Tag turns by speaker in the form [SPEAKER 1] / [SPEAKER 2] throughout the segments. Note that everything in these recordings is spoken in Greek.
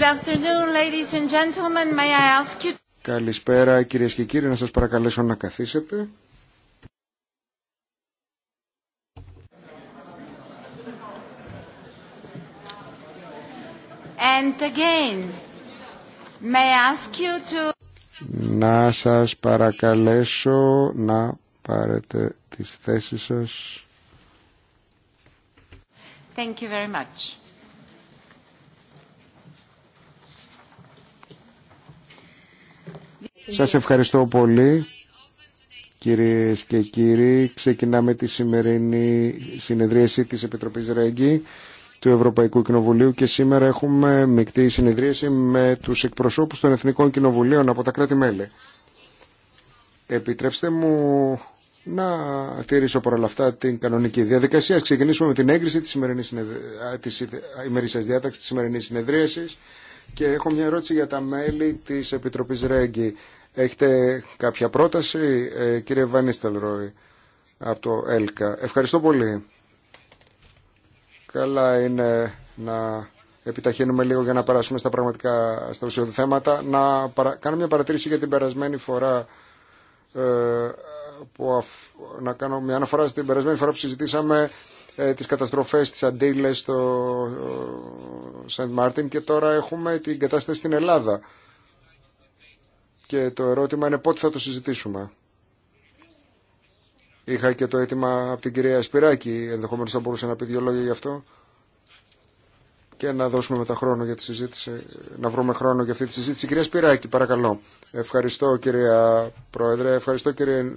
[SPEAKER 1] Good afternoon, ladies and gentlemen. May I ask you...
[SPEAKER 2] Καλησπέρα κυρίες και κύριοι, να σας παρακαλέσω να καθίσετε.
[SPEAKER 1] And again, may I ask you to...
[SPEAKER 2] Να σας παρακαλέσω να πάρετε τις θέσεις σας.
[SPEAKER 1] Thank you very much.
[SPEAKER 2] Σας ευχαριστώ πολύ. Κυρίες και κύριοι, ξεκινάμε τη σημερινή συνεδρίαση της Επιτροπής Ρέγγι του Ευρωπαϊκού Κοινοβουλίου και σήμερα έχουμε μεικτή συνεδρίαση με τους εκπροσώπους των Εθνικών Κοινοβουλίων από τα κράτη-μέλη. Επιτρέψτε μου να τηρήσω παρόλα αυτά την κανονική διαδικασία. Ας ξεκινήσουμε με την έγκριση της, σημερινής της διάταξης της σημερινής συνεδρίασης και έχω μια ερώτηση για τα μέλη της Επιτροπής Ρέγγι. Έχετε κάποια πρόταση, ε, κύριε Βανίστελ Ρόι, από το ΕΛΚΑ. Ευχαριστώ πολύ. Καλά είναι να επιταχύνουμε λίγο για να περάσουμε στα πραγματικά στα θέματα. Να κάνω μια παρατήρηση για την περασμένη φορά ε, που να κάνω μια αναφορά στην περασμένη φορά που συζητήσαμε ε, τις καταστροφές της Αντίλες στο ε, Σεντ Μάρτιν και τώρα έχουμε την κατάσταση στην Ελλάδα και το ερώτημα είναι πότε θα το συζητήσουμε. Είχα και το αίτημα από την κυρία Σπυράκη, ενδεχομένως θα μπορούσε να πει δύο λόγια γι' αυτό και να δώσουμε μετά χρόνο για τη συζήτηση, να βρούμε χρόνο για αυτή τη συζήτηση. Κυρία Σπυράκη, παρακαλώ. Ευχαριστώ κυρία Πρόεδρε, ευχαριστώ κύριε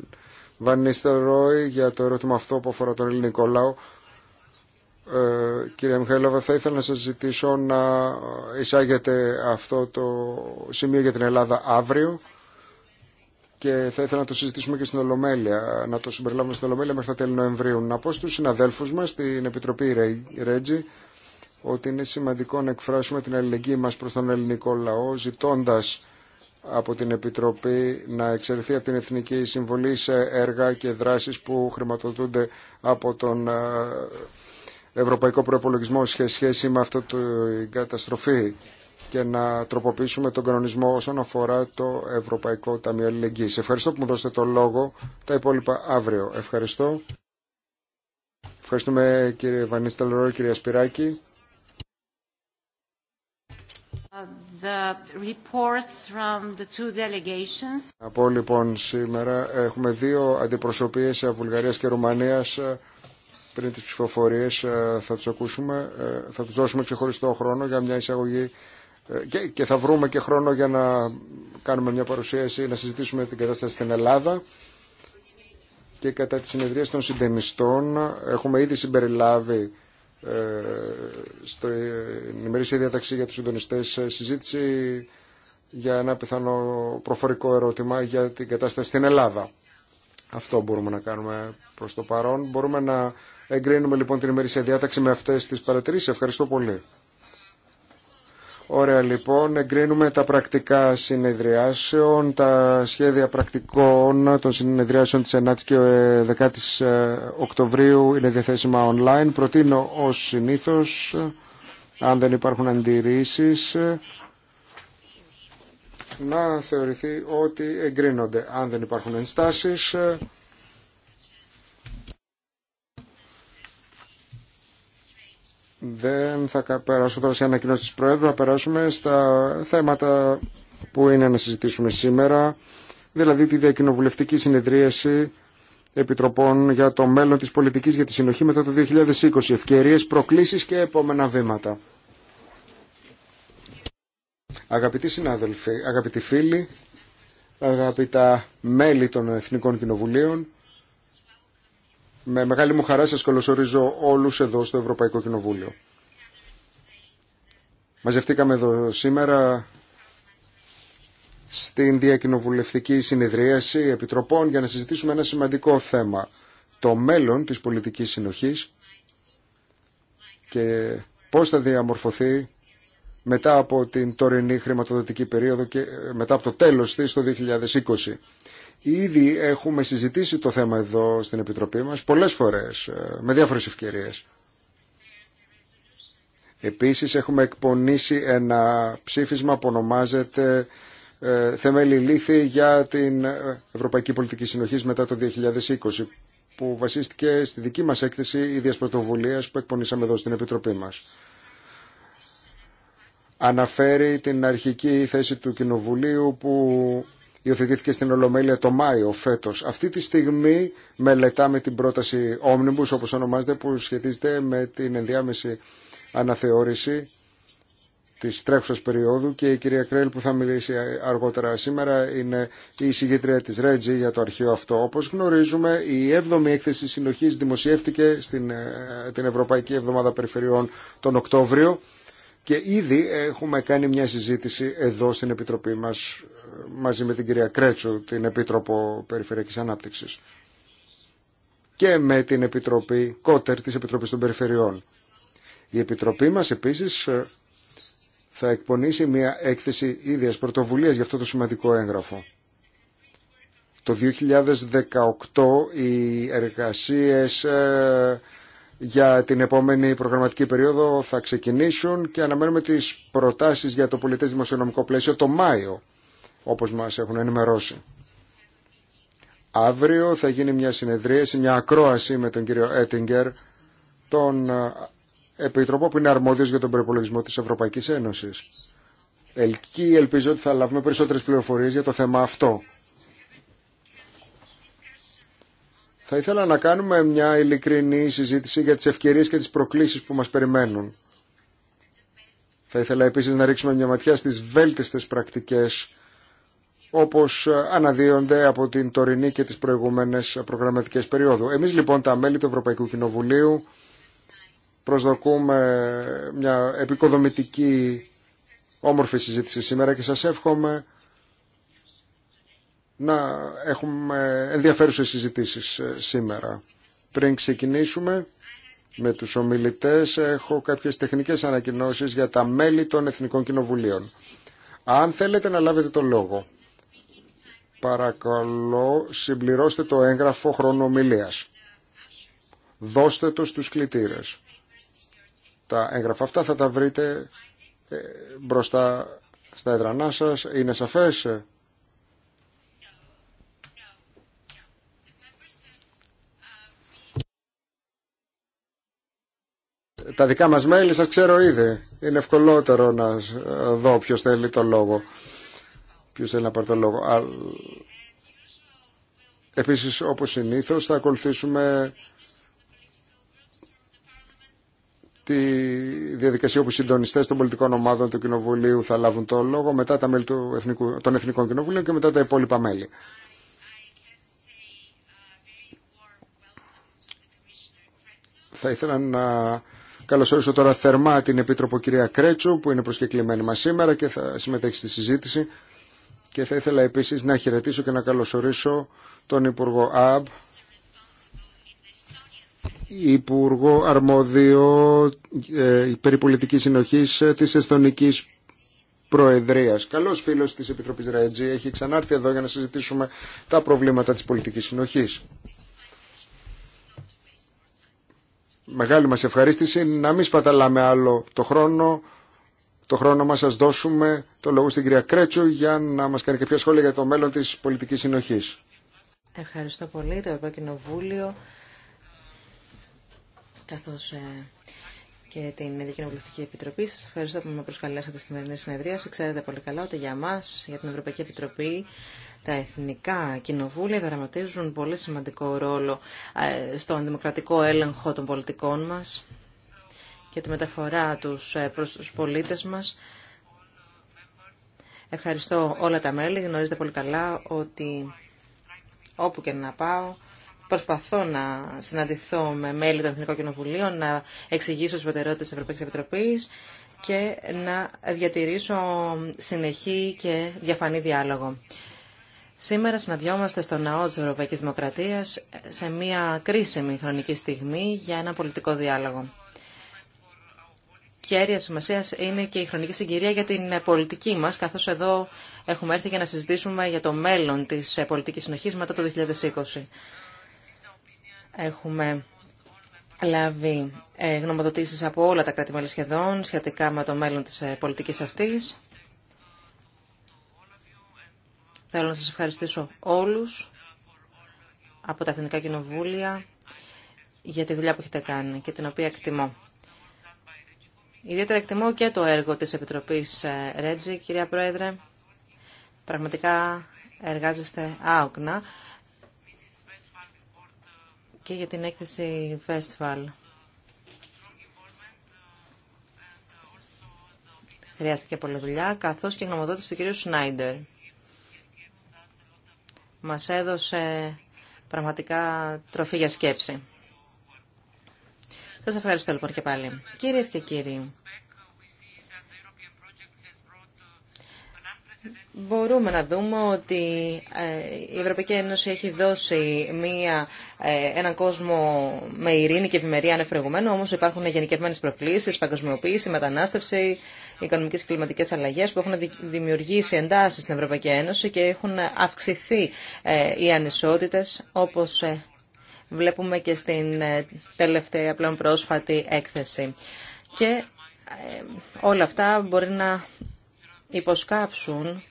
[SPEAKER 2] Βανίστερ Ρόι για το ερώτημα αυτό που αφορά τον ελληνικό λαό. Ε, κυρία Μιχαήλοβα, θα ήθελα να σας ζητήσω να εισάγετε αυτό το σημείο για την Ελλάδα αύριο και θα ήθελα να το συζητήσουμε και στην Ολομέλεια, να το συμπεριλάβουμε στην Ολομέλεια μέχρι τα τέλη Νοεμβρίου. Να πω στους συναδέλφους μας, στην Επιτροπή Ρέτζη, ότι είναι σημαντικό να εκφράσουμε την αλληλεγγύη μας προς τον ελληνικό λαό, ζητώντας από την Επιτροπή να εξαιρεθεί από την Εθνική Συμβολή σε έργα και δράσεις που χρηματοδοτούνται από τον ε, ευρωπαϊκό προπολογισμό σε σχέση με αυτή την καταστροφή και να τροποποιήσουμε τον κανονισμό όσον αφορά το Ευρωπαϊκό Ταμείο Αλληλεγγύης. Ευχαριστώ που μου δώσετε το λόγο. Τα υπόλοιπα αύριο. Ευχαριστώ. Ευχαριστούμε κύριε Βανίστα Λερό, κυρία Σπυράκη. Από λοιπόν σήμερα έχουμε δύο αντιπροσωπείες Βουλγαρίας και Ρουμανίας πριν τις ψηφοφορίες ε, θα τους ακούσουμε, ε, θα τους δώσουμε ξεχωριστό χρόνο για μια εισαγωγή ε, και, και θα βρούμε και χρόνο για να κάνουμε μια παρουσίαση, να συζητήσουμε την κατάσταση στην Ελλάδα και κατά τις συνεδρίες των συντενιστών έχουμε ήδη συμπεριλάβει ε, στο ημερήσια διαταξή για τους συντονιστές συζήτηση για ένα πιθανό προφορικό ερώτημα για την κατάσταση στην Ελλάδα. Αυτό μπορούμε να κάνουμε προς το παρόν. Μπορούμε να Εγκρίνουμε λοιπόν την ημερήσια διάταξη με αυτές τις παρατηρήσεις. Ευχαριστώ πολύ. Ωραία λοιπόν, εγκρίνουμε τα πρακτικά συνεδριάσεων, τα σχέδια πρακτικών των συνεδριάσεων της 9 και 10ης ε, ε, Οκτωβρίου είναι διαθέσιμα online. Προτείνω ως συνήθως, αν δεν υπάρχουν αντιρρήσεις, να θεωρηθεί ότι εγκρίνονται. Αν δεν υπάρχουν ενστάσεις... Δεν θα περάσω τώρα σε ανακοινώσει τη Προέδρου, θα περάσουμε στα θέματα που είναι να συζητήσουμε σήμερα, δηλαδή τη διακοινοβουλευτική συνεδρίαση επιτροπών για το μέλλον της πολιτικής για τη συνοχή μετά το 2020, ευκαιρίες, προκλήσεις και επόμενα βήματα. Αγαπητοί συνάδελφοι, αγαπητοί φίλοι, αγαπητά μέλη των Εθνικών Κοινοβουλίων, με μεγάλη μου χαρά σας καλωσορίζω όλους εδώ στο Ευρωπαϊκό Κοινοβούλιο. Μαζευτήκαμε εδώ σήμερα στην διακοινοβουλευτική συνεδρίαση επιτροπών για να συζητήσουμε ένα σημαντικό θέμα. Το μέλλον της πολιτικής συνοχής και πώς θα διαμορφωθεί μετά από την τωρινή χρηματοδοτική περίοδο και ε, μετά από το τέλος της το 2020. Ήδη έχουμε συζητήσει το θέμα εδώ στην Επιτροπή μας πολλές φορές, ε, με διάφορες ευκαιρίες. Επίσης έχουμε εκπονήσει ένα ψήφισμα που ονομάζεται ε, «Θεμέλη λύθη για την Ευρωπαϊκή Πολιτική Συνοχής μετά το 2020» που βασίστηκε στη δική μας έκθεση ίδιας πρωτοβουλίας που εκπονήσαμε εδώ στην Επιτροπή μας. Αναφέρει την αρχική θέση του Κοινοβουλίου που υιοθετήθηκε στην Ολομέλεια το Μάιο φέτο. Αυτή τη στιγμή μελετάμε την πρόταση Omnibus όπω ονομάζεται που σχετίζεται με την ενδιάμεση αναθεώρηση τη τρέχουσα περίοδου και η κυρία Κρέλ που θα μιλήσει αργότερα σήμερα είναι η συγγετρία τη Ρέτζη για το αρχείο αυτό. Όπω γνωρίζουμε, η 7η έκθεση συνοχή δημοσιεύτηκε στην, ε, την Ευρωπαϊκή Εβδομάδα Περιφερειών τον Οκτώβριο. Και ήδη έχουμε κάνει μια συζήτηση εδώ στην Επιτροπή μας μαζί με την κυρία Κρέτσου, την Επίτροπο Περιφερειακής Ανάπτυξης και με την Επιτροπή Κότερ της Επιτροπής των Περιφερειών. Η Επιτροπή μας επίσης ε, θα εκπονήσει μια έκθεση ίδιας πρωτοβουλίας για αυτό το σημαντικό έγγραφο. Το 2018 οι εργασίες ε, για την επόμενη προγραμματική περίοδο θα ξεκινήσουν και αναμένουμε τις προτάσεις για το πολιτές δημοσιονομικό πλαίσιο το Μάιο, όπως μας έχουν ενημερώσει. Αύριο θα γίνει μια συνεδρίαση, μια ακρόαση με τον κύριο Έτιγκερ, τον ε, Επιτροπό που είναι αρμόδιος για τον προπολογισμό της Ευρωπαϊκής Ένωσης. Ελκύει, ελπίζω ότι θα λάβουμε περισσότερες πληροφορίες για το θέμα αυτό. Θα ήθελα να κάνουμε μια ειλικρινή συζήτηση για τις ευκαιρίες και τις προκλήσεις που μας περιμένουν. Θα ήθελα επίσης να ρίξουμε μια ματιά στις βέλτιστες πρακτικές όπως αναδύονται από την τωρινή και τις προηγούμενες προγραμματικές περίοδου. Εμείς λοιπόν τα μέλη του Ευρωπαϊκού Κοινοβουλίου προσδοκούμε μια επικοδομητική όμορφη συζήτηση σήμερα και σας εύχομαι να έχουμε ενδιαφέρουσες συζητήσεις ε, σήμερα. Πριν ξεκινήσουμε με τους ομιλητές, έχω κάποιες τεχνικές ανακοινώσεις για τα μέλη των Εθνικών Κοινοβουλίων. Αν θέλετε να λάβετε το λόγο, παρακαλώ συμπληρώστε το έγγραφο χρόνο Δώστε το στους κλητήρες. Τα έγγραφα αυτά θα τα βρείτε ε, μπροστά στα έδρανά σας. Είναι σαφές. τα δικά μας μέλη σας ξέρω ήδη. Είναι ευκολότερο να δω ποιος θέλει το λόγο. Ποιος θέλει να πάρει το λόγο. Επίσης, όπως συνήθως, θα ακολουθήσουμε τη διαδικασία όπου οι συντονιστέ των πολιτικών ομάδων του Κοινοβουλίου θα λάβουν το λόγο, μετά τα μέλη του Εθνικού, των Εθνικών Κοινοβουλίων και μετά τα υπόλοιπα μέλη. Θα ήθελα να Καλωσορίσω τώρα θερμά την Επίτροπο κυρία Κρέτσου που είναι προσκεκλημένη μας σήμερα και θα συμμετέχει στη συζήτηση και θα ήθελα επίσης να χαιρετήσω και να καλωσορίσω τον Υπουργό ΑΜΠ Υπουργό Αρμόδιο ε, Περιπολιτικής Συνοχής ε, της Εσθονικής Προεδρίας. Καλός φίλος της Επιτροπής Ρέτζη έχει ξανάρθει εδώ για να συζητήσουμε τα προβλήματα της πολιτικής συνοχής. μεγάλη μας ευχαρίστηση να μην σπαταλάμε άλλο το χρόνο. Το χρόνο μας σας δώσουμε το λόγο στην κυρία Κρέτσου για να μας κάνει κάποια σχόλια για το μέλλον της πολιτικής συνοχής.
[SPEAKER 3] Ευχαριστώ πολύ το Ευρωκοινοβούλιο καθώς ε, και την Ευρωπαϊκή Επιτροπή. Σας ευχαριστώ που με προσκαλέσατε στη σημερινή συνεδρία. Σας ξέρετε πολύ καλά ότι για μας, για την Ευρωπαϊκή Επιτροπή, τα εθνικά κοινοβούλια δραματίζουν πολύ σημαντικό ρόλο ε, στον δημοκρατικό έλεγχο των πολιτικών μας και τη μεταφορά τους ε, προς τους πολίτες μας. Ευχαριστώ όλα τα μέλη. Γνωρίζετε πολύ καλά ότι όπου και να πάω προσπαθώ να συναντηθώ με μέλη των Εθνικών Κοινοβουλίων, να εξηγήσω τις προτεραιότητες της Ευρωπαϊκής Επιτροπής και να διατηρήσω συνεχή και διαφανή διάλογο. Σήμερα συναντιόμαστε στο ναό της Ευρωπαϊκής Δημοκρατίας σε μια κρίσιμη χρονική στιγμή για ένα πολιτικό διάλογο. Κέρια σημασία είναι και η χρονική συγκυρία για την πολιτική μας, καθώς εδώ έχουμε έρθει για να συζητήσουμε για το μέλλον της πολιτική συνοχή μετά το 2020. Έχουμε λάβει ε, γνωμοδοτήσει από όλα τα κράτη-μέλη σχεδόν σχετικά με το μέλλον τη ε, πολιτική αυτή. Θέλω να σας ευχαριστήσω όλους από τα Εθνικά Κοινοβούλια για τη δουλειά που έχετε κάνει και την οποία εκτιμώ. Ιδιαίτερα εκτιμώ και το έργο της Επιτροπής ε, Ρέτζη, κυρία Πρόεδρε. Πραγματικά εργάζεστε άοκνα και για την έκθεση Festival. Χρειάστηκε πολλή δουλειά, καθώς και γνωμοδότηση του κύριου Σνάιντερ. Μας έδωσε πραγματικά τροφή για σκέψη. Σας ευχαριστώ λοιπόν και πάλι. Κυρίες και κύριοι, Μπορούμε να δούμε ότι ε, η Ευρωπαϊκή Ένωση έχει δώσει μία, ε, έναν κόσμο με ειρήνη και ευημερία ανεφεργουμένο, όμως υπάρχουν γενικευμένες προκλήσεις, παγκοσμιοποίηση, μετανάστευση, οικονομικές και κλιματικές αλλαγές που έχουν δημιουργήσει εντάσεις στην Ευρωπαϊκή Ένωση και έχουν αυξηθεί ε, οι ανισότητες, όπως βλέπουμε και στην τελευταία πλέον πρόσφατη έκθεση. Και όλα αυτά μπορεί να υποσκάψουν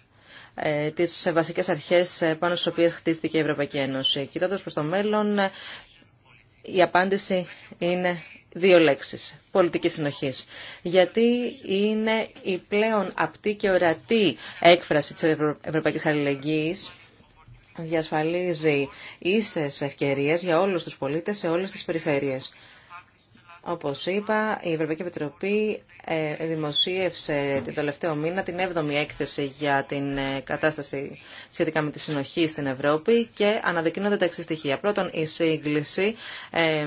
[SPEAKER 3] ε, τις βασικέ αρχές ε, πάνω στι οποίε χτίστηκε η Ευρωπαϊκή Ένωση. Κοιτώντα προ το μέλλον, η απάντηση είναι δύο λέξει Πολιτική συνοχή, Γιατί είναι η πλέον απτή και ορατή έκφραση τη Ευρωπαϊκή Αλληλεγγύης διασφαλίζει ίσες ευκαιρίες για όλους τους πολίτες σε όλες τις περιφέρειες. Όπως είπα, η Ευρωπαϊκή Επιτροπή ε, δημοσίευσε την τελευταίο μήνα την 7η έκθεση για την ε, κατάσταση σχετικά με τη συνοχή στην Ευρώπη και αναδεικνύονται τα εξή στοιχεία. Πρώτον, η σύγκληση ε,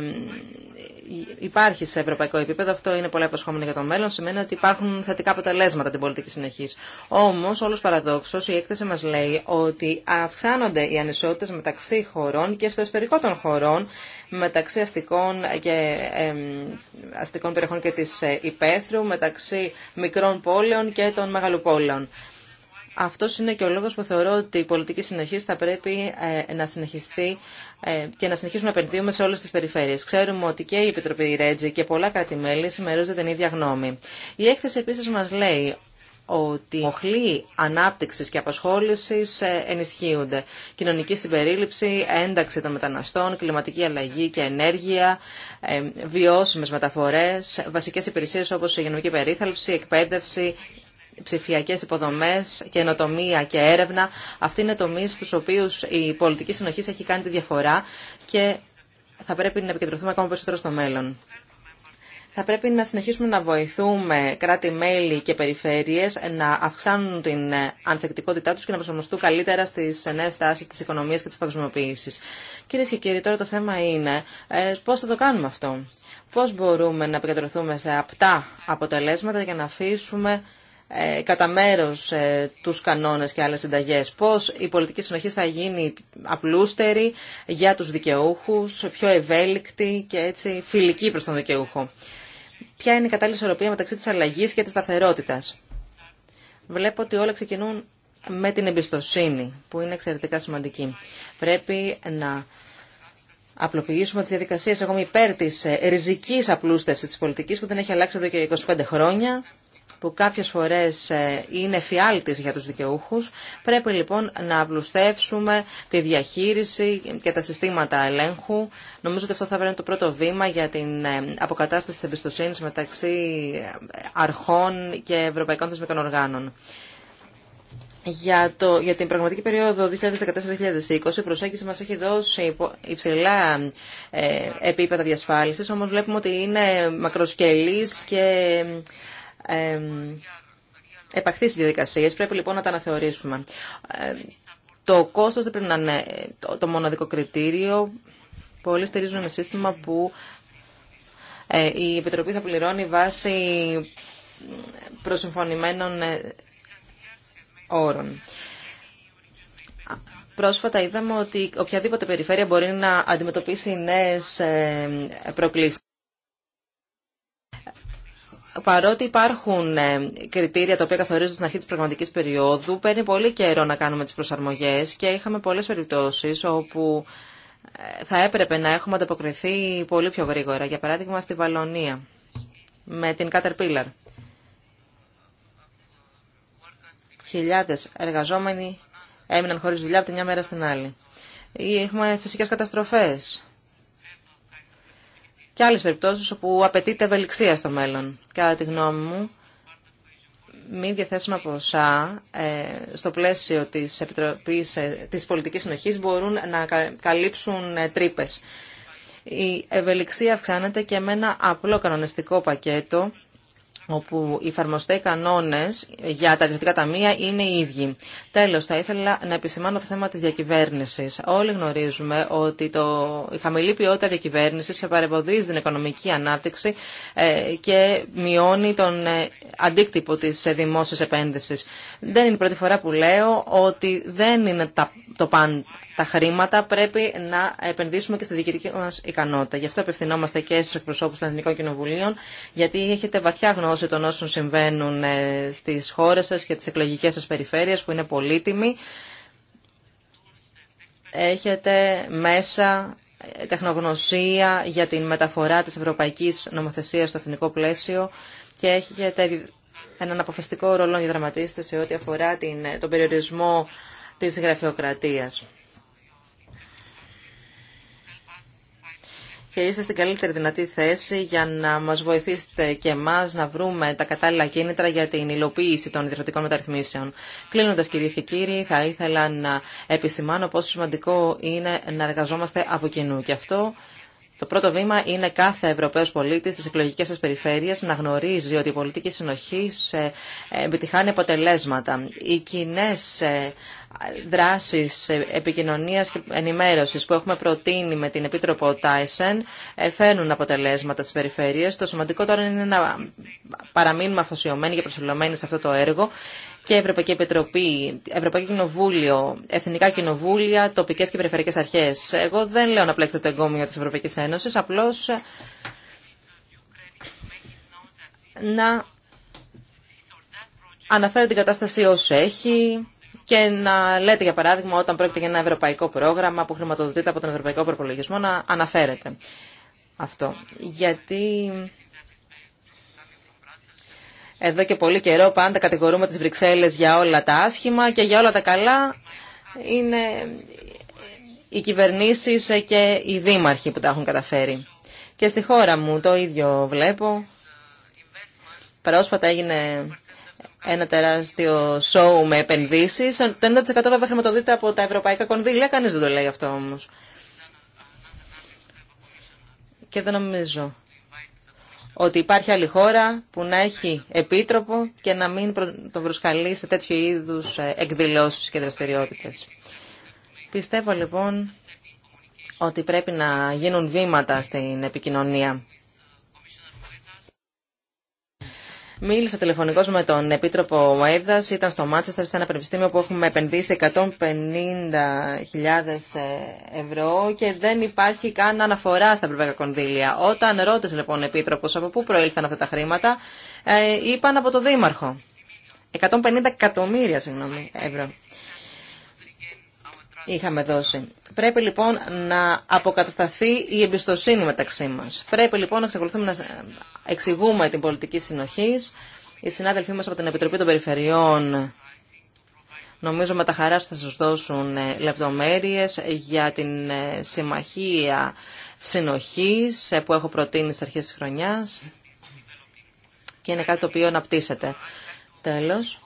[SPEAKER 3] υπάρχει σε ευρωπαϊκό επίπεδο. Αυτό είναι πολύ αποσχόμενο για το μέλλον. Σημαίνει ότι υπάρχουν θετικά αποτελέσματα την πολιτική συνοχή. Όμω, όλο παραδόξω, η έκθεση μα λέει ότι αυξάνονται οι ανισότητε μεταξύ χωρών και στο εσωτερικό των χωρών μεταξύ αστικών, και, αστικών περιοχών και της υπαίθρου μεταξύ μικρών πόλεων και των μεγαλοπόλεων. Αυτό είναι και ο λόγος που θεωρώ ότι η πολιτική συνοχή θα πρέπει ε, να συνεχιστεί ε, και να συνεχίσουμε να επενδύουμε σε όλες τις περιφέρειες. Ξέρουμε ότι και η Επιτροπή Ρέτζη και πολλά κράτη-μέλη συμμερίζονται την ίδια γνώμη. Η έκθεση επίσης μας λέει ότι οι μοχλοί ανάπτυξης και απασχόλησης ε, ενισχύονται. Κοινωνική συμπερίληψη, ένταξη των μεταναστών, κλιματική αλλαγή και ενέργεια, ε, βιώσιμες μεταφορές, βασικές υπηρεσίες όπως η υγειονομική περίθαλψη, εκπαίδευση, ψηφιακές υποδομές, καινοτομία και έρευνα. Αυτοί είναι τομείς στους οποίους η πολιτική συνοχή έχει κάνει τη διαφορά και θα πρέπει να επικεντρωθούμε ακόμα περισσότερο στο μέλλον θα πρέπει να συνεχίσουμε να βοηθούμε κράτη-μέλη και περιφέρειες να αυξάνουν την ε, ανθεκτικότητά τους και να προσαρμοστούν καλύτερα στις νέες τάσεις της οικονομίας και της παγκοσμιοποίησης. Κυρίε και κύριοι, τώρα το θέμα είναι ε, πώς θα το κάνουμε αυτό. Πώς μπορούμε να επικεντρωθούμε σε απτά αποτελέσματα για να αφήσουμε ε, κατά μέρο ε, τους κανόνες και άλλες συνταγές. Πώς η πολιτική συνοχή θα γίνει απλούστερη για τους δικαιούχους, πιο ευέλικτη και έτσι φιλική προς τον δικαιούχο ποια είναι η κατάλληλη ισορροπία μεταξύ της αλλαγής και της σταθερότητας. Βλέπω ότι όλα ξεκινούν με την εμπιστοσύνη, που είναι εξαιρετικά σημαντική. Πρέπει να απλοποιήσουμε τις διαδικασίες. Εγώ είμαι υπέρ της ριζικής απλούστευσης της πολιτικής που δεν έχει αλλάξει εδώ και 25 χρόνια που κάποιες φορές ε, είναι φιάλτης για τους δικαιούχους. Πρέπει λοιπόν να απλουστεύσουμε τη διαχείριση και τα συστήματα ελέγχου. Νομίζω ότι αυτό θα βρει το πρώτο βήμα για την ε, αποκατάσταση της εμπιστοσύνης μεταξύ ε, αρχών και ευρωπαϊκών θεσμικών οργάνων. Για, το, για την πραγματική περίοδο 2014-2020 η προσέγγιση μας έχει δώσει υψηλά επίπεδα διασφάλισης, όμως βλέπουμε ότι είναι μακροσκελής και ε, επαχθείς διαδικασίες. Πρέπει λοιπόν να τα αναθεωρήσουμε. Ε, το κόστος δεν πρέπει να είναι το, μοναδικό κριτήριο. Πολλοί στηρίζουν ένα σύστημα που ε, η Επιτροπή θα πληρώνει βάσει προσυμφωνημένων ε, όρων. Πρόσφατα είδαμε ότι οποιαδήποτε περιφέρεια μπορεί να αντιμετωπίσει νέες προκλήσεις παρότι υπάρχουν ε, κριτήρια τα οποία καθορίζονται στην αρχή τη πραγματική περίοδου, παίρνει πολύ καιρό να κάνουμε τις προσαρμογές και είχαμε πολλές περιπτώσεις όπου ε, θα έπρεπε να έχουμε ανταποκριθεί πολύ πιο γρήγορα. Για παράδειγμα στη Βαλονία με την Caterpillar. Χιλιάδες εργαζόμενοι έμειναν χωρί δουλειά από τη μια μέρα στην άλλη. Έχουμε φυσικέ καταστροφέ και άλλες περιπτώσεις όπου απαιτείται ευελιξία στο μέλλον. Κατά τη γνώμη μου, μη διαθέσιμα ποσά ε, στο πλαίσιο της, επιτροπής, ε, της πολιτικής συνοχής μπορούν να καλύψουν ε, τρύπες. Η ευελιξία αυξάνεται και με ένα απλό κανονιστικό πακέτο όπου οι εφαρμοστέ κανόνε για τα διευθυντικά ταμεία είναι οι ίδιοι. Τέλο, θα ήθελα να επισημάνω το θέμα τη διακυβέρνηση. Όλοι γνωρίζουμε ότι το, η χαμηλή ποιότητα διακυβέρνηση παρεμποδίζει την οικονομική ανάπτυξη ε, και μειώνει τον ε, αντίκτυπο τη ε, δημόσια επένδυση. Δεν είναι η πρώτη φορά που λέω ότι δεν είναι το παν τα χρήματα πρέπει να επενδύσουμε και στη διοικητική μα ικανότητα. Γι' αυτό απευθυνόμαστε και στου εκπροσώπου των Εθνικών Κοινοβουλίων, γιατί έχετε βαθιά γνώση των όσων συμβαίνουν ε, στι χώρε σα και τι εκλογικέ σα περιφέρειες, που είναι πολύτιμοι. Έχετε μέσα ε, τεχνογνωσία για την μεταφορά της ευρωπαϊκής νομοθεσίας στο εθνικό πλαίσιο και έχετε έναν αποφασιστικό ρόλο για δραματίστε σε ό,τι αφορά ε, τον περιορισμό της γραφειοκρατίας. και είστε στην καλύτερη δυνατή θέση για να μας βοηθήσετε και εμά να βρούμε τα κατάλληλα κίνητρα για την υλοποίηση των ιδρυτικών μεταρρυθμίσεων. Κλείνοντα κύριε και κύριοι, θα ήθελα να επισημάνω πόσο σημαντικό είναι να εργαζόμαστε από κοινού. Και αυτό το πρώτο βήμα είναι κάθε Ευρωπαίος πολίτης στις εκλογικές σας περιφέρειες να γνωρίζει ότι η πολιτική συνοχή ε, επιτυχάνει αποτελέσματα. Οι κοινέ ε, δράσεις επικοινωνίας και ενημέρωσης που έχουμε προτείνει με την Επίτροπο Τάισεν ε, φέρνουν αποτελέσματα στις περιφέρειες. Το σημαντικό τώρα είναι να παραμείνουμε αφοσιωμένοι και προσυλλομένοι σε αυτό το έργο και Ευρωπαϊκή Επιτροπή, Ευρωπαϊκή Κοινοβούλιο, Εθνικά Κοινοβούλια, τοπικές και περιφερειακές αρχές. Εγώ δεν λέω να πλέξετε το εγκόμιο της Ευρωπαϊκής Ένωσης, απλώς ε, να αναφέρω την κατάσταση όσο έχει, και να λέτε, για παράδειγμα, όταν πρόκειται για ένα ευρωπαϊκό πρόγραμμα που χρηματοδοτείται από τον ευρωπαϊκό προπολογισμό, να αναφέρετε αυτό. Γιατί εδώ και πολύ καιρό πάντα κατηγορούμε τις Βρυξέλλες για όλα τα άσχημα και για όλα τα καλά είναι οι κυβερνήσεις και οι δήμαρχοι που τα έχουν καταφέρει. Και στη χώρα μου το ίδιο βλέπω. Πρόσφατα έγινε ένα τεράστιο σοου με επενδύσει. Το 90% βέβαια χρηματοδοτείται από τα ευρωπαϊκά κονδύλια. κανεί δεν το λέει αυτό όμω. Και δεν νομίζω ότι υπάρχει άλλη χώρα που να έχει επίτροπο και να μην τον προσκαλεί σε τέτοιου είδους ε, εκδηλώσεις και δραστηριότητες. Πιστεύω λοιπόν ότι πρέπει να γίνουν βήματα στην επικοινωνία. Μίλησα τηλεφωνικώ με τον Επίτροπο Μοέδα. Ήταν στο Μάτσεστερ, σε ένα πανεπιστήμιο που έχουμε επενδύσει 150.000 ε, ευρώ και δεν υπάρχει καν αναφορά στα ευρωπαϊκά κονδύλια. Όταν ρώτησε λοιπόν ο Επίτροπο από πού προήλθαν αυτά τα χρήματα, ε, είπαν από το Δήμαρχο. 150 εκατομμύρια ευρώ είχαμε δώσει. Πρέπει λοιπόν να αποκατασταθεί η εμπιστοσύνη μεταξύ μας. Πρέπει λοιπόν να ξεκολουθούμε να εξηγούμε την πολιτική συνοχής. Οι συνάδελφοί μας από την Επιτροπή των Περιφερειών νομίζω με τα χαρά θα σας δώσουν ε, λεπτομέρειες για την ε, συμμαχία συνοχής ε, που έχω προτείνει στις αρχές της χρονιάς και είναι κάτι το οποίο αναπτύσσεται. Τέλος,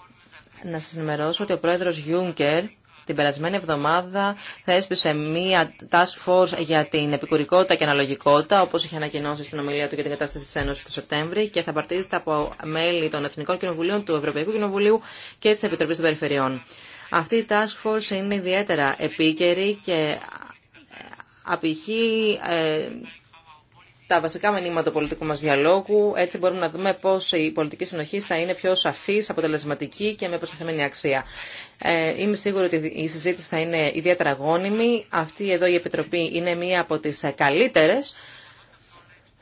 [SPEAKER 3] να σας ενημερώσω ότι ο πρόεδρος Γιούγκερ την περασμένη εβδομάδα θέσπισε μία task force για την επικουρικότητα και αναλογικότητα, όπω είχε ανακοινώσει στην ομιλία του για την κατάσταση τη Ένωση το Σεπτέμβρη, και θα παρτίζεται από μέλη των Εθνικών Κοινοβουλίων, του Ευρωπαϊκού Κοινοβουλίου και τη Επιτροπή των Περιφερειών. Αυτή η task force είναι ιδιαίτερα επίκαιρη και απηχεί ε, τα βασικά μηνύματα του πολιτικού μας διαλόγου. Έτσι μπορούμε να δούμε πώς η πολιτική συνοχή θα είναι πιο σαφής, αποτελεσματική και με προσταθεμένη αξία. Ε, είμαι σίγουρη ότι η συζήτηση θα είναι ιδιαίτερα γόνιμη. Αυτή εδώ η Επιτροπή είναι μία από τις καλύτερες.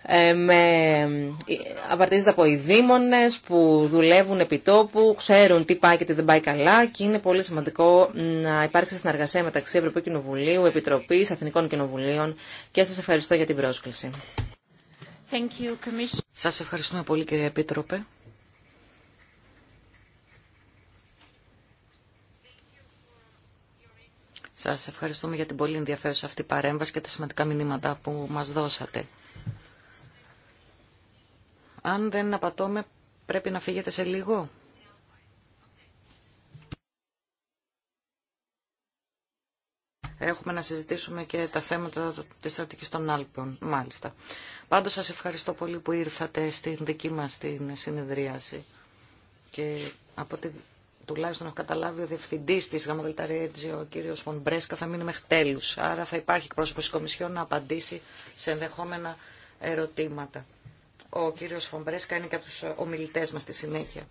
[SPEAKER 3] Ε, με, ε, απαρτίζεται από οι δήμονες που δουλεύουν επί τόπου, ξέρουν τι πάει και τι δεν πάει καλά και είναι πολύ σημαντικό να υπάρξει συνεργασία μεταξύ Ευρωπαϊκού Κοινοβουλίου, Επιτροπής, Εθνικών Κοινοβουλίων και σας ευχαριστώ για την πρόσκληση. Thank Σας ευχαριστούμε πολύ κύριε Επίτροπε.
[SPEAKER 4] Σας ευχαριστούμε για την πολύ ενδιαφέρουσα αυτή παρέμβαση και τα σημαντικά μηνύματα που μας δώσατε. Αν δεν απατώμε, πρέπει να φύγετε σε λίγο. έχουμε να συζητήσουμε και τα θέματα της στρατικής των Άλπων, μάλιστα. Πάντως σας ευχαριστώ πολύ που ήρθατε στην δική μας την συνεδρίαση και από τη, τουλάχιστον έχω καταλάβει ο διευθυντή τη ΓΔΡΕΤΖΙ, ο κύριο Φονμπρέσκα, θα μείνει μέχρι τέλου. Άρα θα υπάρχει πρόσωπο τη Κομισιόν να απαντήσει σε ενδεχόμενα ερωτήματα. Ο κύριος Φονμπρέσκα είναι και από τους ομιλητές μας στη συνέχεια.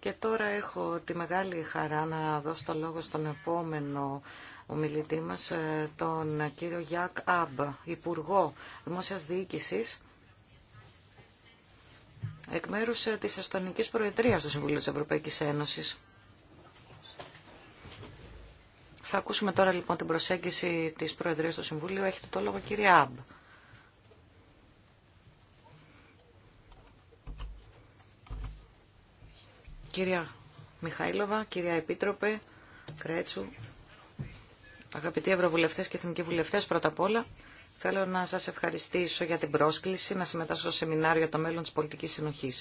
[SPEAKER 4] Και τώρα έχω τη μεγάλη χαρά να δώσω το λόγο στον επόμενο ομιλητή μας, ε, τον κύριο Γιάκ Αμπ, Υπουργό Δημόσιας Διοίκησης, εκ μέρους ε, της Αστονικής Προεδρίας του Συμβουλίου της Ευρωπαϊκής Ένωσης. Θα ακούσουμε τώρα λοιπόν την προσέγγιση της Προεδρίας του Συμβουλίου. Έχετε το λόγο κύριε Αμπ. Κυρία Μιχαήλοβα, κυρία Επίτροπε, Κρέτσου, Αγαπητοί ευρωβουλευτέ και Εθνικοί βουλευτέ, πρώτα απ' όλα θέλω να σα ευχαριστήσω για την πρόσκληση να συμμετάσχω στο σεμινάριο για το μέλλον τη πολιτική συνοχή.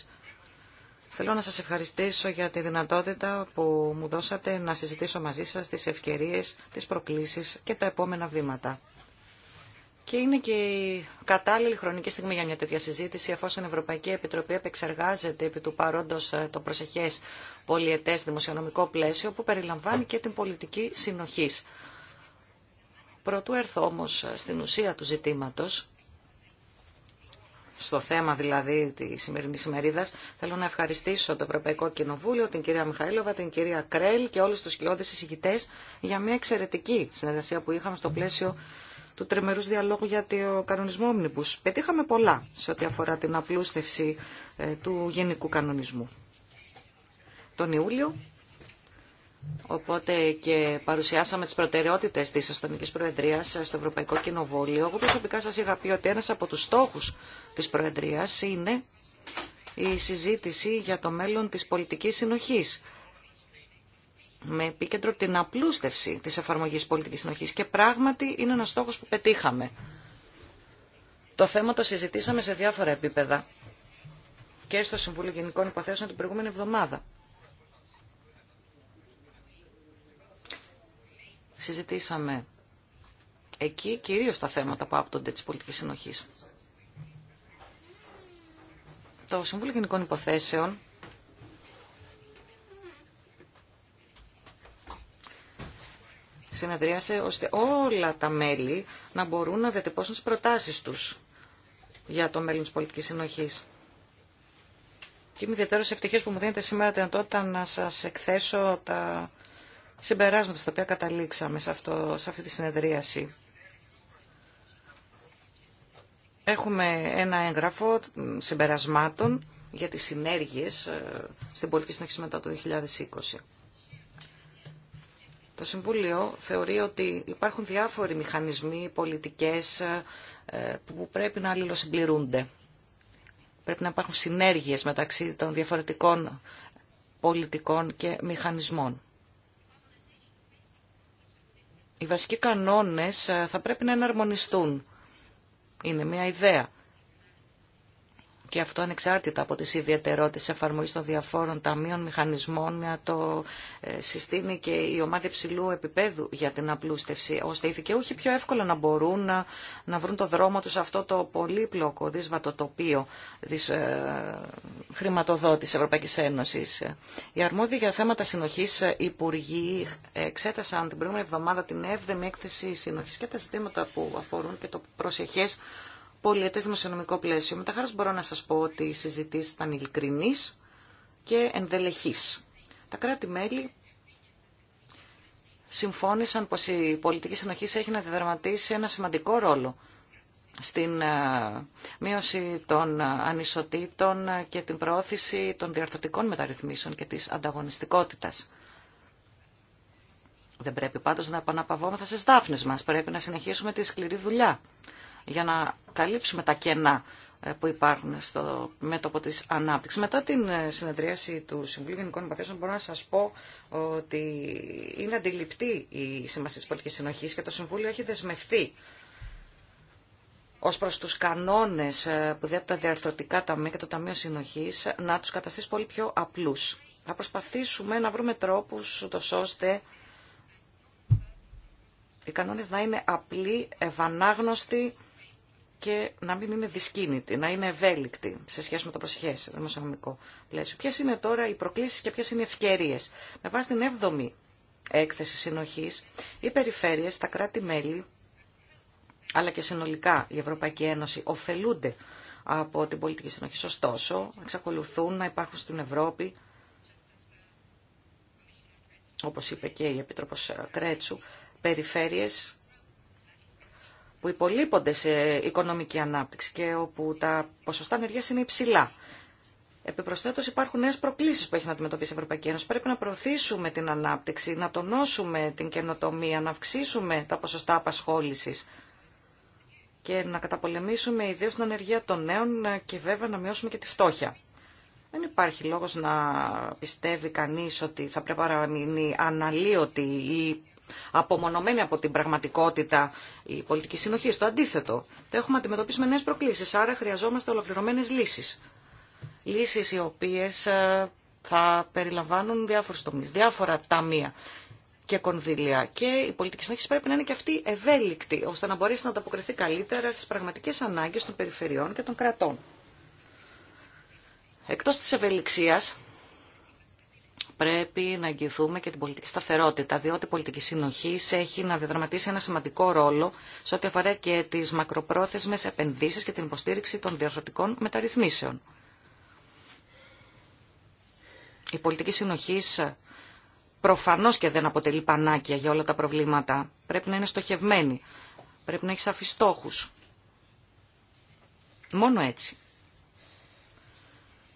[SPEAKER 4] Θέλω να σα ευχαριστήσω για τη δυνατότητα που μου δώσατε να συζητήσω μαζί σα τι ευκαιρίε, τι προκλήσει και τα επόμενα βήματα. Και είναι και η κατάλληλη χρονική στιγμή για μια τέτοια συζήτηση, εφόσον η Ευρωπαϊκή Επιτροπή επεξεργάζεται επί του παρόντο ε, το προσεχέ πολιετέ δημοσιονομικό πλαίσιο, που περιλαμβάνει και την πολιτική συνοχή. Προτού έρθω όμως στην ουσία του ζητήματος, στο θέμα δηλαδή τη σημερινή ημερίδα, θέλω να ευχαριστήσω το Ευρωπαϊκό Κοινοβούλιο, την κυρία Μιχαήλοβα, την κυρία Κρέλ και όλου του κοιόδε εισηγητέ για μια εξαιρετική συνεργασία που είχαμε στο πλαίσιο του τριμερού διαλόγου για το κανονισμό όμνibus. Πετύχαμε πολλά σε ό,τι αφορά την απλούστευση ε, του γενικού κανονισμού. Τον Ιούλιο Οπότε και παρουσιάσαμε τις προτεραιότητες της Αστωνικής Προεδρίας στο Ευρωπαϊκό Κοινοβούλιο. Εγώ προσωπικά σας είχα πει ότι ένας από τους στόχους της Προεδρίας είναι η συζήτηση για το μέλλον της πολιτικής συνοχής με επίκεντρο την απλούστευση της εφαρμογής πολιτικής συνοχής και πράγματι είναι ένας στόχος που πετύχαμε. Το θέμα το συζητήσαμε σε διάφορα επίπεδα και στο Συμβούλιο Γενικών Υποθέσεων την προηγούμενη εβδομάδα. συζητήσαμε εκεί κυρίως τα θέματα που άπτονται της πολιτικής συνοχής. Το Συμβούλιο Γενικών Υποθέσεων συνεδρίασε ώστε όλα τα μέλη να μπορούν να διατυπώσουν τις προτάσεις τους για το μέλλον της πολιτικής συνοχής. Και είμαι ιδιαίτερος ευτυχής που μου δίνετε σήμερα τη δυνατότητα να σας εκθέσω τα συμπεράσματα στα οποία καταλήξαμε σε, αυτό, σε αυτή τη συνεδρίαση. Έχουμε ένα έγγραφο συμπερασμάτων για τις συνέργειες ε, στην πολιτική συνέχιση μετά το 2020. Το Συμβούλιο θεωρεί ότι υπάρχουν διάφοροι μηχανισμοί, πολιτικές ε, που πρέπει να αλληλοσυμπληρούνται. Πρέπει να υπάρχουν συνέργειες μεταξύ των διαφορετικών πολιτικών και μηχανισμών οι βασικοί κανόνες ε, θα πρέπει να εναρμονιστούν. Είναι μια ιδέα και αυτό ανεξάρτητα από τις ιδιαιτερότητες εφαρμογής των διαφόρων ταμείων μηχανισμών το ε, συστήνει και η ομάδα υψηλού επίπεδου για την απλούστευση ώστε οι δικαιούχοι πιο εύκολα να μπορούν να, να βρουν το δρόμο τους σε αυτό το πολύπλοκο δύσβατο τοπίο της ε, χρηματοδότης Ευρωπαϊκής Ένωσης. Οι αρμόδιοι για θέματα συνοχής ε, υπουργοί εξέτασαν την προηγούμενη εβδομάδα την 7η έκθεση συνοχής και τα ζητήματα που αφορούν και το προσεχές πολιετές δημοσιονομικό πλαίσιο. Με τα μπορώ να σας πω ότι οι συζητήσει ήταν ειλικρινεί και ενδελεχεί. Τα κράτη-μέλη συμφώνησαν πως η πολιτική συνοχή έχει να διδραματίσει ένα σημαντικό ρόλο στην ε, μείωση των ε, ανισοτήτων και την προώθηση των διαρθωτικών μεταρρυθμίσεων και της ανταγωνιστικότητας. Δεν πρέπει πάντως να επαναπαυόμεθα στις δάφνες μας. Πρέπει να συνεχίσουμε τη σκληρή δουλειά για να καλύψουμε τα κενά ε, που υπάρχουν στο μέτωπο της ανάπτυξης. Μετά την ε, συνεδρίαση του Συμβουλίου Γενικών Υποθέσεων μπορώ να σας πω ότι είναι αντιληπτή η σημασία της πολιτικής συνοχής και το Συμβούλιο έχει δεσμευτεί ως προς τους κανόνες ε, που διέπει τα διαρθρωτικά ταμεία και το Ταμείο Συνοχής να τους καταστήσει πολύ πιο απλούς. Θα προσπαθήσουμε να βρούμε τρόπους ώστε οι κανόνες να είναι απλοί, ευανάγνωστοι και να μην είναι δυσκίνητη, να είναι ευέλικτη σε σχέση με το προσεχέ δημοσιονομικό πλαίσιο. Ποιε είναι τώρα οι προκλήσει και ποιε είναι οι ευκαιρίε. Με βάση την 7η έκθεση συνοχή, οι περιφέρειε, τα κράτη-μέλη, αλλά και συνολικά η Ευρωπαϊκή Ένωση ωφελούνται από την πολιτική συνοχή. Ωστόσο, εξακολουθούν να υπάρχουν στην Ευρώπη, όπως είπε και η Επίτροπος Κρέτσου, περιφέρειες που υπολείπονται σε οικονομική ανάπτυξη και όπου τα ποσοστά ανεργία είναι υψηλά. Επιπροσθέτω, υπάρχουν νέε προκλήσει που έχει να αντιμετωπίσει η Ευρωπαϊκή Ένωση. Πρέπει να προωθήσουμε την ανάπτυξη, να τονώσουμε την καινοτομία, να αυξήσουμε τα ποσοστά απασχόληση και να καταπολεμήσουμε ιδίω την ανεργία των νέων και βέβαια να μειώσουμε και τη φτώχεια. Δεν υπάρχει λόγος να πιστεύει κανείς ότι θα πρέπει να είναι αναλύωτη η απομονωμένη από την πραγματικότητα η πολιτική συνοχή. Το αντίθετο, το έχουμε αντιμετωπίσει με νέε προκλήσει. Άρα χρειαζόμαστε ολοκληρωμένε λύσει. Λύσει οι οποίε ε, θα περιλαμβάνουν διάφορου τομεί, διάφορα ταμεία και κονδύλια. Και η πολιτική συνοχή πρέπει να είναι και αυτή ευέλικτη, ώστε να μπορέσει να ανταποκριθεί καλύτερα στι πραγματικέ ανάγκε των περιφερειών και των κρατών. Εκτό τη ευελιξία, πρέπει να εγγυηθούμε και την πολιτική σταθερότητα, διότι η πολιτική συνοχή έχει να διαδραματίσει ένα σημαντικό ρόλο σε ό,τι αφορά και τι μακροπρόθεσμε επενδύσει και την υποστήριξη των διαρθρωτικών μεταρρυθμίσεων. Η πολιτική συνοχή προφανώ και δεν αποτελεί πανάκια για όλα τα προβλήματα. Πρέπει να είναι στοχευμένη. Πρέπει να έχει σαφεί στόχου. Μόνο έτσι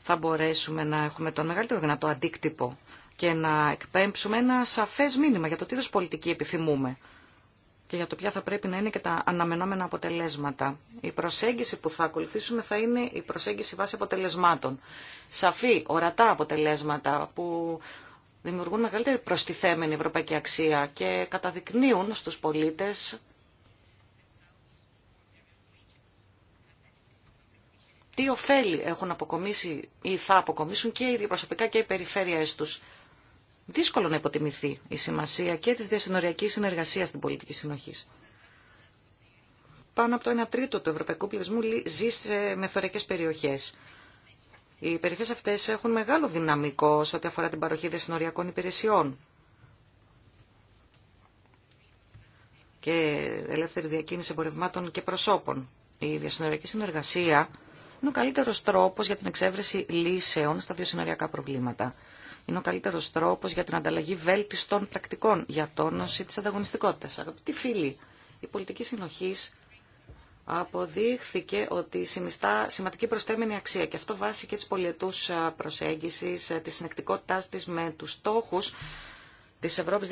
[SPEAKER 4] θα μπορέσουμε να έχουμε τον μεγαλύτερο δυνατό αντίκτυπο και να εκπέμψουμε ένα σαφές μήνυμα για το τι πολιτική επιθυμούμε και για το ποια θα πρέπει να είναι και τα αναμενόμενα αποτελέσματα. Η προσέγγιση που θα ακολουθήσουμε θα είναι η προσέγγιση βάσει αποτελεσμάτων. Σαφή, ορατά αποτελέσματα που δημιουργούν μεγαλύτερη προστιθέμενη ευρωπαϊκή αξία και καταδεικνύουν στους πολίτες τι ωφέλη έχουν αποκομίσει ή θα αποκομίσουν και οι προσωπικά και οι περιφέρειές τους δύσκολο να υποτιμηθεί η σημασία και της διασυνοριακής συνεργασίας στην πολιτική συνοχή. Πάνω από το 1 τρίτο του ευρωπαϊκού πληθυσμού ζει σε μεθοριακές περιοχές. Οι περιοχές αυτές έχουν μεγάλο δυναμικό σε ό,τι αφορά την παροχή διασυνοριακών υπηρεσιών. και ελεύθερη διακίνηση εμπορευμάτων και προσώπων. Η διασυνοριακή συνεργασία είναι ο καλύτερος τρόπος για την εξέβρεση λύσεων στα διασυνοριακά προβλήματα είναι ο καλύτερος τρόπος για την ανταλλαγή βέλτιστων πρακτικών για τόνωση της ανταγωνιστικότητας. Αγαπητοί φίλοι, η πολιτική συνοχή αποδείχθηκε ότι συνιστά σημαντική προστέμενη αξία και αυτό βάσει και τη πολιετούς προσέγγιση, ε, τη συνεκτικότητάς τη με τους στόχους της Ευρώπης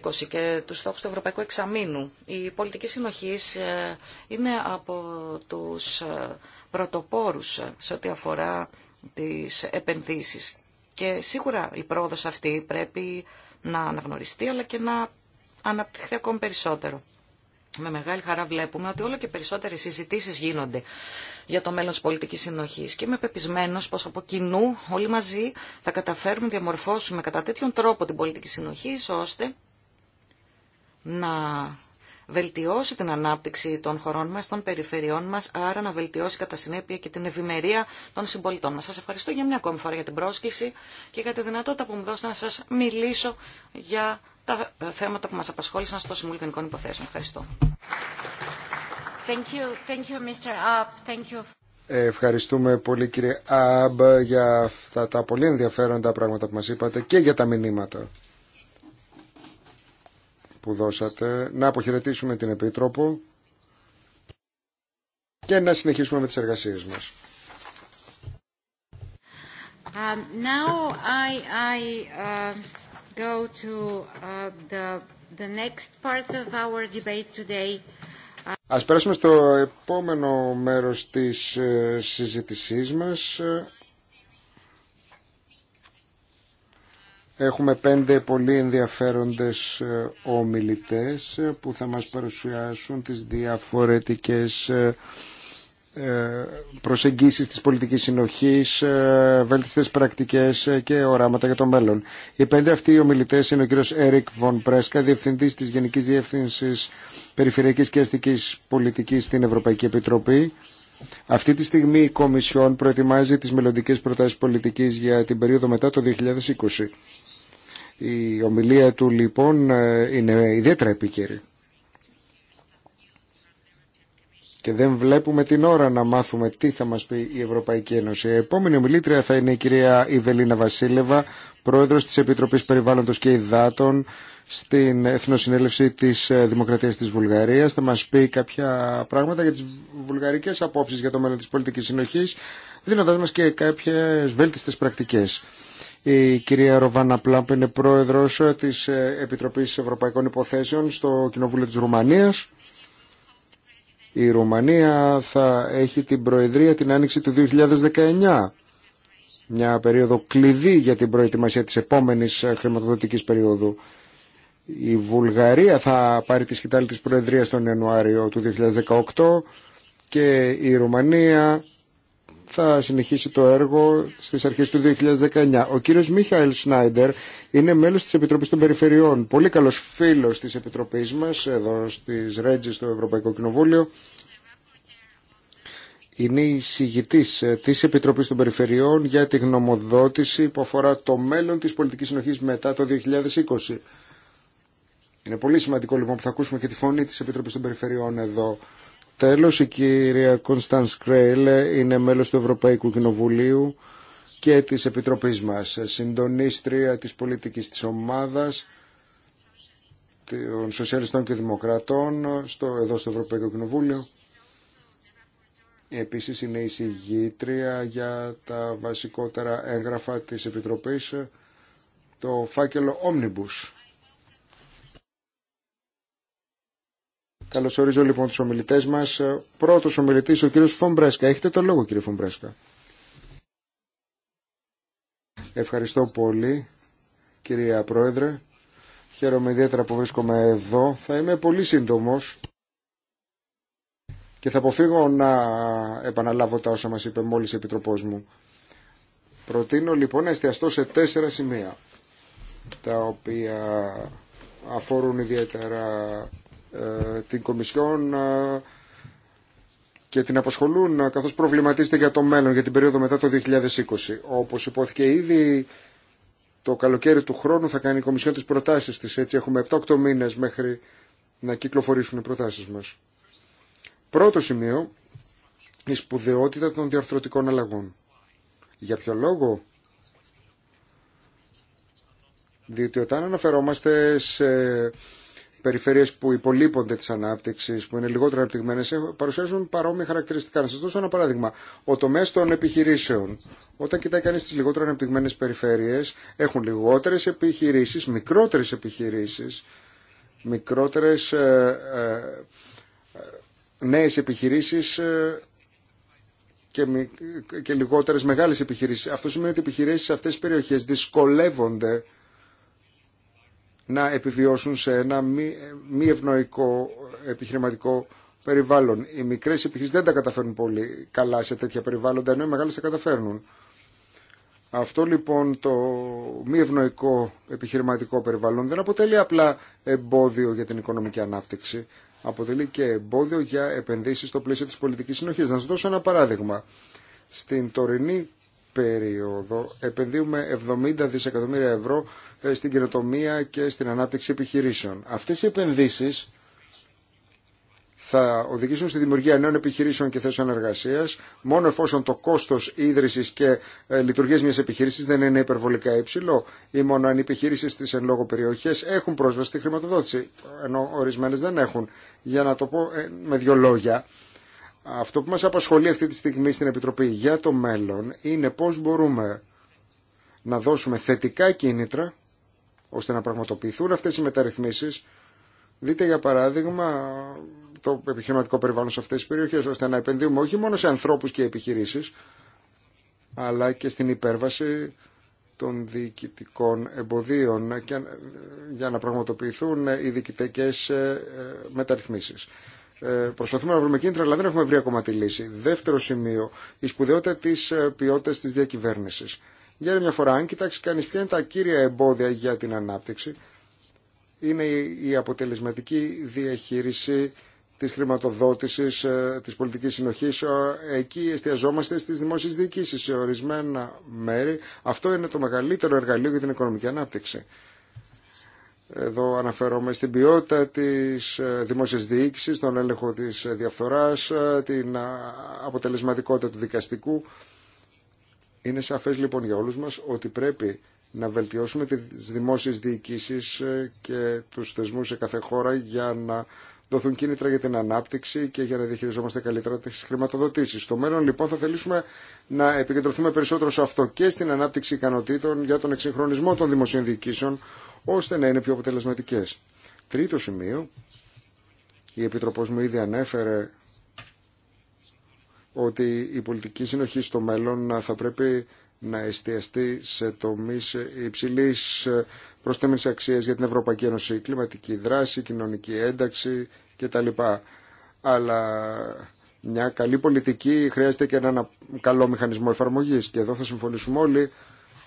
[SPEAKER 4] 2020 και τους στόχους του Ευρωπαϊκού Εξαμήνου. Η πολιτική συνοχή ε, είναι από τους ε, πρωτοπόρους σε ό,τι αφορά τις επενδύσεις και σίγουρα η πρόοδος αυτή πρέπει να αναγνωριστεί αλλά και να αναπτυχθεί ακόμη περισσότερο. Με μεγάλη χαρά βλέπουμε ότι όλο και περισσότερε συζητήσει γίνονται για το μέλλον τη πολιτική συνοχή και είμαι πεπισμένο πω από κοινού όλοι μαζί θα καταφέρουμε να διαμορφώσουμε κατά τέτοιον τρόπο την πολιτική συνοχή ώστε να βελτιώσει την ανάπτυξη των χωρών μας, των περιφερειών μας, άρα να βελτιώσει κατά συνέπεια και την ευημερία των συμπολιτών μας. Σας ευχαριστώ για μια ακόμη φορά για την πρόσκληση και για τη δυνατότητα που μου δώσετε να σας μιλήσω για τα θέματα που μας απασχόλησαν στο Συμβούλιο Γενικών Υποθέσεων. Ευχαριστώ.
[SPEAKER 1] Thank you. Thank you,
[SPEAKER 2] Ευχαριστούμε πολύ κύριε Αμπ για αυτά τα πολύ ενδιαφέροντα πράγματα που μας είπατε και για τα μηνύματα που δώσατε, να αποχαιρετήσουμε την Επίτροπο και να συνεχίσουμε με τις εργασίες μας.
[SPEAKER 1] Um, now I, I uh, go to uh, the, the next part of our debate today.
[SPEAKER 2] Ας περάσουμε στο επόμενο μέρος της ε, συζήτησής μας. Έχουμε πέντε πολύ ενδιαφέροντες ε, ομιλητές ε, που θα μας παρουσιάσουν τις διαφορετικές ε, προσεγγίσεις της πολιτικής συνοχής, βέλτιστες πρακτικές και οράματα για το μέλλον. Οι πέντε αυτοί οι ομιλητές είναι ο κύριος Έρικ Βον Πρέσκα, Διευθυντής της Γενικής Διεύθυνσης Περιφερειακής και Αστικής Πολιτικής στην Ευρωπαϊκή Επιτροπή, αυτή τη στιγμή η Κομισιόν προετοιμάζει τις μελλοντικέ προτάσεις πολιτικής για την περίοδο μετά το 2020. Η ομιλία του λοιπόν ε, είναι ιδιαίτερα επίκαιρη. Και δεν βλέπουμε την ώρα να μάθουμε τι θα μας πει η Ευρωπαϊκή Ένωση. Η επόμενη ομιλήτρια θα είναι η κυρία Ιβελίνα Βασίλεβα, πρόεδρος της Επιτροπής Περιβάλλοντος και Ιδάτων στην Εθνοσυνέλευση της ε, Δημοκρατίας της Βουλγαρίας. Θα μας πει κάποια πράγματα για τις βουλγαρικές απόψεις για το μέλλον της πολιτικής συνοχής, δίνοντας μας και κάποιες βέλτιστες πρακτικές. Η κυρία Ροβάνα Πλάμπ είναι πρόεδρος ε, της ε, Επιτροπής Ευρωπαϊκών Υποθέσεων στο Κοινοβούλιο της Ρουμανίας. Η Ρουμανία θα έχει την Προεδρία την Άνοιξη του 2019. Μια περίοδο κλειδί για την προετοιμασία της επόμενης χρηματοδοτικής περίοδου. Η Βουλγαρία θα πάρει τη σκητάλη της Προεδρίας τον Ιανουάριο του 2018 και η Ρουμανία θα συνεχίσει το έργο στις αρχές του 2019. Ο κύριος Μίχαελ Σνάιντερ είναι μέλος της Επιτροπής των Περιφερειών, πολύ καλός φίλος της Επιτροπής μας εδώ στις Ρέτζες στο Ευρωπαϊκό Κοινοβούλιο. Είναι η συγητής ε, της Επιτροπής των Περιφερειών για τη γνωμοδότηση που αφορά το μέλλον της πολιτικής συνοχής μετά το 2020. Είναι πολύ σημαντικό λοιπόν που θα ακούσουμε και τη φωνή της Επιτροπής των Περιφερειών εδώ. Τέλος, η κυρία Κωνσταντς Κρέιλ είναι μέλος του Ευρωπαϊκού Κοινοβουλίου και της Επιτροπής μας, συντονίστρια της πολιτικής της ομάδας των Σοσιαλιστών και Δημοκρατών στο, εδώ στο Ευρωπαϊκό Κοινοβούλιο. Επίσης είναι η συγγήτρια για τα βασικότερα έγγραφα της Επιτροπής, το φάκελο Omnibus. Καλωσορίζω λοιπόν τους ομιλητές μας. Πρώτος ομιλητής ο κύριος Φομπρέσκα. Έχετε το λόγο κύριε Φομπρέσκα. Ευχαριστώ πολύ κυρία Πρόεδρε. Χαίρομαι ιδιαίτερα που βρίσκομαι εδώ. Θα είμαι πολύ σύντομος και θα αποφύγω να επαναλάβω τα όσα μας είπε μόλις η Επιτροπός μου. Προτείνω λοιπόν να εστιαστώ σε τέσσερα σημεία τα οποία αφορούν ιδιαίτερα ε, την Κομισιόν ε, και την απασχολούν ε, καθώς προβληματίζεται για το μέλλον, για την περίοδο μετά το 2020. Όπως υπόθηκε ήδη, το καλοκαίρι του χρόνου θα κάνει η Κομισιόν τις προτάσεις της. Έτσι έχουμε 7-8 μήνες μέχρι να κυκλοφορήσουν οι προτάσεις μας. Πρώτο σημείο, η σπουδαιότητα των διαρθρωτικών αλλαγών. Για ποιο λόγο? Διότι όταν αναφερόμαστε σε περιφέρειες που υπολείπονται της ανάπτυξη που είναι λιγότερο αναπτυγμένε, παρουσιάζουν παρόμοια χαρακτηριστικά. Να σα δώσω ένα παράδειγμα. Ο τομέα των επιχειρήσεων. Όταν κοιτάει κανείς τι λιγότερο αναπτυγμένε περιφέρειες, έχουν λιγότερε επιχειρήσει, μικρότερε επιχειρήσει, μικρότερε ε, ε, νέε επιχειρήσει ε, και, και λιγότερες μεγάλες επιχειρήσεις. Αυτό σημαίνει ότι οι επιχειρήσεις σε αυτές τις περιοχές δυσκολεύονται να επιβιώσουν σε ένα μη, μη ευνοϊκό επιχειρηματικό περιβάλλον. Οι μικρέ επιχείρησεις δεν τα καταφέρνουν πολύ καλά σε τέτοια περιβάλλοντα, ενώ οι μεγάλε τα καταφέρνουν. Αυτό λοιπόν το μη ευνοϊκό επιχειρηματικό περιβάλλον δεν αποτελεί απλά εμπόδιο για την οικονομική ανάπτυξη. Αποτελεί και εμπόδιο για επενδύσει στο πλαίσιο τη πολιτική συνοχή. Να σα δώσω ένα παράδειγμα. Στην τωρινή περίοδο επενδύουμε 70 δισεκατομμύρια ευρώ ε, στην καινοτομία και στην ανάπτυξη επιχειρήσεων. Αυτές οι επενδύσεις θα οδηγήσουν στη δημιουργία νέων επιχειρήσεων και θέσεων εργασία, μόνο εφόσον το κόστο ίδρυση και ε, λειτουργία μια επιχείρηση δεν είναι υπερβολικά υψηλό, ή μόνο αν οι επιχειρήσει στι εν λόγω περιοχέ έχουν πρόσβαση στη χρηματοδότηση, ενώ ορισμένε δεν έχουν. Για να το πω ε, με δύο λόγια, αυτό που μας απασχολεί αυτή τη στιγμή στην Επιτροπή για το μέλλον είναι πώς μπορούμε να δώσουμε θετικά κίνητρα ώστε να πραγματοποιηθούν αυτές οι μεταρρυθμίσεις. Δείτε για παράδειγμα το επιχειρηματικό περιβάλλον σε αυτές τις περιοχές ώστε να επενδύουμε όχι μόνο σε ανθρώπους και επιχειρήσεις αλλά και στην υπέρβαση των διοικητικών εμποδίων ε, για να πραγματοποιηθούν οι διοικητικές ε, ε, μεταρρυθμίσεις. Ε, προσπαθούμε να βρούμε κίνητρα, αλλά δεν έχουμε βρει ακόμα τη λύση. Δεύτερο σημείο, η σπουδαιότητα τη ε, ποιότητα τη διακυβέρνηση. Για μια φορά, αν κοιτάξει κανεί ποια είναι τα κύρια εμπόδια για την ανάπτυξη, είναι η αποτελεσματική διαχείριση τη χρηματοδότηση, ε, τη πολιτική συνοχή. Εκεί εστιαζόμαστε στι δημόσιε διοικήσει σε ορισμένα μέρη. Αυτό είναι το μεγαλύτερο εργαλείο για την οικονομική ανάπτυξη. Εδώ αναφέρομαι στην ποιότητα της ε, δημόσιας διοίκησης, τον έλεγχο της διαφθοράς, ε, την ε, αποτελεσματικότητα του δικαστικού. Είναι σαφές λοιπόν για όλους μας ότι πρέπει να βελτιώσουμε τις δημόσιες διοικήσεις και τους θεσμούς σε κάθε χώρα για να δοθούν κίνητρα για την ανάπτυξη και για να διαχειριζόμαστε καλύτερα τις χρηματοδοτήσεις. Στο μέλλον λοιπόν θα θελήσουμε να επικεντρωθούμε περισσότερο σε αυτό και στην ανάπτυξη ικανοτήτων για τον εξυγχρονισμό των δημοσίων διοικήσεων ώστε να είναι πιο αποτελεσματικές. Τρίτο σημείο, η Επιτροπός μου ήδη ανέφερε ότι η πολιτική συνοχή στο μέλλον θα πρέπει να εστιαστεί σε τομείς υψηλής προσθέμενης αξίας για την Ευρωπαϊκή Ένωση, κλιματική δράση, κοινωνική ένταξη κτλ. Αλλά μια καλή πολιτική χρειάζεται και έναν καλό μηχανισμό εφαρμογής και εδώ θα συμφωνήσουμε όλοι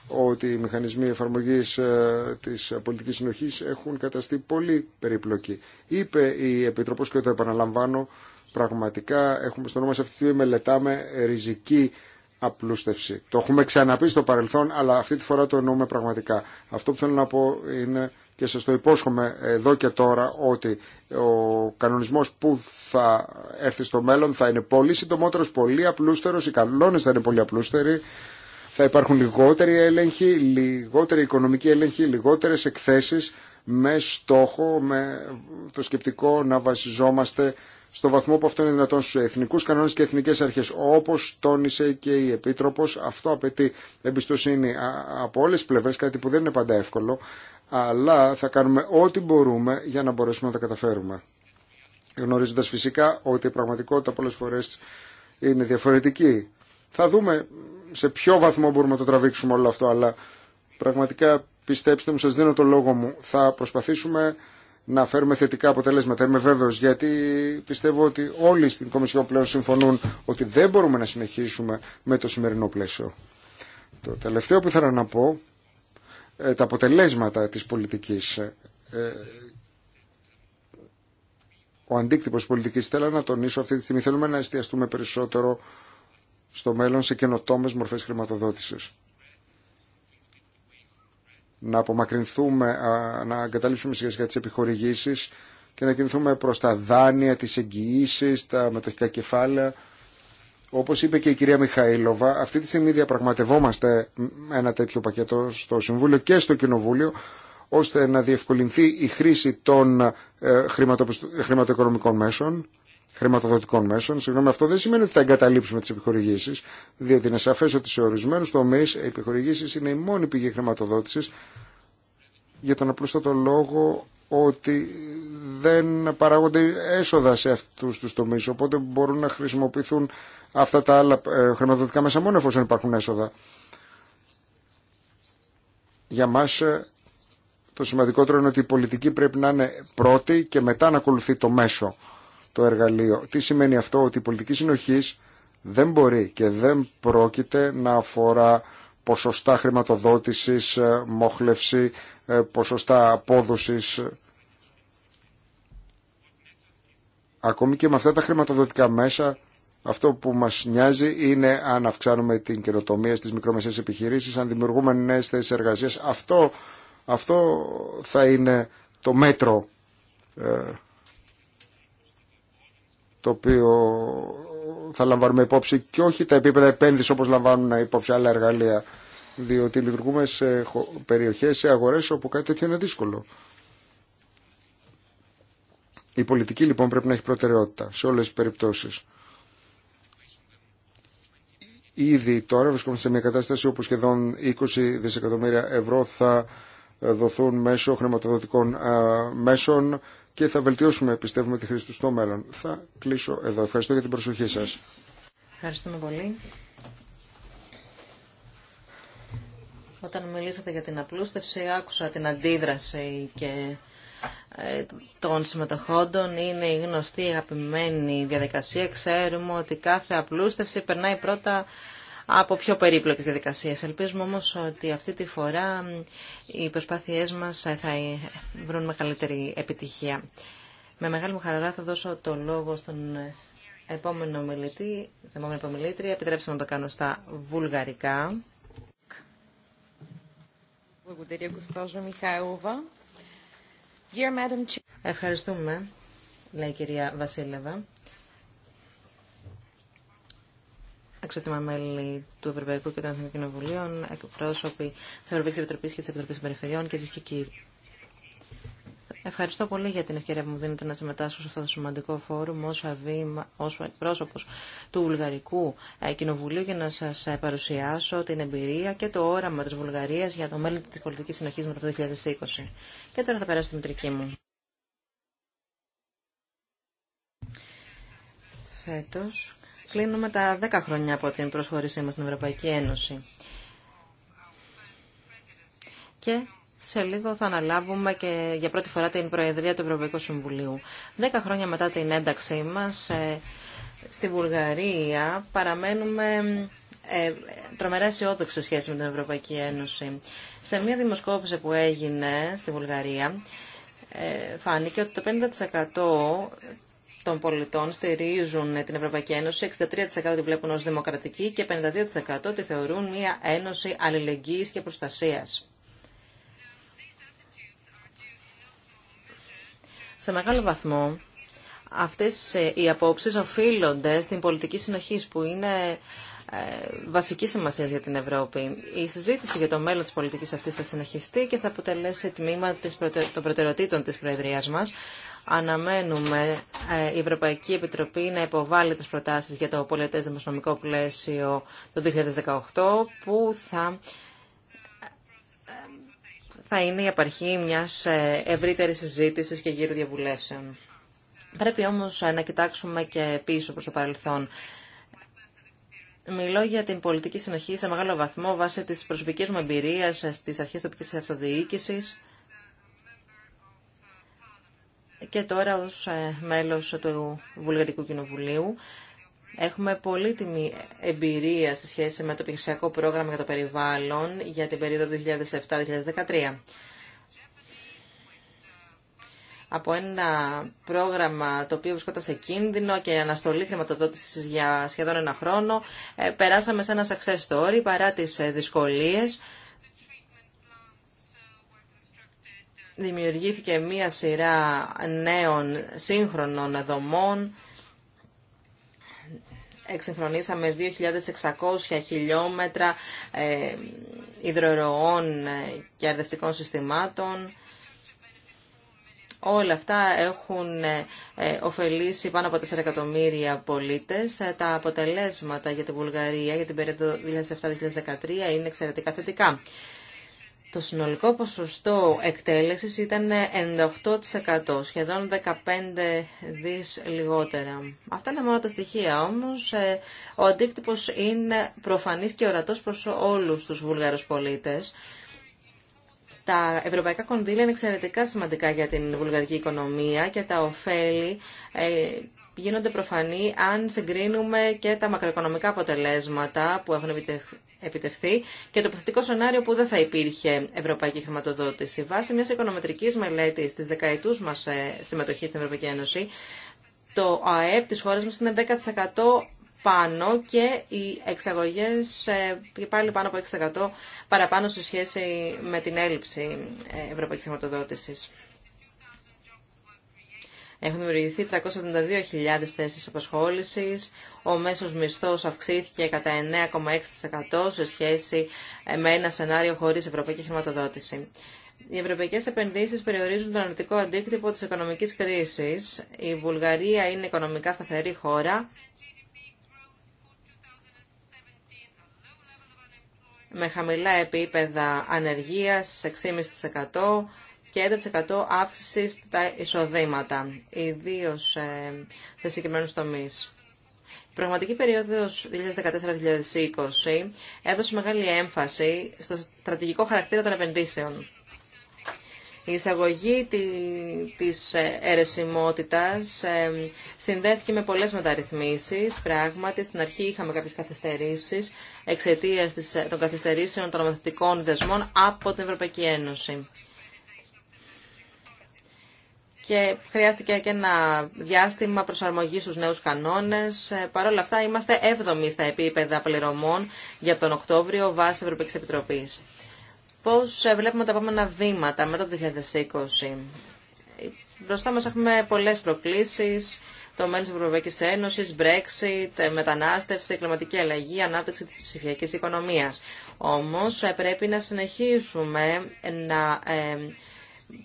[SPEAKER 2] ότι οι μηχανισμοί εφαρμογής ε, τη πολιτική συνοχή έχουν καταστεί πολύ περίπλοκοι. Είπε η Επιτροπός και το επαναλαμβάνω, πραγματικά έχουμε στο νόμο σε αυτή τη στιγμή μελετάμε ριζική απλούστευση. Το έχουμε ξαναπεί στο παρελθόν, αλλά αυτή τη φορά το εννοούμε πραγματικά. Αυτό που θέλω να πω είναι και σας το υπόσχομαι εδώ και τώρα ότι ο κανονισμός που θα έρθει στο μέλλον θα είναι πολύ συντομότερος, πολύ απλούστερος, οι κανόνε θα είναι πολύ απλούστεροι θα υπάρχουν λιγότεροι έλεγχοι, λιγότεροι οικονομικοί έλεγχοι, λιγότερες εκθέσεις με στόχο, με το σκεπτικό να βασιζόμαστε στο βαθμό που αυτό είναι δυνατόν στους εθνικούς κανόνες και εθνικές αρχές. Όπως τόνισε και η Επίτροπος, αυτό απαιτεί εμπιστοσύνη από όλες τις πλευρές, κάτι που δεν είναι πάντα εύκολο, αλλά θα κάνουμε ό,τι μπορούμε για να μπορέσουμε να τα καταφέρουμε. Γνωρίζοντας φυσικά ότι η πραγματικότητα πολλές φορές είναι διαφορετική. Θα δούμε σε ποιο βαθμό μπορούμε να το τραβήξουμε όλο αυτό, αλλά πραγματικά πιστέψτε μου, σας δίνω το λόγο μου. Θα προσπαθήσουμε να φέρουμε θετικά αποτελέσματα. Είμαι βέβαιος γιατί πιστεύω ότι όλοι στην Κομισιόν πλέον συμφωνούν ότι δεν μπορούμε να συνεχίσουμε με το σημερινό πλαίσιο. Το τελευταίο που ήθελα να πω, ε, τα αποτελέσματα της πολιτικής. Ε, ε, ο αντίκτυπος της πολιτικής, θέλω να τονίσω αυτή τη στιγμή, θέλουμε να εστιαστούμε περισσότερο στο μέλλον σε καινοτόμε μορφές χρηματοδότησης. Να απομακρυνθούμε, να εγκαταλείψουμε σιγά σιγά τι επιχορηγήσει και να κινηθούμε προς τα δάνεια, τι εγγυήσει, τα μετοχικά κεφάλαια. Όπως είπε και η κυρία Μιχαήλοβα, αυτή τη στιγμή διαπραγματευόμαστε ένα τέτοιο πακέτο στο Συμβούλιο και στο Κοινοβούλιο, ώστε να διευκολυνθεί η χρήση των ε, χρηματοοικονομικών μέσων χρηματοδοτικών μέσων. Συγγνώμη, αυτό δεν σημαίνει ότι θα εγκαταλείψουμε τι επιχορηγήσει, διότι είναι σαφέ ότι σε ορισμένου τομεί οι επιχορηγήσει είναι η μόνη πηγή χρηματοδότηση για τον απλούστατο λόγο ότι δεν παράγονται έσοδα σε αυτού του τομεί. Οπότε μπορούν να χρησιμοποιηθούν αυτά τα άλλα ε, χρηματοδοτικά μέσα μόνο εφόσον υπάρχουν έσοδα. Για μα ε, το σημαντικότερο είναι ότι η πολιτική πρέπει να είναι πρώτη και μετά να ακολουθεί το μέσο το εργαλείο. Τι σημαίνει αυτό, ότι η πολιτική συνοχή δεν μπορεί και δεν πρόκειται να αφορά ποσοστά χρηματοδότησης, ε, μόχλευση, ε, ποσοστά απόδοσης. Ακόμη και με αυτά τα χρηματοδοτικά μέσα, αυτό που μας νοιάζει είναι αν αυξάνουμε την καινοτομία στις μικρομεσαίες επιχειρήσεις, αν δημιουργούμε νέες θέσεις εργασίας. Αυτό, αυτό θα είναι το μέτρο ε, το οποίο θα λαμβάνουμε υπόψη και όχι τα επίπεδα επένδυση όπως λαμβάνουν υπόψη άλλα εργαλεία διότι λειτουργούμε σε περιοχές, σε αγορές όπου κάτι τέτοιο είναι δύσκολο. Η πολιτική λοιπόν πρέπει να έχει προτεραιότητα σε όλες τις περιπτώσεις. Ήδη τώρα βρισκόμαστε σε μια κατάσταση όπου σχεδόν 20 δισεκατομμύρια ευρώ θα δοθούν μέσω χρηματοδοτικών μέσων και θα βελτιώσουμε, πιστεύουμε, τη χρήση του στο μέλλον. Θα κλείσω εδώ. Ευχαριστώ για την προσοχή σα.
[SPEAKER 3] Ευχαριστούμε πολύ. Όταν μιλήσατε για την απλούστευση, άκουσα την αντίδραση και ε, των συμμετοχόντων είναι η γνωστή αγαπημένη διαδικασία. Ξέρουμε ότι κάθε απλούστευση περνάει πρώτα από πιο περίπλοκες διαδικασίες. Ελπίζουμε όμως ότι αυτή τη φορά οι προσπάθειές μας θα ε, βρουν μεγαλύτερη επιτυχία. Με μεγάλη μου χαρά θα δώσω το λόγο στον ε, επόμενο μιλητή, την επόμενη Επιτρέψτε να το κάνω στα βουλγαρικά. Ευχαριστούμε, λέει η κυρία Βασίλεβα. εξωτήμα μέλη του Ευρωπαϊκού και των Εθνικών Κοινοβουλίων, εκπρόσωποι τη Ευρωπαϊκή Επιτροπή και τη Επιτροπή Περιφερειών, κυρίε και κύριοι. Ευχαριστώ πολύ για την ευκαιρία που μου δίνετε να συμμετάσχω σε αυτό το σημαντικό φόρουμ ω εκπρόσωπο του Βουλγαρικού ε, Κοινοβουλίου για να σα ε, παρουσιάσω την εμπειρία και το όραμα τη Βουλγαρίας για το μέλλον τη πολιτική συνοχή μετά το 2020. Και τώρα θα περάσω στη μητρική μου. Φέτος κλείνουμε τα 10 χρόνια από την προσχώρησή μας στην Ευρωπαϊκή Ένωση. Και σε λίγο θα αναλάβουμε και για πρώτη φορά την Προεδρία του Ευρωπαϊκού Συμβουλίου. Δέκα χρόνια μετά την ένταξή μας ε, στη Βουλγαρία παραμένουμε ε, τρομερά αισιόδοξοι σχέση με την Ευρωπαϊκή Ένωση. Σε μια δημοσκόπηση που έγινε στη Βουλγαρία ε, φάνηκε ότι το 50% των πολιτών στηρίζουν την Ευρωπαϊκή Ένωση, 63% τη βλέπουν ως δημοκρατική και 52% τη θεωρούν μια ένωση αλληλεγγύης και προστασίας. Σε μεγάλο βαθμό, αυτές ε, οι απόψεις οφείλονται στην πολιτική συνοχή που είναι ε, βασική σημασία για την Ευρώπη. Η συζήτηση για το μέλλον της πολιτικής αυτής θα συνεχιστεί και θα αποτελέσει τμήμα των προτεραιοτήτων της Προεδρίας μας, Αναμένουμε ε, η Ευρωπαϊκή Επιτροπή να υποβάλει τις προτάσεις για το πολιτές δημοσιονομικό πλαίσιο το 2018 που θα, ε, θα είναι η απαρχή μιας ε, ευρύτερης συζήτησης και γύρω διαβουλεύσεων. Πρέπει όμως να κοιτάξουμε και πίσω προς το παρελθόν. Μιλώ για την πολιτική συνοχή σε μεγάλο βαθμό βάσει της προσωπικής μου εμπειρίας στις αρχές τοπικής αυτοδιοίκησης και τώρα ως ε, μέλος του Βουλγαρικού Κοινοβουλίου. Έχουμε πολύτιμη εμπειρία σε σχέση με το επιχειρησιακό πρόγραμμα για το περιβάλλον για την περίοδο 2007-2013. Από ένα πρόγραμμα το οποίο βρισκόταν σε κίνδυνο και αναστολή χρηματοδότησης για σχεδόν ένα χρόνο, ε, περάσαμε σε ένα success story παρά τις ε, δυσκολίες δημιουργήθηκε μία σειρά νέων σύγχρονων δομών. Εξυγχρονίσαμε 2.600 χιλιόμετρα ε, ε, και αρδευτικών συστημάτων. Όλα αυτά έχουν ε, ε, ωφελήσει πάνω από 4 εκατομμύρια πολίτες. Τα αποτελέσματα για την Βουλγαρία για την περίοδο 2007-2013 είναι εξαιρετικά θετικά. Το συνολικό ποσοστό εκτέλεσης ήταν 98%, σχεδόν 15 δις λιγότερα. Αυτά είναι μόνο τα στοιχεία, όμως ε, ο αντίκτυπος είναι προφανής και ορατός προς όλους τους Βουλγαρούς πολίτες. Τα ευρωπαϊκά κονδύλια είναι εξαιρετικά σημαντικά για την βουλγαρική οικονομία και τα ωφέλη ε, γίνονται προφανή αν συγκρίνουμε και τα μακροοικονομικά αποτελέσματα που έχουν επιτευχθεί και το προθετικό σενάριο που δεν θα υπήρχε ευρωπαϊκή χρηματοδότηση. Βάσει μιας οικονομετρικής μελέτης της δεκαετούς μας ε, συμμετοχής στην Ευρωπαϊκή Ένωση, το ΑΕΠ της χώρας μας είναι 10% πάνω και οι εξαγωγές ε, πάλι πάνω από 6% παραπάνω σε σχέση με την έλλειψη ε, ευρωπαϊκής χρηματοδότησης. Έχουν δημιουργηθεί 372.000 θέσεις απασχόλησης. Ο μέσος μισθός αυξήθηκε κατά 9,6% σε σχέση με ένα σενάριο χωρίς ευρωπαϊκή χρηματοδότηση. Οι ευρωπαϊκέ επενδύσει περιορίζουν τον αρνητικό αντίκτυπο τη οικονομική κρίση. Η Βουλγαρία είναι οικονομικά σταθερή χώρα. με χαμηλά επίπεδα ανεργίας 6,5% και 1% αύξηση στα εισοδήματα, ιδίω ε, σε συγκεκριμένου τομεί. Η πραγματική περίοδος 2014-2020 έδωσε μεγάλη έμφαση στο στρατηγικό χαρακτήρα των επενδύσεων. Η εισαγωγή της ε, αιρεσιμότητας ε, συνδέθηκε με πολλές μεταρρυθμίσεις. Πράγματι, στην αρχή είχαμε κάποιες καθυστερήσεις εξαιτίας των καθυστερήσεων των νομοθετικών δεσμών από την Ευρωπαϊκή Ένωση και χρειάστηκε και ένα διάστημα προσαρμογή στους νέους κανόνες. Ε, παρ' όλα αυτά είμαστε 7 στα επίπεδα πληρωμών για τον Οκτώβριο βάσει Ευρωπαϊκής Επιτροπής. Πώς ε, βλέπουμε τα επόμενα βήματα μετά το 2020. Μπροστά μας έχουμε πολλές προκλήσεις, το μέλλον της Ευρωπαϊκής Ένωσης, Brexit, ε, μετανάστευση, κλιματική αλλαγή, ανάπτυξη της ψηφιακής οικονομίας. Όμως πρέπει να συνεχίσουμε να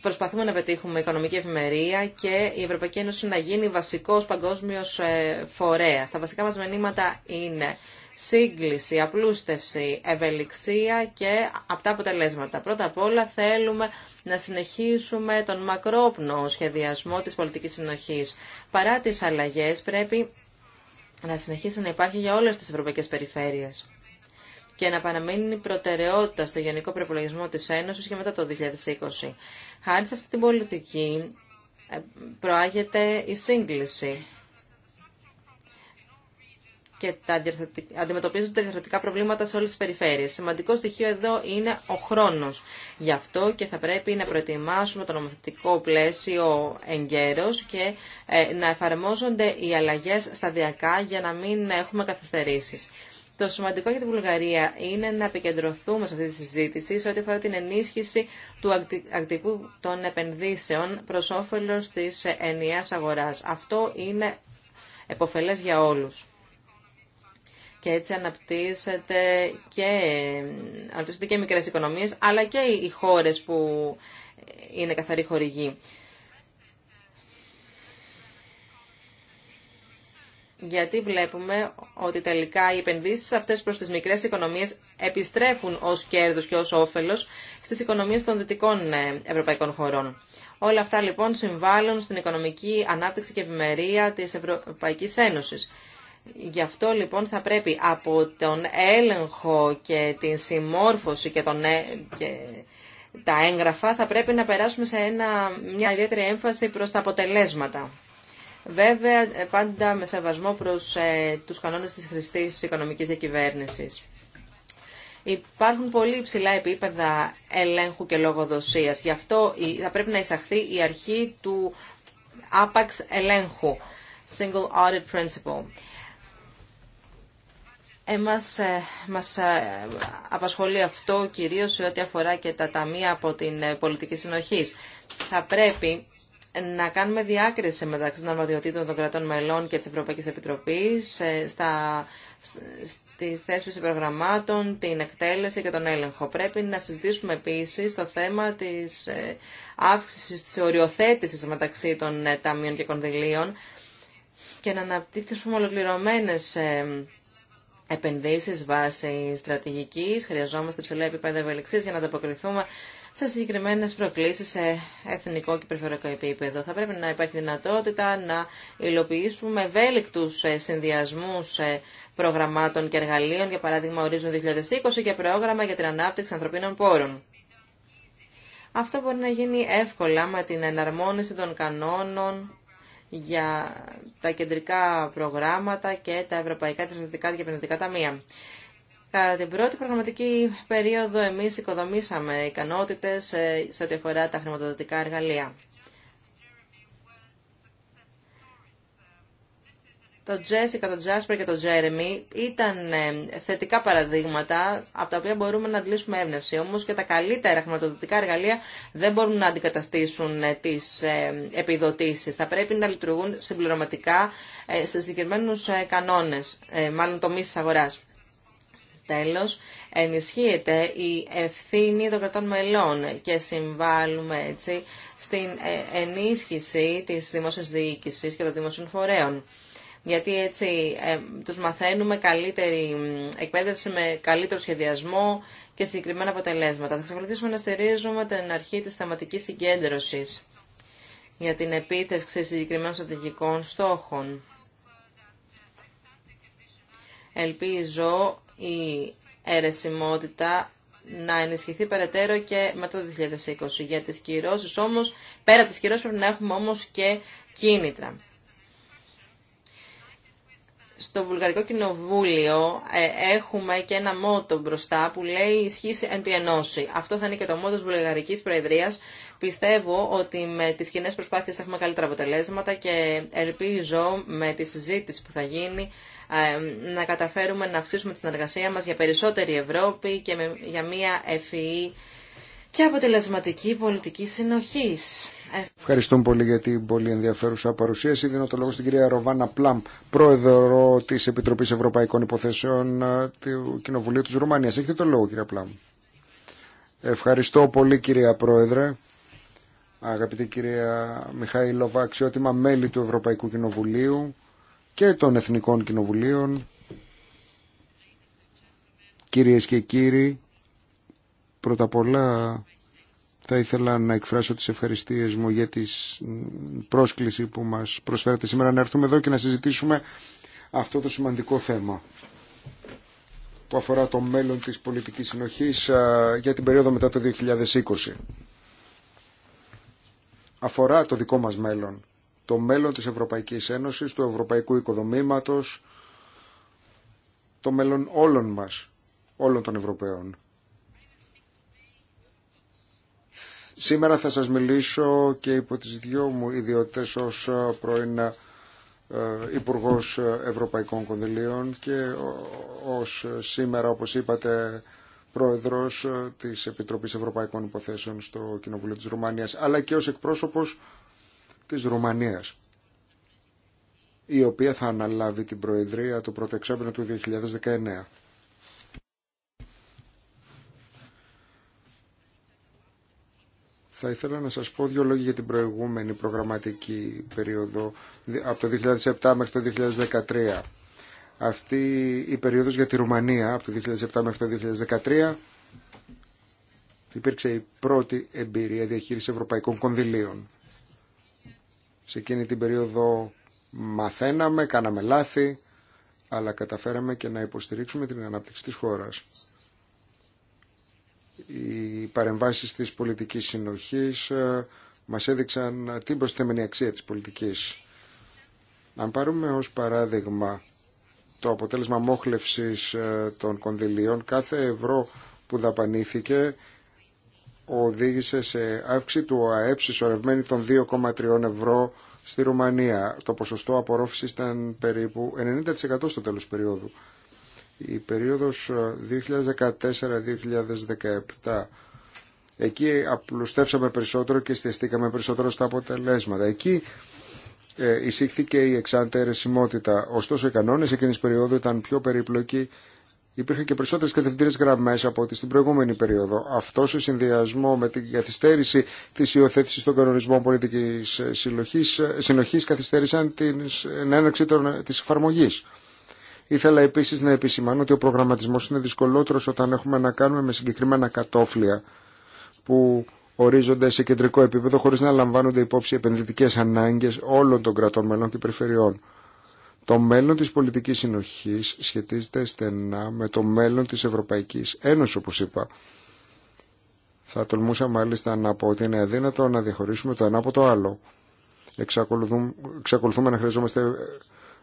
[SPEAKER 3] προσπαθούμε να πετύχουμε οικονομική ευημερία και η Ευρωπαϊκή Ένωση να γίνει βασικός παγκόσμιος ε, φορέας. Τα βασικά μας μενήματα είναι σύγκληση, απλούστευση, ευελιξία και αυτά αποτελέσματα. Πρώτα απ' όλα θέλουμε να συνεχίσουμε τον μακρόπνο σχεδιασμό της πολιτικής συνοχής. Παρά τις αλλαγές πρέπει να συνεχίσει να υπάρχει για όλες τις ευρωπαϊκές περιφέρειες και να παραμείνει προτεραιότητα στο γενικό προπολογισμό της Ένωσης και μετά το 2020. Χάρη σε αυτή την πολιτική ε, προάγεται η σύγκληση και τα αντιμετωπίζονται διαφορετικά προβλήματα σε όλες τις περιφέρειες. Σημαντικό στοιχείο εδώ είναι ο χρόνος. Γι' αυτό και θα πρέπει να προετοιμάσουμε το νομοθετικό πλαίσιο εγκαίρως και ε, να εφαρμόζονται οι αλλαγές σταδιακά για να μην έχουμε καθυστερήσεις. Το σημαντικό για τη Βουλγαρία είναι να επικεντρωθούμε σε αυτή τη συζήτηση σε ό,τι αφορά την ενίσχυση του ακτικού των επενδύσεων προ όφελο τη ενιαία αγορά. Αυτό είναι επωφελέ για όλου. Και έτσι αναπτύσσεται και, οι και μικρές οικονομίες, αλλά και οι χώρες που είναι καθαροί χορηγοί. γιατί βλέπουμε ότι τελικά οι επενδύσεις αυτές προς τις μικρές οικονομίες επιστρέφουν ως κέρδος και ως όφελος στις οικονομίες των δυτικών ε, ευρωπαϊκών χωρών. Όλα αυτά λοιπόν συμβάλλουν στην οικονομική ανάπτυξη και ευημερία της Ευρωπαϊκής Ένωσης. Γι' αυτό λοιπόν θα πρέπει από τον έλεγχο και την συμμόρφωση και, τον... Ε, και τα έγγραφα θα πρέπει να περάσουμε σε ένα... μια ιδιαίτερη έμφαση προς τα αποτελέσματα. Βέβαια, ε, πάντα με σεβασμό προς ε, τους κανόνες της χρηστής οικονομικής διακυβέρνησης. Υπάρχουν πολύ υψηλά επίπεδα ελέγχου και λογοδοσίας. Γι' αυτό θα πρέπει να εισαχθεί η αρχή του άπαξ ελέγχου, Single Audit Principle. Εμάς μας ε, ε, απασχολεί αυτό κυρίως σε ό,τι αφορά και τα ταμεία από την πολιτική συνοχής. Θα πρέπει να κάνουμε διάκριση μεταξύ των αρμοδιοτήτων των κρατών μελών και της Ευρωπαϊκής Επιτροπής ε, στα, στη θέσπιση προγραμμάτων, την εκτέλεση και τον έλεγχο. Πρέπει να συζητήσουμε επίσης το θέμα της ε, αύξησης της οριοθέτησης μεταξύ των ε, ταμείων και κονδυλίων και να αναπτύξουμε ολοκληρωμένες επενδύσεις βάσει στρατηγικής. Χρειαζόμαστε ψηλά επίπεδα ευελιξής για να ανταποκριθούμε σε συγκεκριμένε προκλήσει σε εθνικό και περιφερειακό επίπεδο. Θα πρέπει να υπάρχει δυνατότητα να υλοποιήσουμε ευέλικτου ε, συνδυασμού ε, προγραμμάτων και εργαλείων, για παράδειγμα ορίζουν 2020 και πρόγραμμα για την ανάπτυξη ανθρωπίνων πόρων. Αυτό μπορεί να γίνει εύκολα με την εναρμόνιση των κανόνων για τα κεντρικά προγράμματα και τα ευρωπαϊκά διευθυντικά και επενδυτικά ταμεία. Κατά την πρώτη προγραμματική περίοδο εμείς οικοδομήσαμε ικανότητες ε, σε ό,τι αφορά τα χρηματοδοτικά εργαλεία. Το Jessica, το Jasper και το Jeremy ήταν ε, θετικά παραδείγματα από τα οποία μπορούμε να αντλήσουμε έμπνευση. Όμως και τα καλύτερα χρηματοδοτικά εργαλεία δεν μπορούν να αντικαταστήσουν ε, τις επιδοτήσεις. Θα πρέπει να λειτουργούν συμπληρωματικά σε συγκεκριμένους κανόνες, μάλλον τομείς τη αγοράς. Τέλος, ενισχύεται η ευθύνη των κρατών μελών και συμβάλλουμε έτσι στην ε, ενίσχυση της δημόσιας διοίκησης και των δημόσιων φορέων. Γιατί έτσι ε, τους μαθαίνουμε καλύτερη εκπαίδευση με καλύτερο σχεδιασμό και συγκεκριμένα αποτελέσματα. Θα εξακολουθήσουμε να στηρίζουμε την αρχή της θεματικής συγκέντρωσης για την επίτευξη συγκεκριμένων στρατηγικών στόχων. Ελπίζω η αιρεσιμότητα να ενισχυθεί περαιτέρω και μετά το 2020. Για τις κυρώσεις όμως, πέρα από τις κυρώσεις πρέπει να έχουμε όμως και κίνητρα. Στο Βουλγαρικό Κοινοβούλιο ε, έχουμε και ένα μότο μπροστά που λέει ισχύσει εν τη ενώση». Αυτό θα είναι και το μότο της Βουλγαρικής Προεδρίας. Πιστεύω ότι με τις κοινέ προσπάθειες έχουμε καλύτερα αποτελέσματα και ελπίζω με τη συζήτηση που θα γίνει ε, να καταφέρουμε να αυξήσουμε τη συνεργασία μας για περισσότερη Ευρώπη και για μια ευφυή και αποτελεσματική πολιτική συνοχής. Ε,
[SPEAKER 2] Ευχαριστούμε πολύ για την πολύ ενδιαφέρουσα παρουσίαση. Δίνω το λόγο στην κυρία Ροβάνα Πλάμ, πρόεδρο τη Επιτροπή Ευρωπαϊκών Υποθέσεων ε, του Κοινοβουλίου τη Ρουμανία. Έχετε το λόγο, κυρία Πλάμ. Ευχαριστώ πολύ, κυρία Πρόεδρε. Αγαπητή κυρία Μιχαήλοβα, αξιότιμα μέλη του Ευρωπαϊκού Κοινοβουλίου και των Εθνικών Κοινοβουλίων. Κυρίες και κύριοι, πρώτα απ' όλα θα ήθελα να εκφράσω τις ευχαριστίες μου για την πρόσκληση που μας προσφέρετε σήμερα να έρθουμε εδώ και να συζητήσουμε αυτό το σημαντικό θέμα που αφορά το μέλλον της πολιτικής συνοχής για την περίοδο μετά το 2020. Αφορά το δικό μας μέλλον το μέλλον της Ευρωπαϊκής Ένωσης, του ευρωπαϊκού οικοδομήματος, το μέλλον όλων μας, όλων των Ευρωπαίων. Σήμερα θα σας μιλήσω και υπό τις δυο μου ιδιότητες ως ε, πρώην ε, υπουργό Ευρωπαϊκών Κονδυλίων και ε, ως σήμερα, όπως είπατε, πρόεδρος της Επιτροπής Ευρωπαϊκών Υποθέσεων στο Κοινοβουλίο της Ρουμανίας, αλλά και ως εκπρόσωπος της Ρουμανίας η οποία θα αναλάβει την Προεδρία το πρώτο του 2019. Θα ήθελα να σας πω δύο λόγια για την προηγούμενη προγραμματική περίοδο από το 2007 μέχρι το 2013. Αυτή η περίοδος για τη Ρουμανία από το 2007 μέχρι το 2013 υπήρξε η πρώτη εμπειρία διαχείρισης ευρωπαϊκών κονδυλίων. Σε εκείνη την περίοδο μαθαίναμε, κάναμε λάθη, αλλά καταφέραμε και να υποστηρίξουμε την ανάπτυξη της χώρας. Οι παρεμβάσεις της πολιτικής συνοχής ε, μας έδειξαν την προσθέμενη αξία της πολιτικής. Αν πάρουμε ως παράδειγμα το αποτέλεσμα μόχλευσης ε, των κονδυλίων, κάθε ευρώ που δαπανήθηκε οδήγησε σε αύξηση του ΑΕΠ συσσωρευμένη των 2,3 ευρώ στη Ρουμανία. Το ποσοστό απορρόφησης ήταν περίπου 90% στο τέλος περίοδου. Η περίοδος 2014-2017 ε, Εκεί απλουστεύσαμε περισσότερο και εστιαστήκαμε περισσότερο στα αποτελέσματα. Εκεί ε, εισήχθηκε η εξάντερεσιμότητα. Ωστόσο, οι κανόνε εκείνη περίοδου ήταν πιο περίπλοκοι υπήρχαν και περισσότερε κατευθυντήρε γραμμέ από ό,τι στην προηγούμενη περίοδο. Αυτό σε συνδυασμό με την καθυστέρηση τη υιοθέτηση των κανονισμών πολιτική συνοχή καθυστέρησαν την έναρξη τη εφαρμογή. Ήθελα επίση να επισημάνω ότι ο προγραμματισμό είναι δυσκολότερο όταν έχουμε να κάνουμε με συγκεκριμένα κατόφλια που ορίζονται σε κεντρικό επίπεδο χωρί να λαμβάνονται υπόψη επενδυτικέ ανάγκε όλων των κρατών μελών και περιφερειών. Το μέλλον της πολιτικής συνοχής σχετίζεται στενά με το μέλλον της Ευρωπαϊκής Ένωσης, όπως είπα. Θα τολμούσα μάλιστα να πω ότι είναι αδύνατο να διαχωρίσουμε το ένα από το άλλο. Εξακολουθούμε, να χρειαζόμαστε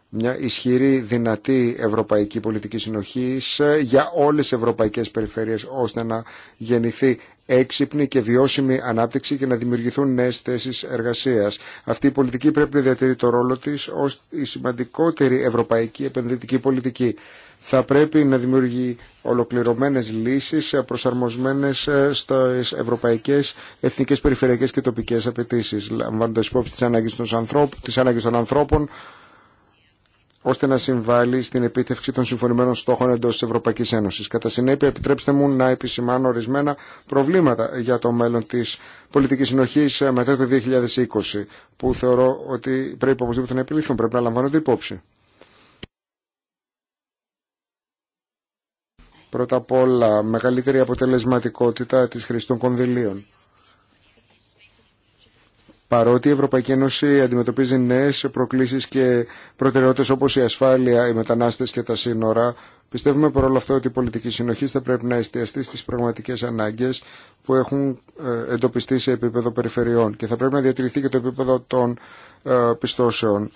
[SPEAKER 2] μια ισχυρή, δυνατή ευρωπαϊκή πολιτική συνοχής ε, για όλες τις ευρωπαϊκές περιφέρειες ώστε να γεννηθεί έξυπνη και βιώσιμη ανάπτυξη και να δημιουργηθούν νέε θέσει εργασία. Αυτή η πολιτική πρέπει να διατηρεί το ρόλο τη ω η σημαντικότερη ευρωπαϊκή επενδυτική πολιτική. Θα πρέπει να δημιουργεί ολοκληρωμένε λύσει προσαρμοσμένε ε, στι ευρωπαϊκέ, εθνικέ, περιφερειακέ και τοπικέ απαιτήσει, λαμβάνοντα υπόψη τι ανάγκε των, ανθρώπων ώστε να συμβάλλει στην επίτευξη των συμφωνημένων στόχων εντό τη Ευρωπαϊκή Ένωση. Κατά συνέπεια, επιτρέψτε μου να επισημάνω ορισμένα προβλήματα για το μέλλον τη πολιτική συνοχή ε, μετά το 2020, που θεωρώ ότι πρέπει οπωσδήποτε να επιληθούν, πρέπει να λαμβάνονται υπόψη. Πρώτα απ' όλα, μεγαλύτερη αποτελεσματικότητα της χρήση των κονδυλίων. Παρότι η Ευρωπαϊκή Ένωση αντιμετωπίζει νέε προκλήσει και προτεραιότητε όπω η ασφάλεια, οι μετανάστε και τα σύνορα, πιστεύουμε παρόλα αυτά ότι η πολιτική συνοχή θα πρέπει να εστιαστεί στι πραγματικέ ανάγκε που έχουν ε, εντοπιστεί σε επίπεδο περιφερειών και θα πρέπει να διατηρηθεί και το επίπεδο των ε, πιστώσεων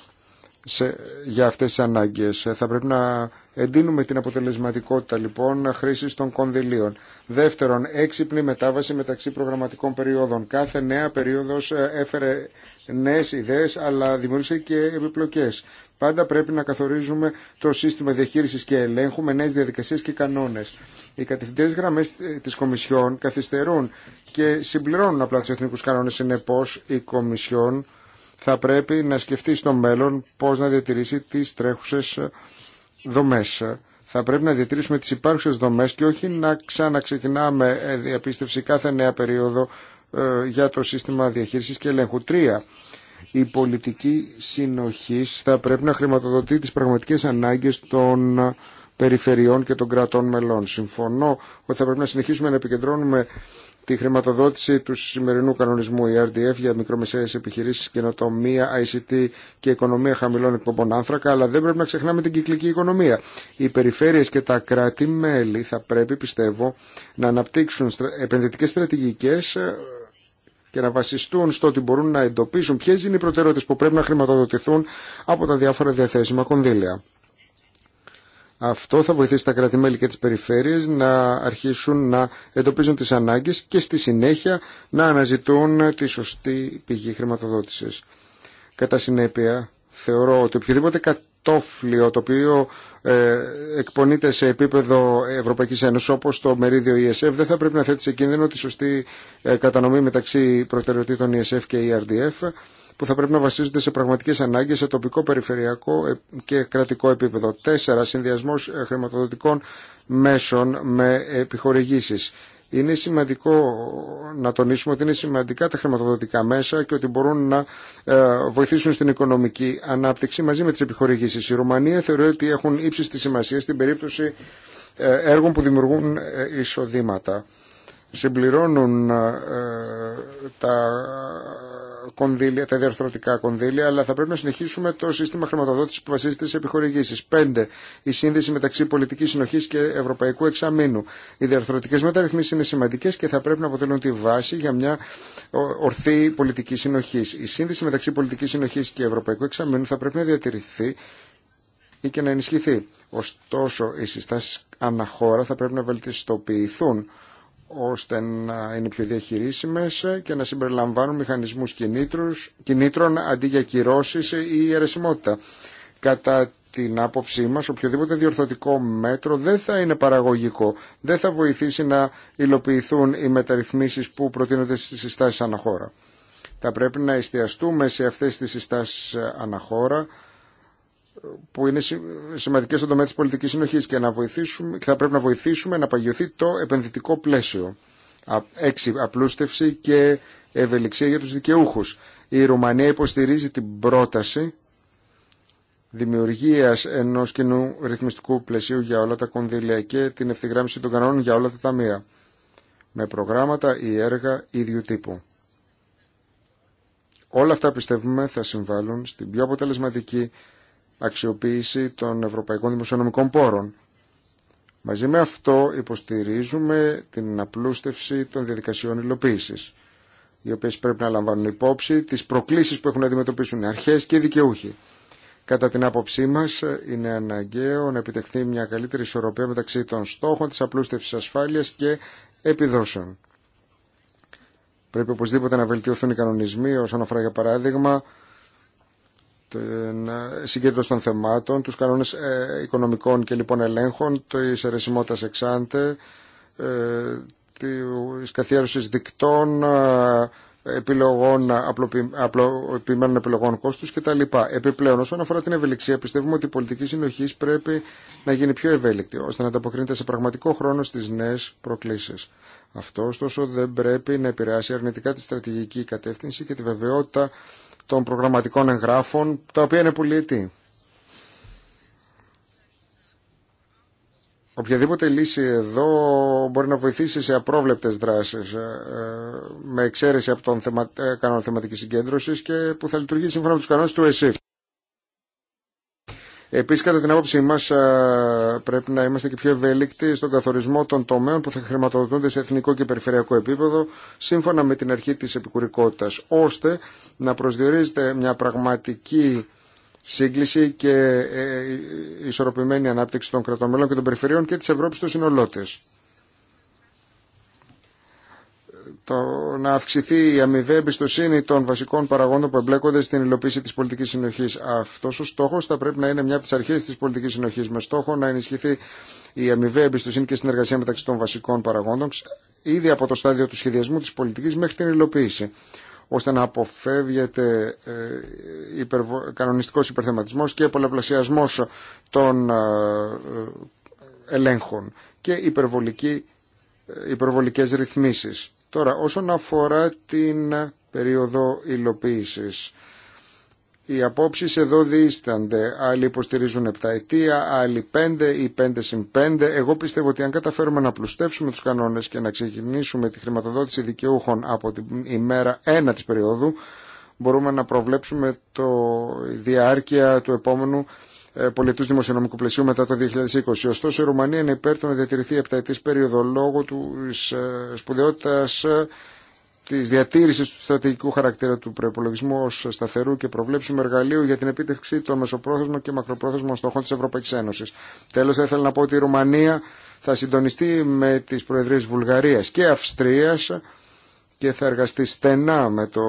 [SPEAKER 2] σε, για αυτές τις ανάγκες. Θα πρέπει να εντείνουμε την αποτελεσματικότητα λοιπόν χρήση των κονδυλίων. Δεύτερον, έξυπνη μετάβαση μεταξύ προγραμματικών περίοδων. Κάθε νέα περίοδος ε, έφερε νέες ιδέες αλλά δημιούργησε και επιπλοκές. Πάντα πρέπει να καθορίζουμε το σύστημα διαχείρισης και ελέγχου με νέες διαδικασίες και κανόνες. Οι κατευθυντές γραμμές ε, της Κομισιόν καθυστερούν και συμπληρώνουν απλά τους εθνικούς κανόνες. Συνεπώς, η Κομισιόν θα πρέπει να σκεφτεί στο μέλλον πώς να διατηρήσει τις τρέχουσες δομές. Θα πρέπει να διατηρήσουμε τις υπάρχουσες δομές και όχι να ξαναξεκινάμε ε, διαπίστευση κάθε νέα περίοδο ε, για το σύστημα διαχείρισης και ελέγχου. Τρία, η πολιτική συνοχής θα πρέπει να χρηματοδοτεί τις πραγματικές ανάγκες των περιφερειών και των κρατών μελών. Συμφωνώ ότι θα πρέπει να συνεχίσουμε να επικεντρώνουμε τη χρηματοδότηση του σημερινού κανονισμού ERDF για μικρομεσαίες επιχειρήσεις, καινοτομία, ICT και οικονομία χαμηλών εκπομπών άνθρακα, αλλά δεν πρέπει να ξεχνάμε την κυκλική οικονομία. Οι περιφέρειες και τα κράτη-μέλη θα πρέπει, πιστεύω, να αναπτύξουν επενδυτικές στρατηγικές ε, και να βασιστούν στο ότι μπορούν να εντοπίσουν ποιε είναι οι προτεραιότητε που πρέπει να χρηματοδοτηθούν από τα διάφορα διαθέσιμα κονδύλια. Αυτό θα βοηθήσει τα κρατημέλη και τις περιφέρειες να αρχίσουν να εντοπίζουν τις ανάγκες και στη συνέχεια να αναζητούν τη σωστή πηγή χρηματοδότησης. Κατά συνέπεια, θεωρώ ότι οποιοδήποτε κατόφλιο το οποίο ε, εκπονείται σε επίπεδο Ευρωπαϊκής Ένωσης όπως το μερίδιο ESF δεν θα πρέπει να θέτει σε κίνδυνο τη σωστή ε, κατανομή μεταξύ προτεραιοτήτων ESF και ERDF που θα πρέπει να βασίζονται σε πραγματικές ανάγκες σε τοπικό, περιφερειακό ε, και κρατικό επίπεδο. Τέσσερα, συνδυασμός ε, χρηματοδοτικών μέσων με επιχορηγήσεις. Είναι σημαντικό να τονίσουμε ότι είναι σημαντικά τα χρηματοδοτικά μέσα και ότι μπορούν να ε, βοηθήσουν στην οικονομική ανάπτυξη μαζί με τις επιχορηγήσεις. Η Ρουμανία θεωρεί ότι έχουν ύψιστη σημασία στην περίπτωση έργων που δημιουργούν εισοδήματα. Συμπληρώνουν τα κονδύλια, τα διαρθρωτικά κονδύλια, αλλά θα πρέπει να συνεχίσουμε το σύστημα χρηματοδότηση που βασίζεται σε επιχορηγήσει. 5. Η σύνδεση μεταξύ πολιτική συνοχή και ευρωπαϊκού εξαμήνου. Οι διαρθρωτικέ μεταρρυθμίσει είναι σημαντικέ και θα πρέπει να αποτελούν τη βάση για μια ορθή πολιτική συνοχή. Η σύνδεση μεταξύ πολιτική συνοχή και ευρωπαϊκού εξαμήνου θα πρέπει να διατηρηθεί ή και να ενισχυθεί. Ωστόσο, οι συστάσει αναχώρα θα πρέπει να βελτιστοποιηθούν ώστε να είναι πιο διαχειρίσιμες και να συμπεριλαμβάνουν μηχανισμούς κινήτρων αντί για κυρώσεις ή αιρεσιμότητα. Κατά την άποψή μας, οποιοδήποτε διορθωτικό μέτρο δεν θα είναι παραγωγικό, δεν θα βοηθήσει να υλοποιηθούν οι μεταρρυθμίσεις που προτείνονται στις συστάσεις αναχώρα. Θα πρέπει να εστιαστούμε σε αυτές τις συστάσεις αναχώρα, που είναι σημαντικέ στον τομέα τη πολιτική συνοχή και να θα πρέπει να βοηθήσουμε να παγιωθεί το επενδυτικό πλαίσιο. Έξι, απλούστευση και ευελιξία για τους δικαιούχου. Η Ρουμανία υποστηρίζει την πρόταση δημιουργία ενός κοινού ρυθμιστικού πλαισίου για όλα τα κονδύλια και την ευθυγράμμιση των κανόνων για όλα τα ταμεία με προγράμματα ή έργα ίδιου τύπου. Όλα αυτά πιστεύουμε θα συμβάλλουν στην πιο αποτελεσματική αξιοποίηση των ευρωπαϊκών δημοσιονομικών πόρων. Μαζί με αυτό υποστηρίζουμε την απλούστευση των διαδικασιών υλοποίηση, οι οποίες πρέπει να λαμβάνουν υπόψη τις προκλήσεις που έχουν να αντιμετωπίσουν οι αρχές και οι δικαιούχοι. Κατά την άποψή μας είναι αναγκαίο να επιτευχθεί μια καλύτερη ισορροπία μεταξύ των στόχων της απλούστευσης ασφάλειας και επιδόσεων. Πρέπει οπωσδήποτε να βελτιωθούν οι κανονισμοί όσον αφορά για παράδειγμα την συγκέντρωση των θεμάτων, τους κανόνες ε, οικονομικών και λοιπόν ελέγχων, της αιρεσιμότητας εξάντε, ε, της καθιέρωσης δικτών, ε, επιλογών, απλοποιημένων επιλογών κόστους κτλ. Επιπλέον, όσον αφορά την ευελιξία, πιστεύουμε ότι η πολιτική συνοχή πρέπει να γίνει πιο ευέλικτη, ώστε να ανταποκρίνεται σε πραγματικό χρόνο στις νέες προκλήσεις. Αυτό, ωστόσο, δεν πρέπει να επηρεάσει αρνητικά τη στρατηγική κατεύθυνση και τη βεβαιότητα των προγραμματικών εγγράφων, τα οποία είναι πολιτή. Οποιαδήποτε λύση εδώ μπορεί να βοηθήσει σε απρόβλεπτες δράσεις ε, ε, με εξαίρεση από τον ε, κανόνα θεματικής συγκέντρωσης και που θα λειτουργεί σύμφωνα με τους κανόνες του ΕΣΥΦ. Επίση, κατά την άποψή μας, πρέπει να είμαστε και πιο ευέλικτοι στον καθορισμό των τομέων που θα χρηματοδοτούνται σε εθνικό και περιφερειακό επίπεδο, σύμφωνα με την αρχή της επικουρικότητα, ώστε να προσδιορίζεται μια πραγματική σύγκληση και ε, ε, ισορροπημένη ανάπτυξη των κρατών και των περιφερειών και τη Ευρώπη στο συνολό το να αυξηθεί η αμοιβή εμπιστοσύνη των βασικών παραγόντων που εμπλέκονται στην υλοποίηση τη πολιτική συνοχή. Αυτό ο στόχο θα πρέπει να είναι μια από τι αρχέ τη πολιτική συνοχή, με στόχο να ενισχυθεί η αμοιβή εμπιστοσύνη και συνεργασία μεταξύ των βασικών παραγόντων, ήδη από το στάδιο του σχεδιασμού τη πολιτική μέχρι την υλοποίηση, ώστε να αποφεύγεται ε, υπερβο... κανονιστικό υπερθεματισμό και πολλαπλασιασμό των ε, ε, ελέγχων και υπερβολική υπερβολικές ρυθμίσεις. Τώρα, όσον αφορά την περίοδο υλοποίησης, οι απόψεις εδώ δίστανται. Άλλοι υποστηρίζουν 7 ετία, άλλοι 5 ή πέντε συν 5. Εγώ πιστεύω ότι αν καταφέρουμε να πλουστεύσουμε τους κανόνες και να ξεκινήσουμε τη χρηματοδότηση δικαιούχων από την ημέρα 1 της περίοδου, μπορούμε να προβλέψουμε το διάρκεια του επόμενου ε, πολιτού δημοσιονομικού πλαισίου μετά το 2020. Ωστόσο, η Ρουμανία είναι υπέρ του να διατηρηθεί επταετή περίοδο λόγω τη ε, σπουδαιότητα ε, τη διατήρηση του στρατηγικού χαρακτήρα του προπολογισμού ω σταθερού και προβλέψιμου εργαλείου για την επίτευξη των μεσοπρόθεσμων και μακροπρόθεσμων στόχων τη Ευρωπαϊκή Ένωση. Τέλο, θα ήθελα να πω ότι η Ρουμανία θα συντονιστεί με τι Προεδρίε Βουλγαρία και Αυστρία και θα εργαστεί στενά με το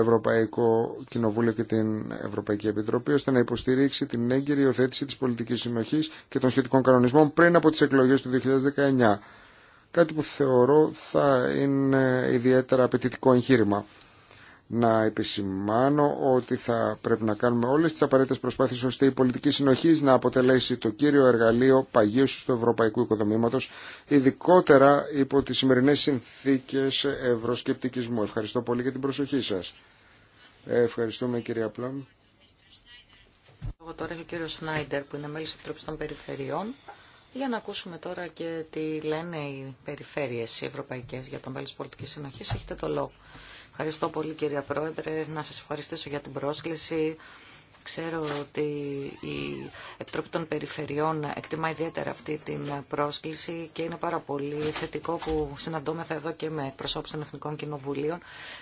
[SPEAKER 2] Ευρωπαϊκό Κοινοβούλιο και την Ευρωπαϊκή Επιτροπή ώστε να υποστηρίξει την έγκυρη υιοθέτηση της πολιτικής συνοχής και των σχετικών κανονισμών πριν από τις εκλογές του 2019. Κάτι που θεωρώ θα είναι ιδιαίτερα απαιτητικό εγχείρημα να επισημάνω ότι θα πρέπει να κάνουμε όλες τις απαραίτητες προσπάθειες ώστε η πολιτική συνοχή να αποτελέσει το κύριο εργαλείο παγίωσης του ευρωπαϊκού οικοδομήματος, ειδικότερα υπό τις σημερινές συνθήκες ευρωσκεπτικισμού. Ευχαριστώ πολύ για την προσοχή σας. Ευχαριστούμε κυρία Πλάμ.
[SPEAKER 4] Εγώ τώρα έχω κύριο Σνάιντερ που είναι μέλης Επιτροπής των Περιφερειών για να ακούσουμε τώρα και τι λένε οι περιφέρειες οι ευρωπαϊκές για το μέλος πολιτικής συνοχής. Έχετε το λόγο. Ευχαριστώ πολύ κυρία Πρόεδρε, να σας ευχαριστήσω για την πρόσκληση. Ξέρω ότι η Επιτροπή των Περιφερειών εκτιμά ιδιαίτερα αυτή την πρόσκληση και είναι πάρα πολύ θετικό που συναντώμεθα εδώ και με προσώπους των Εθνικών Κοινοβουλίων.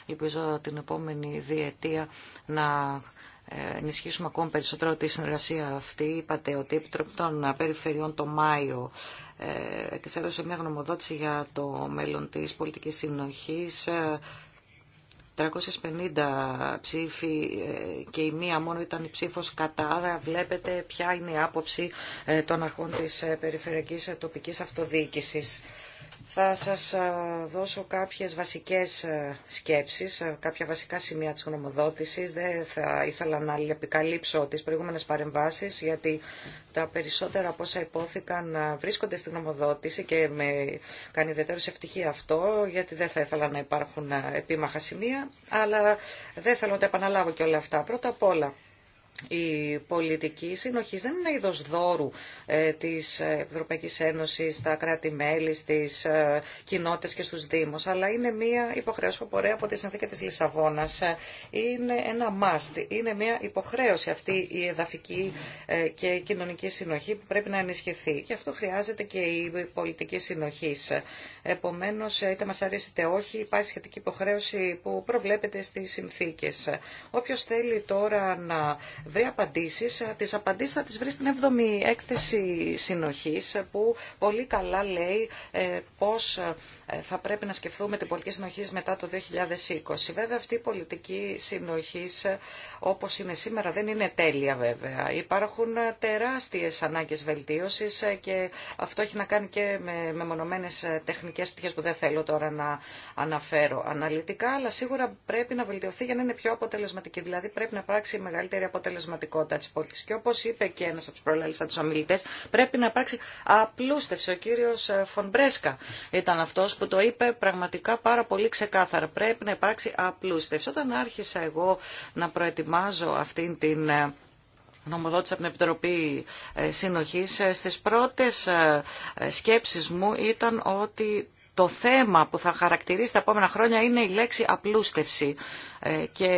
[SPEAKER 4] Ελπίζω την επόμενη διετία να ε, ενισχύσουμε ακόμα περισσότερο τη συνεργασία αυτή. Είπατε ότι η Επιτροπή των Περιφερειών το Μάιο ε, εξέδωσε μια γνωμοδότηση για το μέλλον της πολιτικής συνοχής ε, 350 ψήφοι ε, και η μία μόνο ήταν η ψήφος κατά, άρα βλέπετε ποια είναι η άποψη ε, των αρχών της ε, περιφερειακής τοπικής αυτοδιοίκησης. Θα σας ε, δώσω κάποιες βασικές ε, σκέψεις, ε, κάποια βασικά σημεία της γνωμοδότησης. Δεν θα ήθελα να επικαλύψω τις προηγούμενες παρεμβάσεις, γιατί τα περισσότερα από όσα υπόθηκαν βρίσκονται στην γνωμοδότηση και με κάνει ιδιαίτερη ευτυχία αυτό, γιατί δεν θα ήθελα να υπάρχουν επίμαχα σημεία, αλλά δεν θέλω να τα επαναλάβω και όλα αυτά. Πρώτα απ' όλα, η πολιτική συνοχή δεν είναι είδο δώρου ε, της ε, Ευρωπαϊκής Ένωσης στα κράτη-μέλη, στις ε, κοινότητες και στους δήμους, αλλά είναι μια υποχρέωση που πορεύει από τη συνθήκη της Λισαβόνας. Ε, είναι ένα μάστι, είναι μια υποχρέωση αυτή η εδαφική ε, και η κοινωνική συνοχή που πρέπει να ενισχυθεί. Γι' αυτό χρειάζεται και η πολιτική συνοχή. Επομένως, είτε μας αρέσει είτε όχι, υπάρχει σχετική υποχρέωση που προβλέπεται στις συνθήκες. Όποιος θέλει τώρα να βρει απαντήσει ε, Τι απαντήσεις θα τι βρει στην 7η έκθεση συνοχή, ε, που πολύ καλά λέει ε, πώ θα πρέπει να σκεφτούμε την πολιτική συνοχή μετά το 2020. Βέβαια αυτή η πολιτική συνοχή όπω είναι σήμερα δεν είναι τέλεια βέβαια. Υπάρχουν τεράστιε ανάγκε βελτίωση και αυτό έχει να κάνει και με μονομένε τεχνικέ πτυχέ που δεν θέλω τώρα να αναφέρω αναλυτικά αλλά σίγουρα πρέπει να βελτιωθεί για να είναι πιο αποτελεσματική. Δηλαδή πρέπει να υπάρξει μεγαλύτερη αποτελεσματική αποτελεσματικότητα τη Και όπω είπε και ένα από τους προλαλήσαντες ομιλητέ, πρέπει να υπάρξει απλούστευση. Ο κύριο ε, Φονμπρέσκα ήταν αυτό που το είπε πραγματικά πάρα πολύ ξεκάθαρα. Πρέπει να υπάρξει απλούστευση. Όταν άρχισα εγώ να προετοιμάζω αυτήν την ε, νομοδότης από την Επιτροπή ε, Συνοχής, στις πρώτες σκέψεις μου ήταν ότι το θέμα που θα χαρακτηρίσει τα επόμενα χρόνια είναι η λέξη απλούστευση ε, και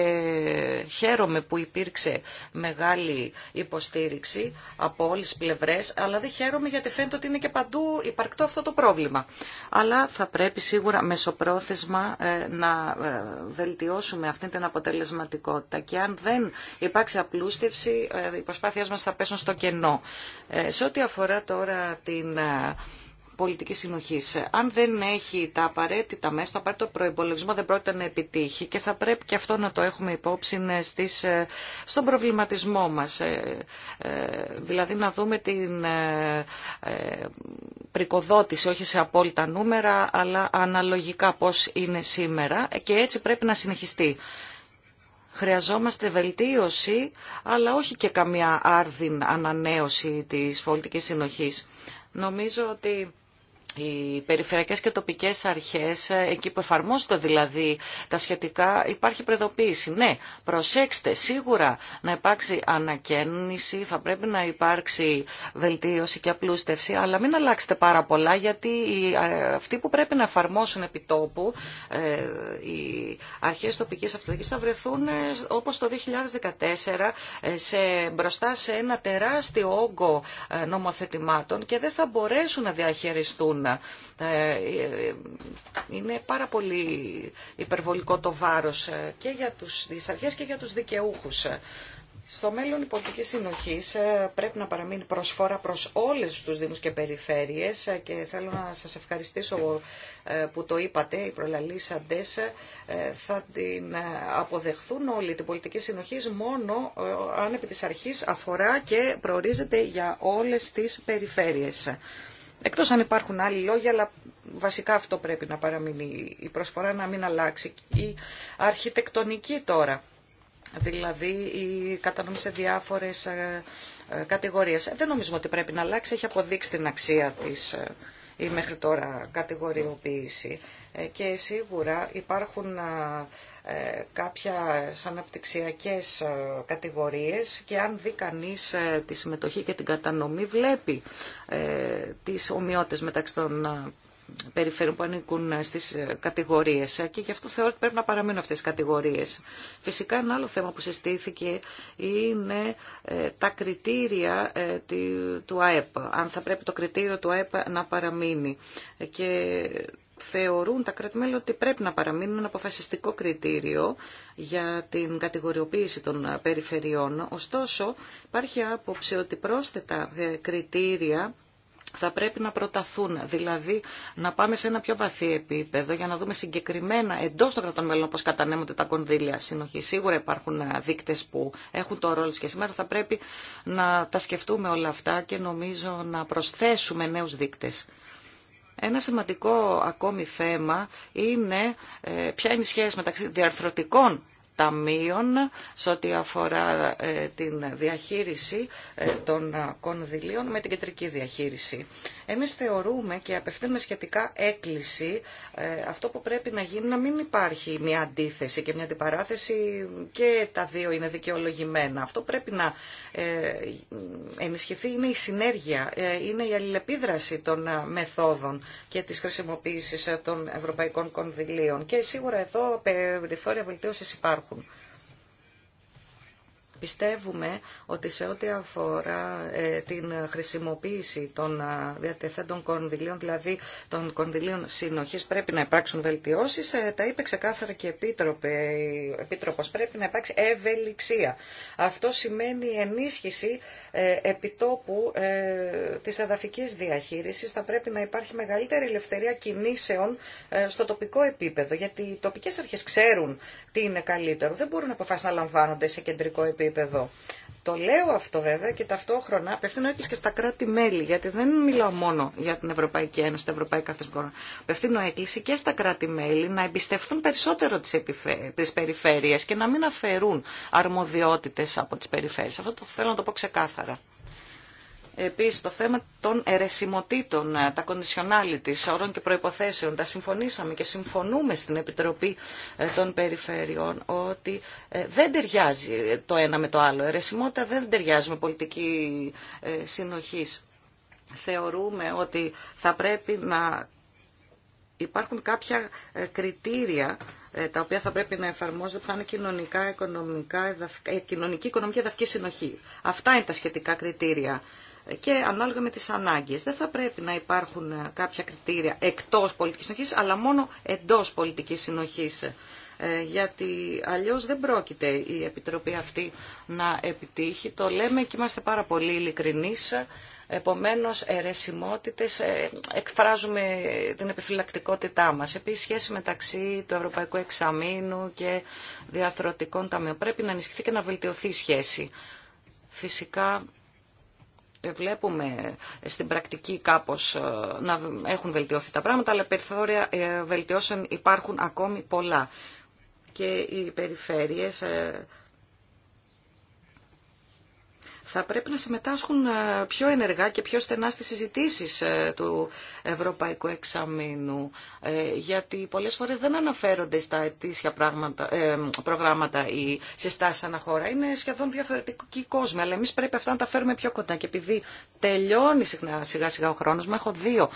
[SPEAKER 4] χαίρομαι που υπήρξε μεγάλη υποστήριξη από όλες τις πλευρές αλλά δεν χαίρομαι γιατί φαίνεται ότι είναι και παντού υπαρκτό αυτό το πρόβλημα. Αλλά θα πρέπει σίγουρα μεσοπρόθεσμα ε, να ε, βελτιώσουμε αυτή την αποτελεσματικότητα και αν δεν υπάρξει απλούστευση οι προσπάθειές μας θα πέσουν στο κενό. Σε ό,τι αφορά τώρα την πολιτική συνοχή. Αν δεν έχει τα απαραίτητα μέσα, το απαραίτητο προπολογισμό δεν πρόκειται να επιτύχει και θα πρέπει και αυτό να το έχουμε υπόψη ε, στις, ε, στον προβληματισμό μα. Ε, δηλαδή να δούμε την πρικοδότηση, όχι σε απόλυτα νούμερα, αλλά αναλογικά πώ είναι σήμερα και έτσι πρέπει να συνεχιστεί. Χρειαζόμαστε βελτίωση, αλλά όχι και καμία άρδιν ανανέωση της πολιτικής συνοχής. Νομίζω ότι οι περιφερειακές και τοπικές αρχές, ε, εκεί που εφαρμόζονται δηλαδή τα σχετικά, υπάρχει προειδοποίηση. Ναι, προσέξτε, σίγουρα να υπάρξει ανακαίνιση, θα πρέπει να υπάρξει βελτίωση και απλούστευση, αλλά μην αλλάξετε πάρα πολλά, γιατί ε, αυτοί που πρέπει να εφαρμόσουν επιτόπου, ε, οι αρχές τοπικής αυτοδικής θα βρεθούν όπως το 2014 σε, μπροστά σε ένα τεράστιο όγκο νομοθετημάτων και δεν θα μπορέσουν να διαχειριστούν ε, ε, είναι πάρα πολύ υπερβολικό το βάρος ε, και για τους, τις και για τους δικαιούχους. Στο μέλλον η πολιτική συνοχή πρέπει να παραμείνει προσφόρα προς όλες τους Δήμους και Περιφέρειες και θέλω να σας ευχαριστήσω που το είπατε, οι προλαλήσαντες θα την αποδεχθούν όλοι την πολιτική συνοχή μόνο αν επί της αρχής αφορά και προορίζεται για όλες τις περιφέρειες. Εκτός αν υπάρχουν άλλοι λόγοι, αλλά βασικά αυτό πρέπει να παραμείνει η προσφορά να μην αλλάξει. Η αρχιτεκτονική τώρα, δηλαδή η κατανομή σε διάφορες ε, ε, κατηγορίες, δεν νομίζουμε ότι πρέπει να αλλάξει, έχει αποδείξει την αξία της ε, η μέχρι τώρα κατηγοριοποίηση ε, και σίγουρα υπάρχουν ε, κάποια αναπτυξιακές κατηγορίες και αν δει κανείς ε, τη συμμετοχή και την κατανομή βλέπει τις ομοιότητες μεταξύ των περιφέρουν που ανήκουν στις ε, κατηγορίες και γι' αυτό θεωρώ ότι πρέπει να παραμείνουν αυτές οι κατηγορίες. Φυσικά ένα άλλο θέμα που συστήθηκε είναι ε, τα κριτήρια ε, του ΑΕΠ, αν θα πρέπει το κριτήριο του ΑΕΠ να παραμείνει. Και θεωρούν τα κρατη ότι πρέπει να παραμείνουν ένα αποφασιστικό κριτήριο για την κατηγοριοποίηση των περιφερειών. Ωστόσο, υπάρχει άποψη ότι πρόσθετα κριτήρια θα πρέπει να προταθούν. Δηλαδή να πάμε σε ένα πιο βαθύ επίπεδο για να δούμε συγκεκριμένα εντό των κρατών μελών πώ κατανέμονται τα κονδύλια συνοχή. Σίγουρα υπάρχουν δείκτε που έχουν το ρόλο και σήμερα θα πρέπει να τα σκεφτούμε όλα αυτά και νομίζω να προσθέσουμε νέου δείκτε. Ένα σημαντικό ακόμη θέμα είναι ε, ποια είναι η σχέση μεταξύ διαρθρωτικών ταμείων σε ό,τι αφορά ε, την διαχείριση ε, των ε, κονδυλίων με την κεντρική διαχείριση. Εμείς θεωρούμε και απευθύνουμε σχετικά έκκληση αυτό που πρέπει να γίνει να μην υπάρχει μια αντίθεση και μια αντιπαράθεση και τα δύο είναι δικαιολογημένα. Αυτό πρέπει να ενισχυθεί είναι η συνέργεια, είναι η αλληλεπίδραση των μεθόδων και της χρησιμοποίησης των ευρωπαϊκών κονδυλίων και σίγουρα εδώ περιθώρια βελτίωσης υπάρχουν υπάρχουν. Πιστεύουμε ότι σε ό,τι αφορά ε, την χρησιμοποίηση των ε, διατεθέντων κονδυλίων, δηλαδή των κονδυλίων συνοχής, πρέπει να υπάρξουν βελτιώσεις. Ε, τα είπε ξεκάθαρα και επίτροπε, επίτροπος. Πρέπει να υπάρξει ευελιξία. Αυτό σημαίνει ενίσχυση επιτόπου της εδαφικής διαχείρισης. Θα πρέπει να υπάρχει μεγαλύτερη ελευθερία κινήσεων στο τοπικό επίπεδο, γιατί οι τοπικές αρχές ξέρουν τι είναι καλύτερο. Δεν μπορούν να αποφάσουν να λαμβάνονται σε κεντρικό επίπεδο το λέω αυτό βέβαια και ταυτόχρονα απευθύνω έκκληση και στα κράτη-μέλη, γιατί δεν μιλάω μόνο για την Ευρωπαϊκή Ένωση, τα ευρωπαϊκά θεσμικά Απευθύνω έκκληση και στα κράτη-μέλη να εμπιστευτούν περισσότερο τις, περιφέρειες και να μην αφαιρούν αρμοδιότητες από τις περιφέρειες. Αυτό το θέλω να το πω ξεκάθαρα. Επίσης το θέμα των ερεσιμοτήτων, ε, τα conditionalities, όρων και προϋποθέσεων, τα συμφωνήσαμε και συμφωνούμε στην Επιτροπή ε, των Περιφερειών ότι ε, δεν ταιριάζει το ένα με το άλλο. Ερεσιμότητα δεν ταιριάζει με πολιτική συνοχή. Θεωρούμε ότι θα πρέπει να υπάρχουν κάποια κριτήρια τα οποία θα πρέπει να εφαρμόζονται, που θα είναι κοινωνικά, οικονομικά, κοινωνική, οικονομική, εδαφική συνοχή. Αυτά είναι τα σχετικά κριτήρια και ανάλογα με τις ανάγκες. Δεν θα πρέπει να υπάρχουν κάποια κριτήρια εκτός πολιτικής συνοχής, αλλά μόνο εντός πολιτικής συνοχής. Ε, γιατί αλλιώς δεν πρόκειται η Επιτροπή αυτή να επιτύχει. Το λέμε και είμαστε πάρα πολύ ειλικρινείς. Επομένως, αιρεσιμότητες, ε, εκφράζουμε την επιφυλακτικότητά μας. Επίσης, σχέση μεταξύ του Ευρωπαϊκού Εξαμήνου και διαθροτικών ταμείων. Πρέπει να ενισχυθεί και να βελτιωθεί η σχέση. Φυσικά, βλέπουμε στην πρακτική κάπως ε, να έχουν βελτιωθεί τα πράγματα, αλλά περιθώρια ε, βελτιώσεων υπάρχουν ακόμη πολλά. Και οι περιφέρειες ε, θα πρέπει να συμμετάσχουν ε, πιο ενεργά και πιο στενά στις συζητήσεις ε, του Ευρωπαϊκού Εξαμήνου. Ε, γιατί πολλές φορές δεν αναφέρονται στα αιτήσια πράγματα, προγράμματα ή συστάσεις αναχώρα. Είναι σχεδόν διαφορετικοί κόσμοι, αλλά εμείς πρέπει αυτά να τα φέρουμε πιο κοντά. Και επειδή τελειώνει σιγά σιγά, σιγά ο χρόνος έχω δύο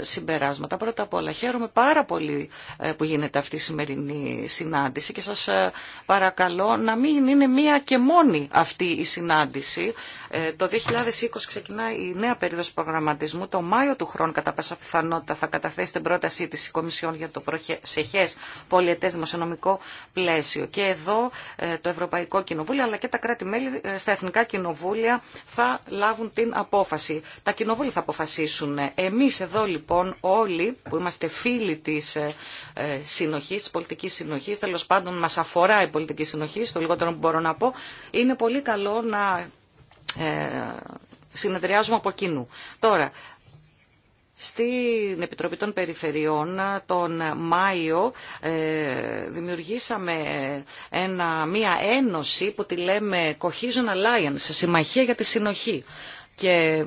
[SPEAKER 4] συμπεράσματα. Πρώτα απ' όλα, χαίρομαι πάρα πολύ που γίνεται αυτή η σημερινή συνάντηση και σας παρακαλώ να μην είναι μία και μόνη αυτή η συνάντηση απάντηση ε, το 2020 ξεκινάει η νέα περίοδος προγραμματισμού. Το Μάιο του χρόνου κατά πάσα πιθανότητα θα καταθέσει την πρότασή της Κομισιόν για το προσεχές πολιετές δημοσιονομικό πλαίσιο. Και εδώ ε, το Ευρωπαϊκό Κοινοβούλιο αλλά και τα κράτη-μέλη ε, στα Εθνικά Κοινοβούλια θα λάβουν την απόφαση. Τα κοινοβούλια θα αποφασίσουν. Εμείς εδώ λοιπόν όλοι που είμαστε φίλοι της συνοχής, της πολιτικής συνοχής, τέλος πάντων μας αφορά η πολιτική συνοχή, το λιγότερο που μπορώ να πω, είναι πολύ καλό να ε, συνεδριάζουμε από κοινού. Τώρα, στην Επιτροπή των Περιφερειών τον Μάιο ε, δημιουργήσαμε ένα, μία ένωση που τη λέμε Cohesion Alliance, Συμμαχία για τη Συνοχή. Και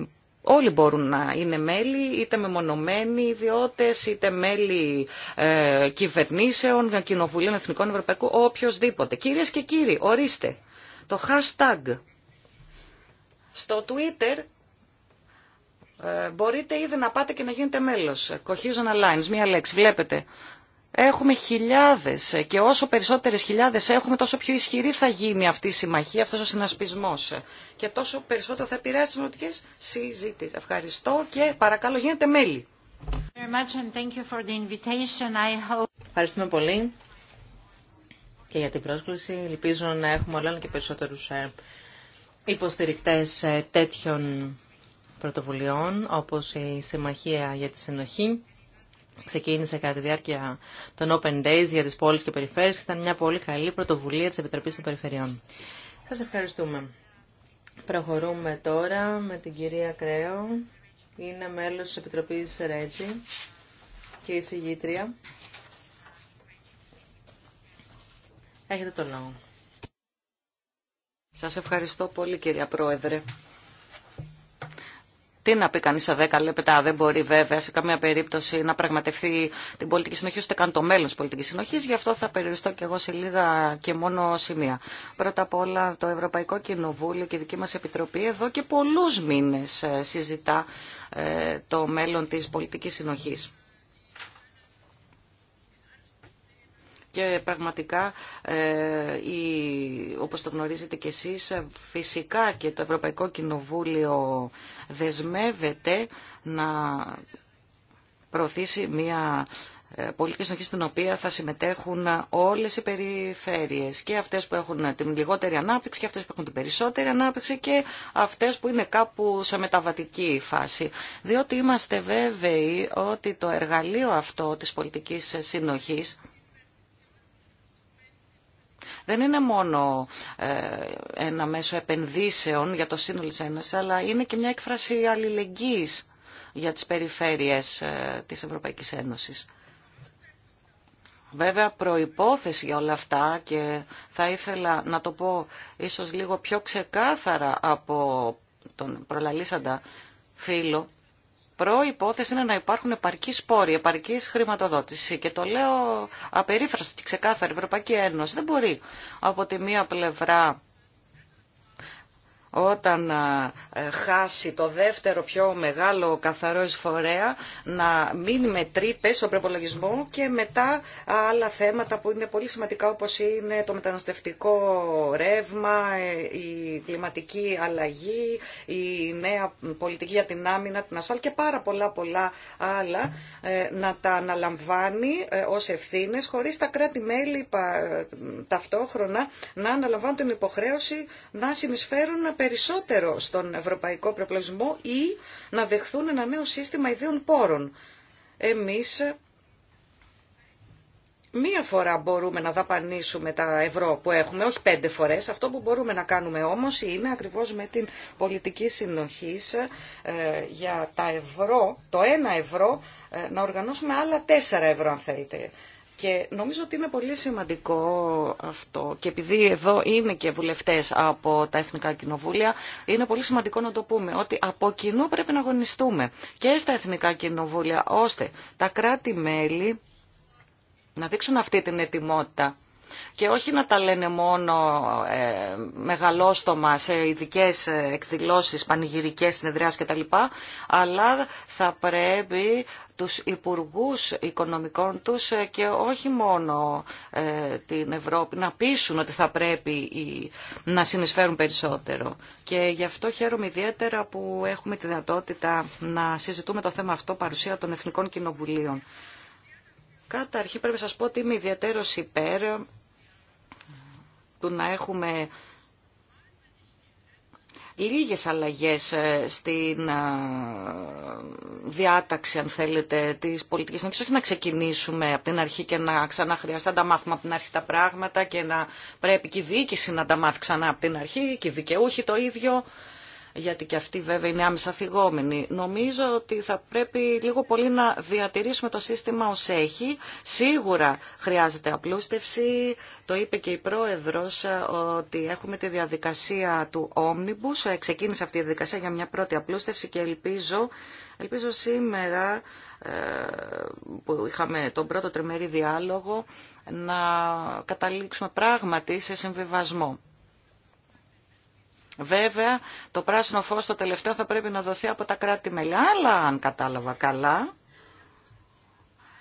[SPEAKER 4] Όλοι μπορούν να είναι μέλη, είτε μεμονωμένοι ιδιώτες, είτε μέλη ε, κυβερνήσεων, κοινοβουλίων εθνικών, ευρωπαϊκού, οποιοδήποτε. Κυρίες και κύριοι, ορίστε, το hashtag στο Twitter ε, μπορείτε ήδη να πάτε και να γίνετε μέλος. Cohesion Alliance, μία λέξη, βλέπετε. Έχουμε χιλιάδες και όσο περισσότερες χιλιάδες έχουμε τόσο πιο ισχυρή θα γίνει αυτή η συμμαχία, αυτός ο συνασπισμός και τόσο περισσότερο θα επηρεάσει τις μελλοντικές συζήτησεις. Ευχαριστώ
[SPEAKER 3] και παρακαλώ γίνετε μέλη. Ευχαριστούμε πολύ και για την πρόσκληση. Ελπίζω να έχουμε όλο και περισσότερους ε, υποστηρικτές ε, τέτοιων πρωτοβουλειών, όπως η Συμμαχία για τη Συνοχή. Ξεκίνησε κατά τη διάρκεια των Open Days για τις πόλεις και περιφέρειες και ήταν μια πολύ καλή πρωτοβουλία της Επιτροπής των Περιφερειών. Σας ευχαριστούμε. Προχωρούμε τώρα με την κυρία Κρέο. Είναι μέλος της Επιτροπής Ρέτζη και εισηγήτρια. Έχετε το λόγο.
[SPEAKER 4] Σας ευχαριστώ πολύ κυρία Πρόεδρε. Τι να πει κανεί σε δέκα λεπτά, δεν μπορεί βέβαια σε καμία περίπτωση να πραγματευτεί την πολιτική συνοχή, ούτε καν το μέλλον τη πολιτική συνοχή. Γι' αυτό θα περιοριστώ και εγώ σε λίγα και μόνο σημεία. Πρώτα απ' όλα, το Ευρωπαϊκό Κοινοβούλιο και η δική μα Επιτροπή εδώ και πολλού μήνε ε, συζητά ε, το μέλλον τη πολιτική συνοχή. και πραγματικά, ε, η, όπως το γνωρίζετε και εσείς, φυσικά και το Ευρωπαϊκό Κοινοβούλιο δεσμεύεται να προωθήσει μια ε, πολιτική συνοχή στην οποία θα συμμετέχουν όλες οι περιφέρειες και αυτές που έχουν την λιγότερη ανάπτυξη και αυτές που έχουν την περισσότερη ανάπτυξη και αυτές που είναι κάπου σε μεταβατική φάση. Διότι είμαστε βέβαιοι ότι το εργαλείο αυτό της πολιτικής συνοχής δεν είναι μόνο ε, ένα μέσο επενδύσεων για το σύνολο της Ένωσης, αλλά είναι και μια έκφραση αλληλεγγύης για τις περιφέρειες ε, της Ευρωπαϊκής Ένωσης. Βέβαια προϋπόθεση για όλα αυτά και θα ήθελα να το πω ίσως λίγο πιο ξεκάθαρα από τον προλαλήσαντα φίλο προϋπόθεση είναι να υπάρχουν επαρκή σπόροι, επαρκή χρηματοδότηση. Και το λέω απερίφραστη και ξεκάθαρη. η Ευρωπαϊκή Ένωση δεν μπορεί από τη μία πλευρά όταν ε, χάσει το δεύτερο πιο μεγάλο καθαρό εισφορέα να μείνει με τρύπε στον προπολογισμό και μετά άλλα θέματα που είναι πολύ σημαντικά όπως είναι το μεταναστευτικό ρεύμα, ε, η κλιματική αλλαγή, η νέα πολιτική για την άμυνα, την ασφάλεια και πάρα πολλά πολλά άλλα ε, να τα αναλαμβάνει ως ευθύνε χωρίς τα κράτη-μέλη ταυτόχρονα να αναλαμβάνουν την υποχρέωση να συνεισφέρουν περισσότερο στον ευρωπαϊκό προπλασμό ή να δεχθούν ένα νέο σύστημα ιδίων πόρων. Εμείς μία φορά μπορούμε να δαπανίσουμε τα ευρώ που έχουμε, όχι πέντε φορές. Αυτό που μπορούμε να κάνουμε όμως είναι ακριβώς με την πολιτική συνοχή ε, για τα ευρώ, το ένα ευρώ, ε, να οργανώσουμε άλλα τέσσερα ευρώ αν θέλετε. Και νομίζω ότι είναι πολύ σημαντικό αυτό και επειδή εδώ είναι και βουλευτές από τα Εθνικά Κοινοβούλια, είναι πολύ σημαντικό να το πούμε ότι από κοινού πρέπει να αγωνιστούμε και στα Εθνικά Κοινοβούλια, ώστε τα κράτη-μέλη να δείξουν αυτή την ετοιμότητα και όχι να τα λένε μόνο ε, μεγαλόστομα σε ειδικέ ε, εκδηλώσεις, πανηγυρικές συνεδριάς κτλ. Αλλά θα πρέπει τους υπουργούς οικονομικών τους και όχι μόνο ε, την Ευρώπη να πείσουν ότι θα πρέπει να συνεισφέρουν περισσότερο. Και γι' αυτό χαίρομαι ιδιαίτερα που έχουμε τη δυνατότητα να συζητούμε το θέμα αυτό παρουσία των Εθνικών Κοινοβουλίων. αρχή πρέπει να σας πω ότι είμαι ιδιαίτερος υπέρ του να έχουμε λίγες αλλαγές ε, στην ε, διάταξη, αν θέλετε, της πολιτικής Όχι να ξεκινήσουμε από την αρχή και να ξαναχρειαστεί να τα μάθουμε από την αρχή τα πράγματα και να πρέπει και η διοίκηση να τα μάθει ξανά από την αρχή και οι δικαιούχοι το ίδιο γιατί και αυτοί βέβαια είναι άμεσα θυγόμενοι. Νομίζω ότι θα πρέπει λίγο πολύ να διατηρήσουμε το σύστημα ως έχει. Σίγουρα χρειάζεται απλούστευση. Το είπε και η Πρόεδρος ε, ότι έχουμε τη διαδικασία του Omnibus. Ε, ξεκίνησε αυτή η διαδικασία για μια πρώτη απλούστευση και ελπίζω, ελπίζω σήμερα ε, που είχαμε τον πρώτο τριμερή διάλογο να καταλήξουμε πράγματι σε συμβιβασμό. Βέβαια, το πράσινο φως το τελευταίο θα πρέπει να δοθεί από τα κράτη-μέλη. Αλλά, αν κατάλαβα καλά,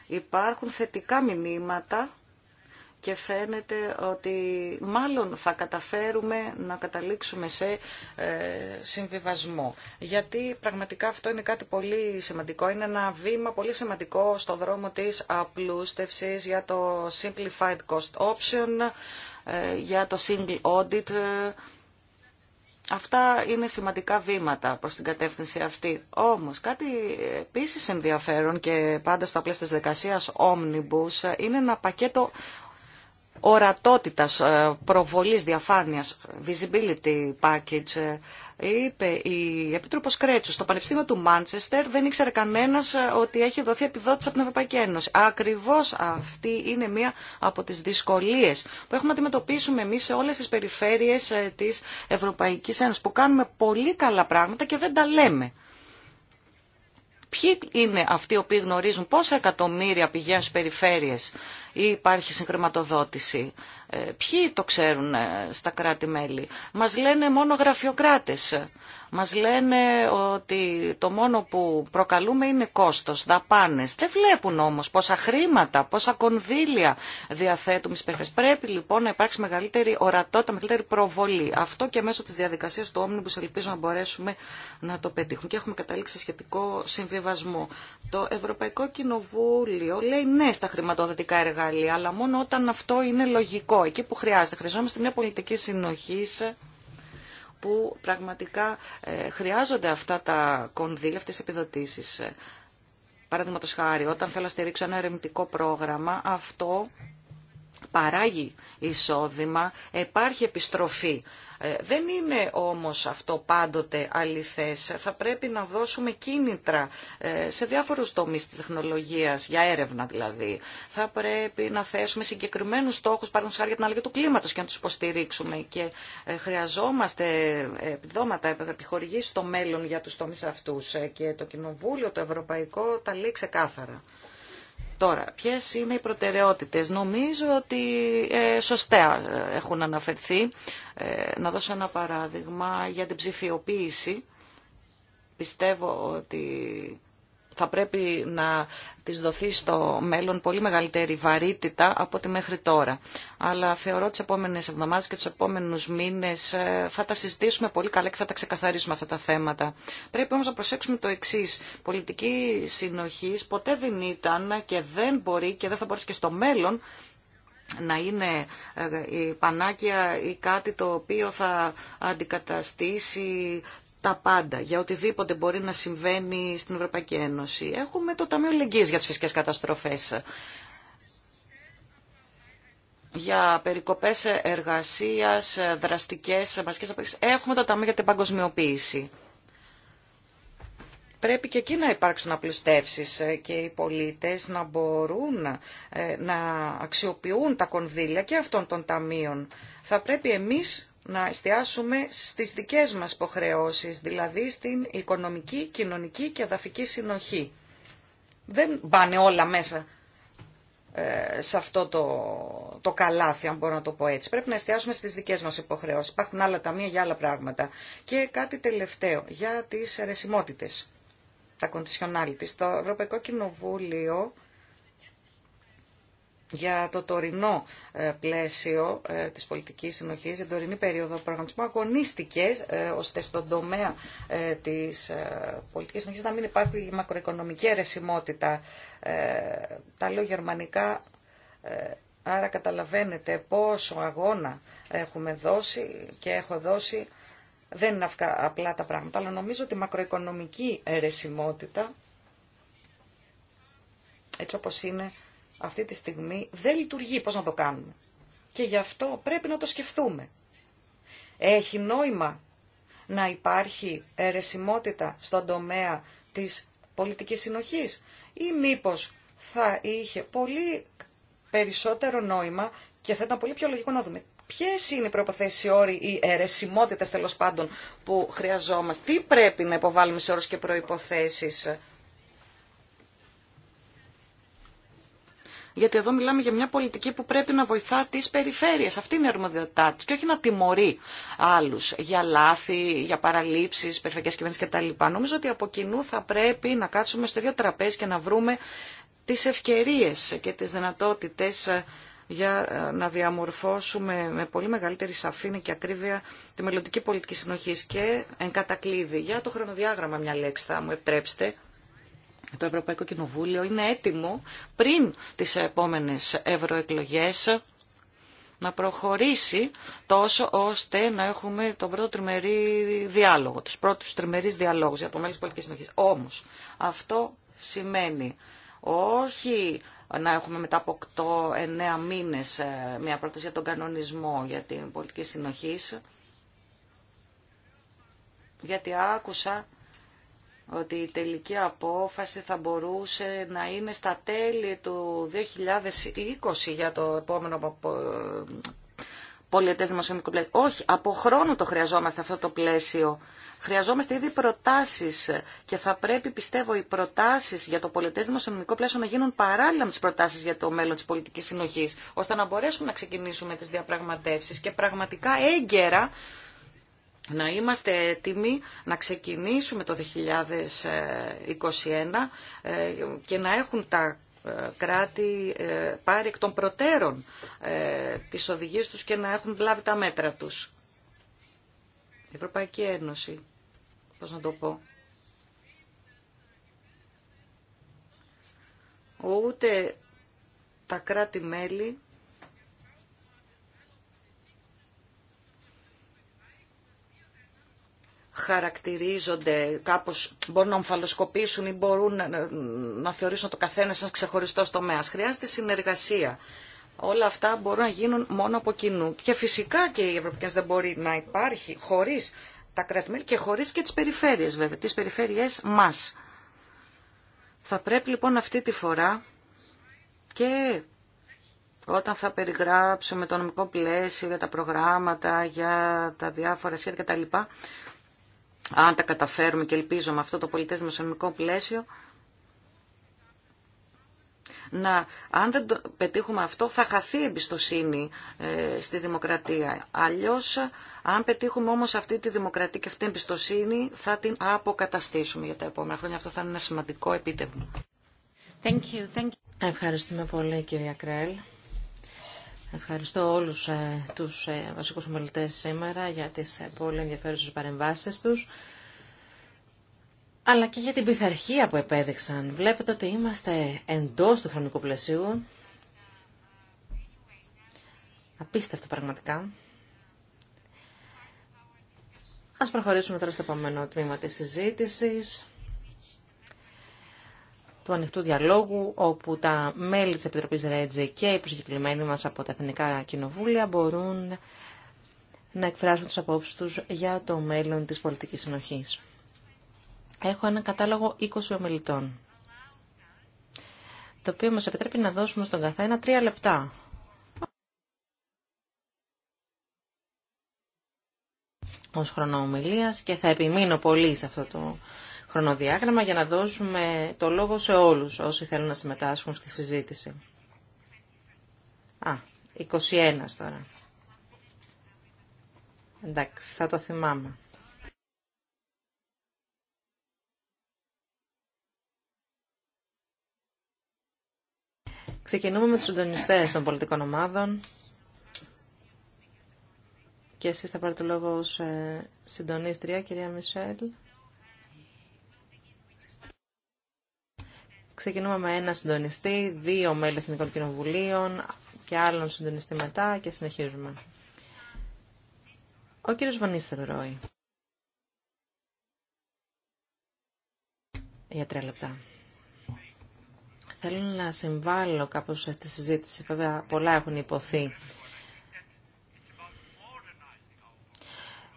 [SPEAKER 4] υπάρχουν θετικά μηνύματα και φαίνεται ότι μάλλον θα καταφέρουμε να καταλήξουμε σε ε, συμβιβασμό. Γιατί πραγματικά αυτό είναι κάτι πολύ σημαντικό. Είναι ένα βήμα πολύ σημαντικό στο δρόμο της απλούστευσης για το Simplified Cost Option, ε, για το Single Audit ε, Αυτά είναι σημαντικά βήματα προς την κατεύθυνση αυτή. Όμως κάτι επίσης ενδιαφέρον και πάντα στο απλές της δικασίας Omnibus είναι ένα πακέτο ορατότητας, ε, προβολής, διαφάνειας, visibility package, ε, είπε η Επίτροπος Κρέτσου στο Πανεπιστήμιο του Μάντσεστερ δεν ήξερε κανένας ε, ότι έχει δοθεί επιδότηση από την Ευρωπαϊκή Ένωση. Ακριβώς αυτή είναι μία από τις δυσκολίες που έχουμε να αντιμετωπίσουμε εμείς σε όλες τις περιφέρειες της Ευρωπαϊκής Ένωσης που κάνουμε πολύ καλά πράγματα και δεν τα λέμε. Ποιοι είναι αυτοί οι οποίοι γνωρίζουν πόσα εκατομμύρια πηγαίνουν στι περιφέρειες ή υπάρχει συγχρηματοδότηση. Ε, ποιοι το ξέρουν ε, στα κράτη-μέλη. Μας λένε μόνο γραφειοκράτες. Μας λένε ότι το μόνο που προκαλούμε είναι κόστος, δαπάνες. Δεν βλέπουν όμως πόσα χρήματα, πόσα κονδύλια διαθέτουμε στις Πρέπει λοιπόν να υπάρξει μεγαλύτερη ορατότητα, μεγαλύτερη προβολή. Αυτό και μέσω της διαδικασίας του Omnibus ελπίζω να μπορέσουμε να το πετύχουμε. Και έχουμε καταλήξει σχετικό συμβιβασμό. Το Ευρωπαϊκό Κοινοβούλιο λέει ναι στα χρηματοδοτικά εργαλεία, αλλά μόνο όταν αυτό είναι λογικό, εκεί που χρειάζεται. Χρειαζόμαστε μια πολιτική συνοχή που πραγματικά ε, χρειάζονται αυτά τα κονδύλια, αυτές τις επιδοτήσεις. Ε, Παραδείγματο χάρη, όταν θέλω να στηρίξω ένα ερευνητικό πρόγραμμα, αυτό παράγει εισόδημα, υπάρχει επιστροφή. Ε, δεν είναι όμως αυτό πάντοτε αληθές. Θα πρέπει να δώσουμε κίνητρα ε, σε διάφορους τομείς της τεχνολογίας, για έρευνα δηλαδή. Θα πρέπει να θέσουμε συγκεκριμένους στόχους, παραδείγματος χάρη για την αλλαγή του κλίματος και να τους υποστηρίξουμε. Και ε, χρειαζόμαστε επιδόματα, επιχορηγήσεις στο μέλλον για τους τομείς αυτούς. Και το Κοινοβούλιο, το Ευρωπαϊκό, τα λέει ξεκάθαρα. Τώρα, ποιες είναι οι προτεραιότητες. Νομίζω ότι ε, σωστά ε, έχουν αναφερθεί. Ε, να δώσω ένα παράδειγμα για την ψηφιοποίηση. Πιστεύω ότι θα πρέπει να της δοθεί στο μέλλον πολύ μεγαλύτερη βαρύτητα από τη μέχρι τώρα. Αλλά θεωρώ τις επόμενες εβδομάδες και τους επόμενους μήνες ε, θα τα συζητήσουμε πολύ καλά και θα τα ξεκαθαρίσουμε αυτά τα θέματα. Πρέπει όμως να προσέξουμε το εξή. Πολιτική συνοχή ποτέ δεν ήταν και δεν μπορεί και δεν θα μπορέσει και στο μέλλον να είναι ε, η πανάκια ή κάτι το οποίο θα αντικαταστήσει τα πάντα, για οτιδήποτε μπορεί να συμβαίνει στην Ευρωπαϊκή Ένωση. Έχουμε το Ταμείο Λεγγύης για τις φυσικές καταστροφές. Για περικοπές εργασίας, δραστικές, βασικές απαιτήσεις. Έχουμε το Ταμείο για την παγκοσμιοποίηση. Πρέπει και εκεί να υπάρξουν απλουστεύσεις και οι πολίτες να μπορούν ε, να αξιοποιούν τα κονδύλια και αυτών των ταμείων. Θα πρέπει εμείς να εστιάσουμε στις δικές μας υποχρεώσεις, δηλαδή στην οικονομική, κοινωνική και αδαφική συνοχή. Δεν πάνε όλα μέσα ε, σε αυτό το, το καλάθι, αν μπορώ να το πω έτσι. Πρέπει να εστιάσουμε στις δικές μας υποχρεώσεις. Υπάρχουν άλλα ταμεία για άλλα πράγματα. Και κάτι τελευταίο, για τις αρεσιμότητες τα conditionalities. Το Ευρωπαϊκό Κοινοβούλιο για το τωρινό ε, πλαίσιο ε, της πολιτικής συνοχής, την τωρινή περίοδο προγραμματισμού, αγωνίστηκε ε, ώστε στον τομέα της πολιτικής συνοχής να μην υπάρχει μακροοικονομική αιρεσιμότητα. Τα λέω γερμανικά, άρα καταλαβαίνετε πόσο αγώνα έχουμε δώσει και έχω δώσει. Δεν είναι απλά τα πράγματα, αλλά νομίζω ότι η μακροοικονομική αιρεσιμότητα, έτσι όπως είναι, αυτή τη στιγμή δεν λειτουργεί. Πώς να το κάνουμε. Και γι' αυτό πρέπει να το σκεφτούμε. Έχει νόημα να υπάρχει αιρεσιμότητα στον τομέα της πολιτικής συνοχής ή μήπως θα είχε πολύ περισσότερο νόημα και θα ήταν πολύ πιο λογικό να δούμε ποιε είναι οι προποθέσει, όροι ή αιρεσιμότητε τέλο πάντων που χρειαζόμαστε, τι πρέπει να υποβάλουμε σε όρου και προποθέσει γιατί εδώ μιλάμε για μια πολιτική που πρέπει να βοηθά τι περιφέρειες. Αυτή είναι η αρμοδιότητά της και όχι να τιμωρεί άλλου για λάθη, για παραλήψεις, περιφερειακέ τα κτλ. Νομίζω ότι από κοινού θα πρέπει να κάτσουμε στο ίδιο τραπέζι και να βρούμε τι ευκαιρίε και τι δυνατότητε, ε, για ε, να διαμορφώσουμε με πολύ μεγαλύτερη σαφήνεια και ακρίβεια τη μελλοντική πολιτική συνοχή και εν κατακλείδη. Για το χρονοδιάγραμμα μια λέξη θα μου επιτρέψετε. Το Ευρωπαϊκό Κοινοβούλιο είναι έτοιμο πριν τις επόμενες ευρωεκλογές να προχωρήσει τόσο ώστε να έχουμε τον πρώτο τριμερή διάλογο, τους πρώτους τριμερείς διαλόγους για το μέλλον της πολιτικής συνοχής. Όμως, αυτό σημαίνει όχι να έχουμε μετά από 8-9 μήνες ε, μια πρόταση για τον κανονισμό για την πολιτική συνοχή. Γιατί άκουσα ότι η τελική απόφαση θα μπορούσε να είναι στα τέλη του 2020 για το επόμενο πολιετές δημοσιονομικό πλαίσιο. Όχι, από χρόνο το χρειαζόμαστε αυτό το πλαίσιο. Χρειαζόμαστε ήδη προτάσεις και θα πρέπει, πιστεύω, οι προτάσεις για το πολιτεύσιο δημοσιονομικό πλαίσιο να γίνουν παράλληλα με τις προτάσεις για το μέλλον της πολιτικής συνοχής, ώστε να μπορέσουμε να ξεκινήσουμε τις διαπραγματεύσεις και πραγματικά έγκαιρα να είμαστε έτοιμοι να ξεκινήσουμε το 2021 ε, και να έχουν τα ε, κράτη ε, πάρει εκ των προτέρων τις οδηγίες τους και να έχουν λάβει τα μέτρα τους. Η Ευρωπαϊκή Ένωση, πώς να το πω, ούτε τα κράτη-μέλη χαρακτηρίζονται κάπως, μπορούν να ομφαλοσκοπήσουν ή μπορούν να θεωρήσουν το καθένα σαν ξεχωριστό τομέα. Χρειάζεται συνεργασία. Όλα αυτά μπορούν να γίνουν μόνο από κοινού. Και φυσικά και η Ευρωπαϊκή δεν μπορεί να υπάρχει χωρίς τα κρατημέρια και χωρίς και τις περιφέρειες βέβαια, τις περιφέρειες μας. Θα πρέπει λοιπόν αυτή τη φορά και όταν θα περιγράψουμε το νομικό πλαίσιο για τα προγράμματα, για τα διάφορα σχέδια κτλ αν τα καταφέρουμε και ελπίζω με αυτό το πολιτές δημοσιονομικό πλαίσιο, να, αν δεν πετύχουμε αυτό, θα χαθεί η εμπιστοσύνη ε, στη δημοκρατία. Αλλιώς, αν πετύχουμε όμως αυτή τη δημοκρατία και αυτή την εμπιστοσύνη, θα την αποκαταστήσουμε για τα επόμενα χρόνια. Αυτό θα είναι ένα σημαντικό επίτευγμα.
[SPEAKER 3] Ευχαριστούμε πολύ, κυρία Κρέλ. Ευχαριστώ όλους ε, τους ε, βασικούς ομιλητές σήμερα για τις ε, πολύ ενδιαφέρουσες παρεμβάσεις τους αλλά και για την πειθαρχία που επέδειξαν. Βλέπετε ότι είμαστε εντός του χρονικού πλαισίου. Απίστευτο πραγματικά. Ας προχωρήσουμε τώρα στο επόμενο τμήμα της συζήτησης του ανοιχτού διαλόγου, όπου τα μέλη της Επιτροπής Ρέτζη και οι προσκεκλημένοι μας από τα Εθνικά Κοινοβούλια μπορούν να εκφράσουν τις απόψεις τους για το μέλλον της πολιτικής συνοχής. Έχω ένα κατάλογο 20 ομιλητών, το οποίο μας επιτρέπει να δώσουμε στον καθένα τρία λεπτά. ως χρονοομιλίας και θα επιμείνω πολύ σε αυτό το χρονοδιάγραμμα για να δώσουμε το λόγο σε όλους όσοι θέλουν να συμμετάσχουν στη συζήτηση. Α, 21 τώρα. Εντάξει, θα το θυμάμαι. Ξεκινούμε με τους συντονιστές των πολιτικών ομάδων. Και εσείς θα πάρετε λόγο ως ε, συντονίστρια, κυρία Μισελ. Ξεκινούμε με ένα συντονιστή, δύο μέλη Εθνικών Κοινοβουλίων και άλλον συντονιστή μετά και συνεχίζουμε. Ο κύριος Βανίστελ Ρόι. Για τρία λεπτά. Θέλω να συμβάλλω κάπως σε αυτή τη συζήτηση. Βέβαια, πολλά έχουν υποθεί.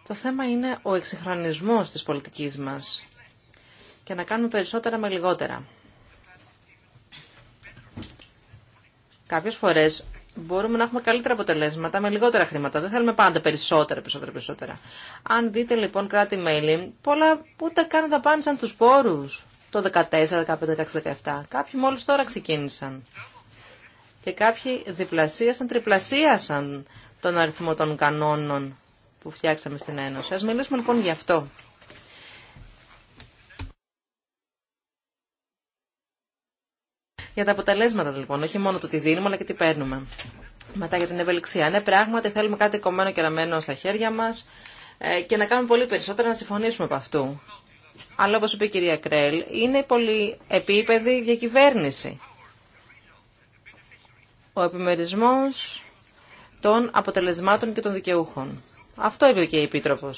[SPEAKER 3] Το θέμα είναι ο εξυγχρονισμός της πολιτικής μας και να κάνουμε περισσότερα με λιγότερα. Κάποιε φορέ μπορούμε να έχουμε καλύτερα αποτελέσματα με λιγότερα χρήματα. Δεν θέλουμε πάντα περισσότερα, περισσότερα, περισσότερα. Αν δείτε λοιπόν κράτη-μέλη, πολλά ούτε καν σαν τους πόρους το 2014, 15, 16, 17. Κάποιοι μόλι τώρα ξεκίνησαν. Και κάποιοι διπλασίασαν, τριπλασίασαν τον αριθμό των κανόνων που φτιάξαμε στην Ένωση. Ας μιλήσουμε λοιπόν γι' αυτό. για τα αποτελέσματα λοιπόν, όχι μόνο το τι δίνουμε αλλά και τι παίρνουμε. Μετά για την ευελιξία. Ναι, πράγματι θέλουμε κάτι κομμένο και ραμμένο στα χέρια μας ε, και να κάνουμε πολύ περισσότερα να συμφωνήσουμε από αυτού. Αλλά όπω είπε η κυρία Κρέλ, είναι πολύ επίπεδη διακυβέρνηση. Ο επιμερισμός των αποτελεσμάτων και των δικαιούχων. Αυτό είπε και η Επίτροπο.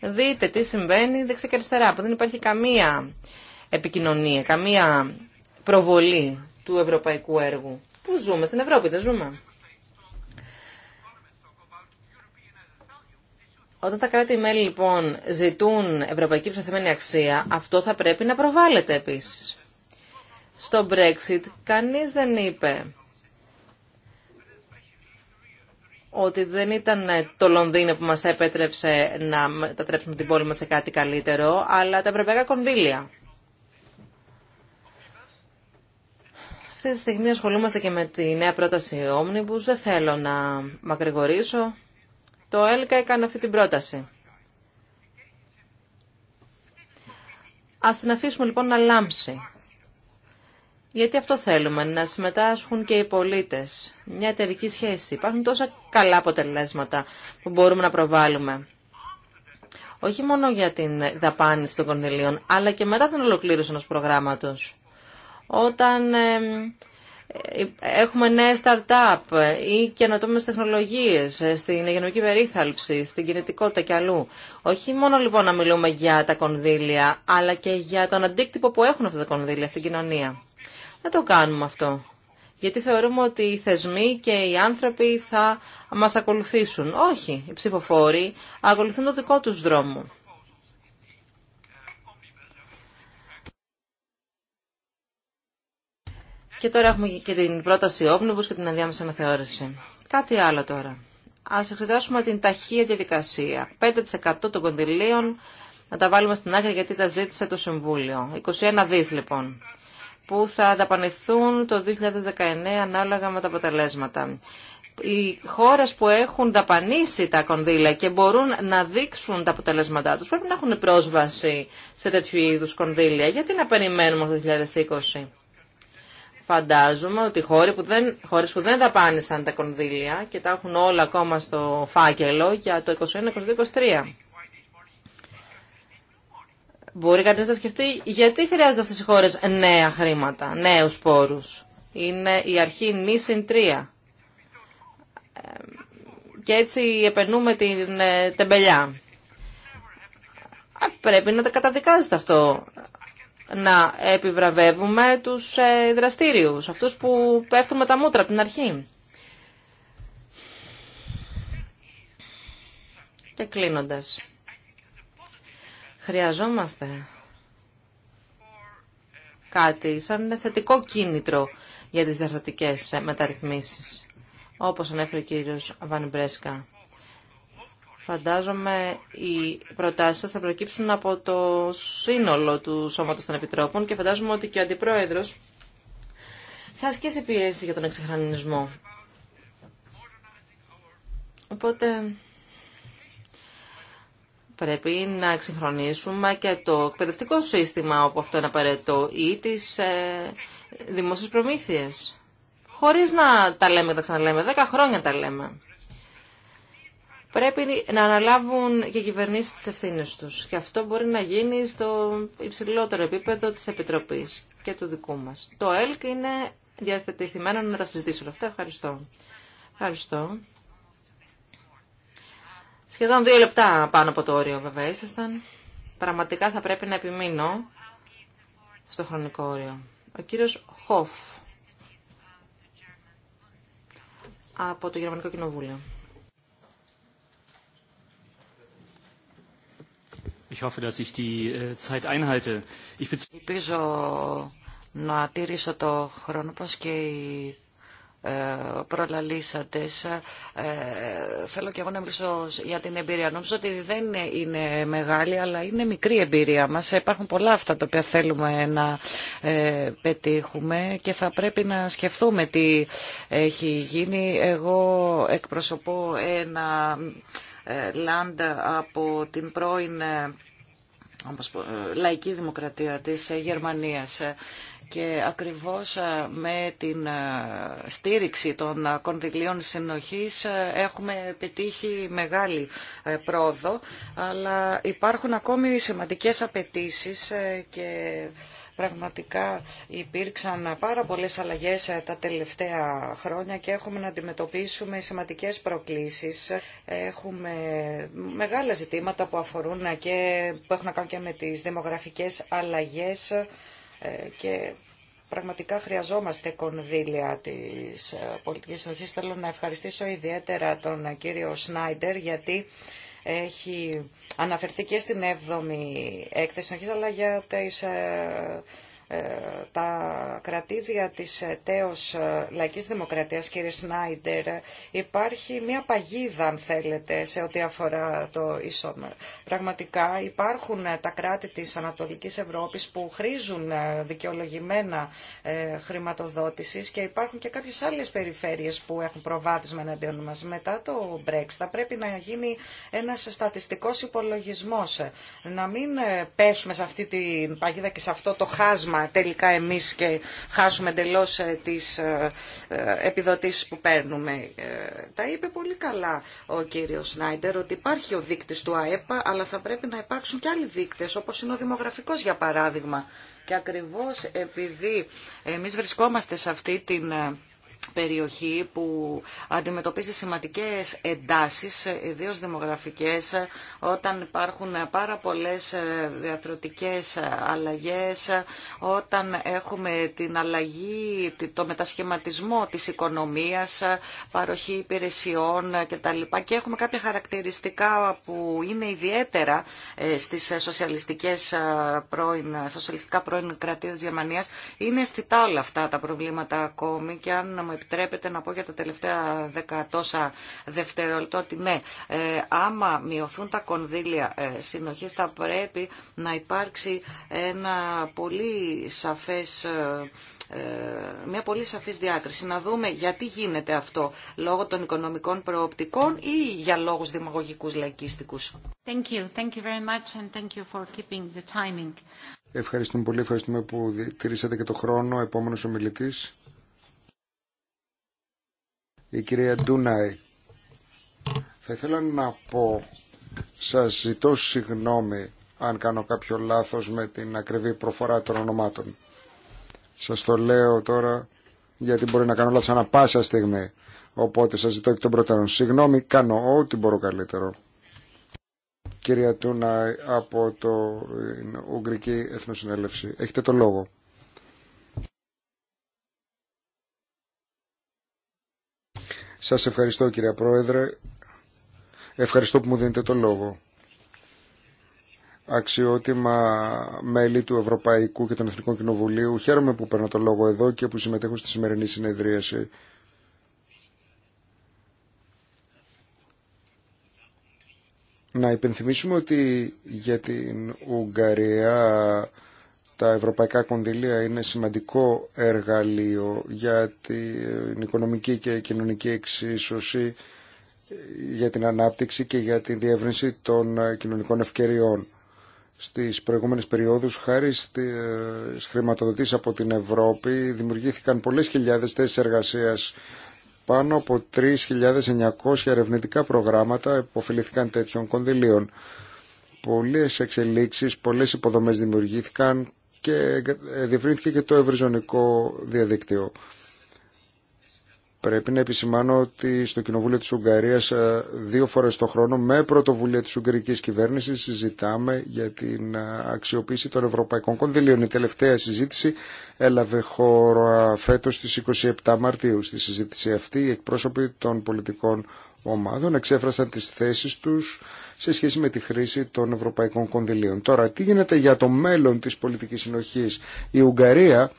[SPEAKER 3] Δείτε τι συμβαίνει δεξιά και αριστερά, που δεν υπάρχει καμία επικοινωνία, καμία προβολή του ευρωπαϊκού έργου. Πού ζούμε, στην Ευρώπη δεν ζούμε. Όταν τα κράτη-μέλη λοιπόν ζητούν ευρωπαϊκή ψωθεμένη αξία, αυτό θα πρέπει να προβάλλεται επίσης. Στο Brexit κανείς δεν είπε ότι δεν ήταν το Λονδίνο που μας επέτρεψε να μετατρέψουμε την πόλη μας σε κάτι καλύτερο, αλλά τα ευρωπαϊκά κονδύλια. Αυτή τη στιγμή ασχολούμαστε και με τη νέα πρόταση όμνιμπους. Δεν θέλω να μακρηγορήσω. Το ΕΛΚΑ έκανε αυτή την πρόταση. Ας την αφήσουμε λοιπόν να λάμψει. Γιατί αυτό θέλουμε, να συμμετάσχουν και οι πολίτες. Μια εταιρική σχέση. Υπάρχουν τόσα καλά αποτελέσματα που μπορούμε να προβάλλουμε. Όχι μόνο για την δαπάνηση των κονδυλίων, αλλά και μετά την ολοκλήρωση ενός προγράμματος όταν έχουμε νέες startup ή καινοτόμες τεχνολογίες ε, στην υγειονομική περίθαλψη, στην κινητικότητα και αλλού. Όχι μόνο λοιπόν να μιλούμε για τα κονδύλια, αλλά και για τον αντίκτυπο που έχουν αυτά τα κονδύλια στην κοινωνία. Δεν το κάνουμε αυτό. Γιατί θεωρούμε ότι οι θεσμοί και οι άνθρωποι θα μας ακολουθήσουν. Όχι, οι ψηφοφόροι ακολουθούν το δικό τους δρόμο. Και τώρα έχουμε και την πρόταση όμνιμπους και την ενδιάμεσα αναθεώρηση. Κάτι άλλο τώρα. Α εξετάσουμε την ταχεία διαδικασία. 5% των κοντιλίων να τα βάλουμε στην άκρη γιατί τα ζήτησε το Συμβούλιο. 21 δι λοιπόν που θα δαπανηθούν το 2019 ανάλογα με τα αποτελέσματα. Οι χώρε που έχουν δαπανίσει τα κονδύλια και μπορούν να δείξουν τα αποτελέσματά του πρέπει να έχουν πρόσβαση σε τέτοιου είδου κονδύλια. Γιατί να περιμένουμε το 2020 φαντάζομαι ότι χώρες που, δεν, χώρες που δεν δαπάνησαν τα κονδύλια και τα έχουν όλα ακόμα στο φάκελο για το 2021-2023. Μπορεί κανείς να σκεφτεί γιατί χρειάζονται αυτές οι χώρες νέα χρήματα, νέους πόρους. Είναι η αρχή μη συν τρία. Ε, και έτσι επενούμε την ε, τεμπελιά. Πρέπει να τα καταδικάζετε αυτό να επιβραβεύουμε τους ε, δραστήριους, αυτούς που πέφτουν με τα μούτρα από την αρχή. Και κλείνοντας, χρειαζόμαστε κάτι σαν θετικό κίνητρο για τις διαρθρωτικές μεταρρυθμίσεις, όπως ανέφερε ο κύριος Βανιμπρέσκα. Φαντάζομαι οι προτάσεις σας θα προκύψουν από το σύνολο του Σώματος των Επιτρόπων και φαντάζομαι ότι και ο Αντιπρόεδρος θα ασκήσει πιέση για τον εξυγχρονισμό. Οπότε πρέπει να εξυγχρονίσουμε και το εκπαιδευτικό σύστημα όπου αυτό είναι απαραίτητο ή τις ε, δημόσιες προμήθειες. Χωρίς να τα λέμε, τα ξαναλέμε, δέκα χρόνια τα λέμε πρέπει να αναλάβουν και οι κυβερνήσεις τις ευθύνες τους. Και αυτό μπορεί να γίνει στο υψηλότερο επίπεδο της Επιτροπής και του δικού μας. Το ΕΛΚ είναι διαθετημένο να τα συζητήσει όλα αυτά. Ευχαριστώ. Ευχαριστώ. Σχεδόν δύο λεπτά πάνω από το όριο βέβαια ήσασταν. Πραγματικά θα πρέπει να επιμείνω στο χρονικό όριο. Ο κύριος Χοφ από το Γερμανικό Κοινοβούλιο. Ich
[SPEAKER 4] äh, Ελπίζω να τηρήσω το χρόνο πως και οι ε, προλαλήσαντες. Ε, θέλω και εγώ να μιλήσω για την εμπειρία. Νομίζω ότι δεν είναι μεγάλη, αλλά είναι μικρή εμπειρία μας. Υπάρχουν πολλά αυτά τα οποία θέλουμε να ε, πετύχουμε και θα πρέπει να σκεφτούμε τι έχει γίνει. Εγώ εκπροσωπώ ένα ε, Λάντα από την πρώην ε, ε, λαϊκή δημοκρατία της Γερμανίας και ακριβώς με την στήριξη των κονδυλίων συνοχής έχουμε πετύχει μεγάλη πρόοδο, αλλά υπάρχουν ακόμη σημαντικές απαιτήσεις και Πραγματικά υπήρξαν πάρα πολλές αλλαγές ε, τα τελευταία χρόνια και έχουμε να αντιμετωπίσουμε σημαντικές προκλήσεις. Έχουμε μεγάλα ζητήματα που αφορούν ε, και που έχουν να κάνουν και με τις δημογραφικές αλλαγές ε, και πραγματικά χρειαζόμαστε κονδύλια της πολιτικής αρχής. Θέλω να ευχαριστήσω ιδιαίτερα τον κύριο Σνάιντερ γιατί έχει αναφερθεί και στην 7η έκθεση αρχής, αλλά για τις ε, ε, τα κρατήδια της ε, τέος ε, λαϊκής δημοκρατίας, κύριε Σνάιντερ, υπάρχει μια παγίδα, αν θέλετε, σε ό,τι αφορά το ίσωμα. Πραγματικά υπάρχουν τα κράτη της Ανατολικής Ευρώπης που χρήζουν δικαιολογημένα χρηματοδότησης και υπάρχουν και κάποιες άλλες περιφέρειες που έχουν προβάδισμα εναντίον μας. Μετά το Brexit θα πρέπει να γίνει ένας στατιστικός υπολογισμός. Να μην πέσουμε σε αυτή την παγίδα και σε αυτό το χάσμα τελικά εμείς και χάσουμε εντελώ ε, τις ε, ε, επιδοτήσεις που παίρνουμε. Τα είπε πολύ καλά ο κύριος Σνάιντερ ότι υπάρχει ο δείκτης του ΑΕΠΑ αλλά θα πρέπει να υπάρξουν και άλλοι δείκτες όπως είναι ο δημογραφικός για παράδειγμα. Και ακριβώς επειδή εμείς βρισκόμαστε σε αυτή την περιοχή που αντιμετωπίζει σημαντικές εντάσεις, ιδίως δημογραφικές, όταν υπάρχουν πάρα πολλές ε, διαθροτικές αλλαγές, όταν έχουμε την αλλαγή, το μετασχηματισμό της οικονομίας, παροχή υπηρεσιών κτλ. Και έχουμε κάποια χαρακτηριστικά που είναι ιδιαίτερα ε, στις σοσιαλιστικές ε, πρώην, σοσιαλιστικά πρώην κρατή της Γερμανίας. Είναι αισθητά όλα αυτά τα προβλήματα ακόμη και αν μου επιτρέπετε να πω για τα τελευταία δεκατόσα δευτερόλεπτα ότι ναι, ε, άμα μειωθούν τα κονδύλια ε, συνοχής θα πρέπει να υπάρξει ένα πολύ σαφές ε, μια πολύ σαφής διάκριση. Να δούμε γιατί γίνεται αυτό, λόγω των οικονομικών προοπτικών ή για λόγους δημαγωγικούς λαϊκίστικους.
[SPEAKER 2] Ευχαριστούμε πολύ, ευχαριστούμε που τηρήσατε και το χρόνο. Επόμενος ομιλητής. Η κυρία Ντούναη, θα ήθελα να πω, σας ζητώ συγγνώμη αν κάνω κάποιο λάθος με την ακριβή προφορά των ονομάτων. Σας το λέω τώρα γιατί μπορεί να κάνω λάθος ανά πάσα στιγμή. Οπότε σας ζητώ εκ των προτέρων. Συγγνώμη, κάνω ό,τι μπορώ καλύτερο. Κυρία Τούνα από το ε, Ουγγρική Εθνοσυνέλευση. Έχετε το λόγο. Σας ευχαριστώ κύριε Πρόεδρε. Ευχαριστώ που μου δίνετε το λόγο. Αξιότιμα μέλη του Ευρωπαϊκού και των Εθνικών Κοινοβουλίου, χαίρομαι που παίρνω το λόγο εδώ και που συμμετέχω στη σημερινή συνεδρίαση. Να υπενθυμίσουμε ότι για την Ουγγαρία τα ευρωπαϊκά κονδυλία είναι σημαντικό εργαλείο για την οικονομική και κοινωνική εξίσωση, για την ανάπτυξη και για την διεύρυνση των κοινωνικών ευκαιριών. Στις προηγούμενες περιόδους, χάρη στις χρηματοδοτήσεις από την Ευρώπη, δημιουργήθηκαν πολλές χιλιάδες θέσεις εργασίας. Πάνω από 3.900 ερευνητικά προγράμματα υποφελήθηκαν τέτοιων κονδυλίων πολλές εξελίξεις, πολλές υποδομές δημιουργήθηκαν, και διευρύνθηκε και το ευρυζωνικό διαδίκτυο. Πρέπει να επισημάνω ότι στο Κοινοβούλιο της Ουγγαρίας ε, δύο φορές το χρόνο με πρωτοβουλία της Ουγγαρικής Κυβέρνησης συζητάμε για την ε, αξιοποίηση των ευρωπαϊκών κονδυλίων. Η τελευταία συζήτηση έλαβε χώρο ε, φέτος στις 27 Μαρτίου. Στη συζήτηση αυτή οι εκπρόσωποι των πολιτικών ομάδων εξέφρασαν τις θέσεις τους σε σχέση με τη χρήση των ευρωπαϊκών κονδυλίων. Τώρα, τι γίνεται για το μέλλον της πολιτικής συνοχής. Η Ουγγαρία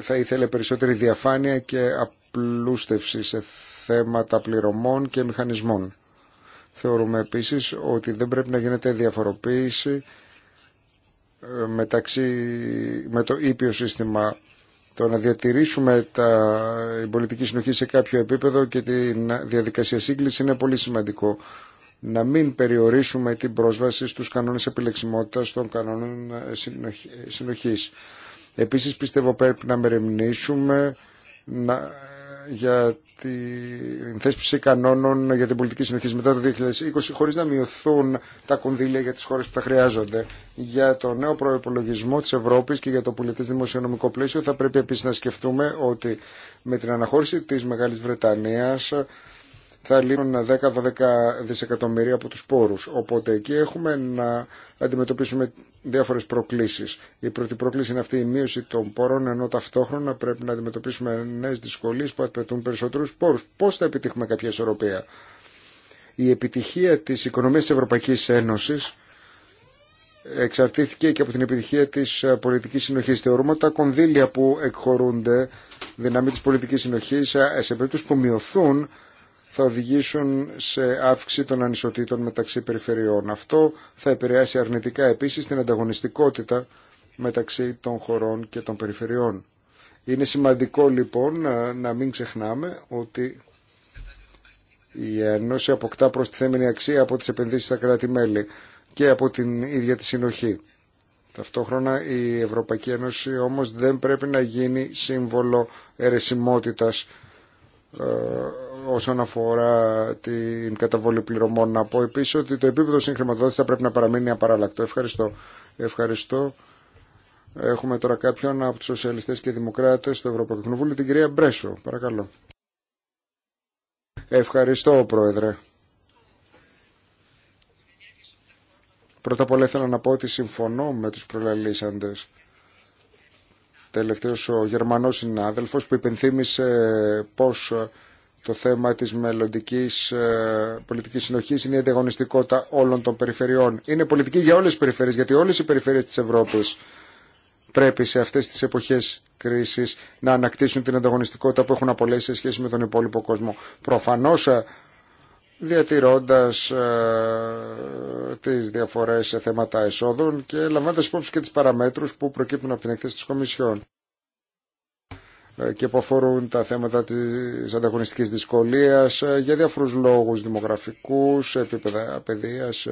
[SPEAKER 2] θα ήθελε περισσότερη διαφάνεια και απλούστευση σε θέματα πληρωμών και μηχανισμών. Θεωρούμε επίσης ότι δεν πρέπει να γίνεται διαφοροποίηση ε, μεταξύ, με το ήπιο σύστημα το να διατηρήσουμε τα, η πολιτική συνοχή σε κάποιο επίπεδο και τη διαδικασία σύγκληση είναι πολύ σημαντικό να μην περιορίσουμε την πρόσβαση στους κανόνες επιλεξιμότητας των κανόνων ε, ε, συνοχής. Επίσης πιστεύω πρέπει να μερεμνήσουμε να, ε, για την θέσπιση κανόνων για την πολιτική συνοχή μετά το 2020 χωρίς να μειωθούν τα κονδύλια για τις χώρες που τα χρειάζονται. Για το νέο προπολογισμό της Ευρώπης και για το πολιτικό δημοσιονομικό πλαίσιο θα πρέπει επίσης να σκεφτούμε ότι με την αναχώρηση της Μεγάλης Βρετανίας θα λύνουν 10-12 δισεκατομμύρια από τους πόρους. Οπότε εκεί έχουμε να αντιμετωπίσουμε διάφορες προκλήσεις. Η πρώτη πρόκληση είναι αυτή η μείωση των πόρων, ενώ ταυτόχρονα πρέπει να αντιμετωπίσουμε νέες δυσκολίες που απαιτούν περισσότερους πόρους. Πώς θα επιτύχουμε κάποια ισορροπία. Η επιτυχία της οικονομίας της Ευρωπαϊκής Ένωσης εξαρτήθηκε και από την επιτυχία της πολιτικής συνοχής. Θεωρούμε ότι τα κονδύλια που εκχωρούνται δυνάμει της πολιτικής συνοχής σε περίπτωση που μειωθούν θα οδηγήσουν σε αύξηση των ανισοτήτων μεταξύ περιφερειών. Αυτό θα επηρεάσει αρνητικά επίσης την ανταγωνιστικότητα μεταξύ των χωρών και των περιφερειών. Είναι σημαντικό λοιπόν να μην ξεχνάμε ότι η Ένωση αποκτά προστιθέμενη αξία από τις επενδύσεις στα κράτη-μέλη και από την ίδια τη συνοχή. Ταυτόχρονα η Ευρωπαϊκή Ένωση όμως δεν πρέπει να γίνει σύμβολο αιρεσιμότητας ε, όσον αφορά την καταβολή πληρωμών. Να πω επίση ότι το επίπεδο συγχρηματοδότηση θα πρέπει να παραμείνει απαραλλακτό. Ευχαριστώ. Ευχαριστώ. Έχουμε τώρα κάποιον από του σοσιαλιστέ και δημοκράτε στο Ευρωπαϊκό Κοινοβούλιο, την κυρία Μπρέσο. Παρακαλώ. Ευχαριστώ, Πρόεδρε. Πρώτα απ' όλα ήθελα να πω ότι συμφωνώ με τους προλαλήσαντες τελευταίος ο Γερμανός συνάδελφος που υπενθύμησε πως το θέμα της μελλοντική ε, πολιτικής συνοχής είναι η ανταγωνιστικότητα όλων των περιφερειών. Είναι πολιτική για όλες τις περιφερειές, γιατί όλες οι περιφερειές της Ευρώπης πρέπει σε αυτές τις εποχές κρίσης να ανακτήσουν την ανταγωνιστικότητα που έχουν απολέσει σε σχέση με τον υπόλοιπο κόσμο. Προφανώς ε, διατηρώντας ε, τις διαφορές σε θέματα εσόδων και λαμβάνοντας υπόψη και τις παραμέτρους που προκύπτουν από την εκθέση της Κομισιόν ε, και που αφορούν τα θέματα της ανταγωνιστικής δυσκολίας ε, για διάφορους λόγους δημογραφικούς, επίπεδα παιδείας,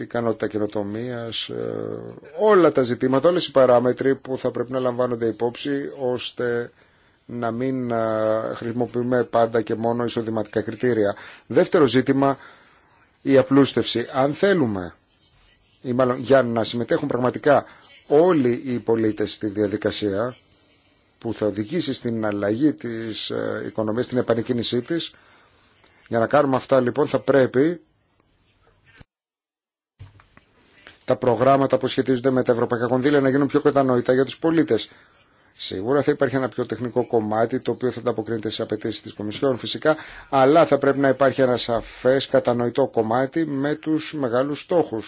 [SPEAKER 2] ικανότητα καινοτομία, όλα τα ζητήματα, όλες οι παράμετροι που θα πρέπει να λαμβάνονται υπόψη ώστε να μην ε, χρησιμοποιούμε πάντα και μόνο εισοδηματικά κριτήρια. Δεύτερο ζήτημα, η απλούστευση. Αν θέλουμε, ή μάλλον για να συμμετέχουν πραγματικά όλοι οι πολίτες στη διαδικασία που θα οδηγήσει στην αλλαγή της ε, οικονομίας, στην επανεκκίνησή της, για να κάνουμε αυτά λοιπόν θα πρέπει τα προγράμματα που σχετίζονται με τα ευρωπαϊκά κονδύλια να γίνουν πιο κατανοητά για τους πολίτες. Σίγουρα θα υπάρχει ένα πιο τεχνικό κομμάτι το οποίο θα ανταποκρίνεται στι απαιτήσει τη Κομισιόν φυσικά, αλλά θα πρέπει να υπάρχει ένα σαφέ κατανοητό κομμάτι με του μεγάλου στόχου.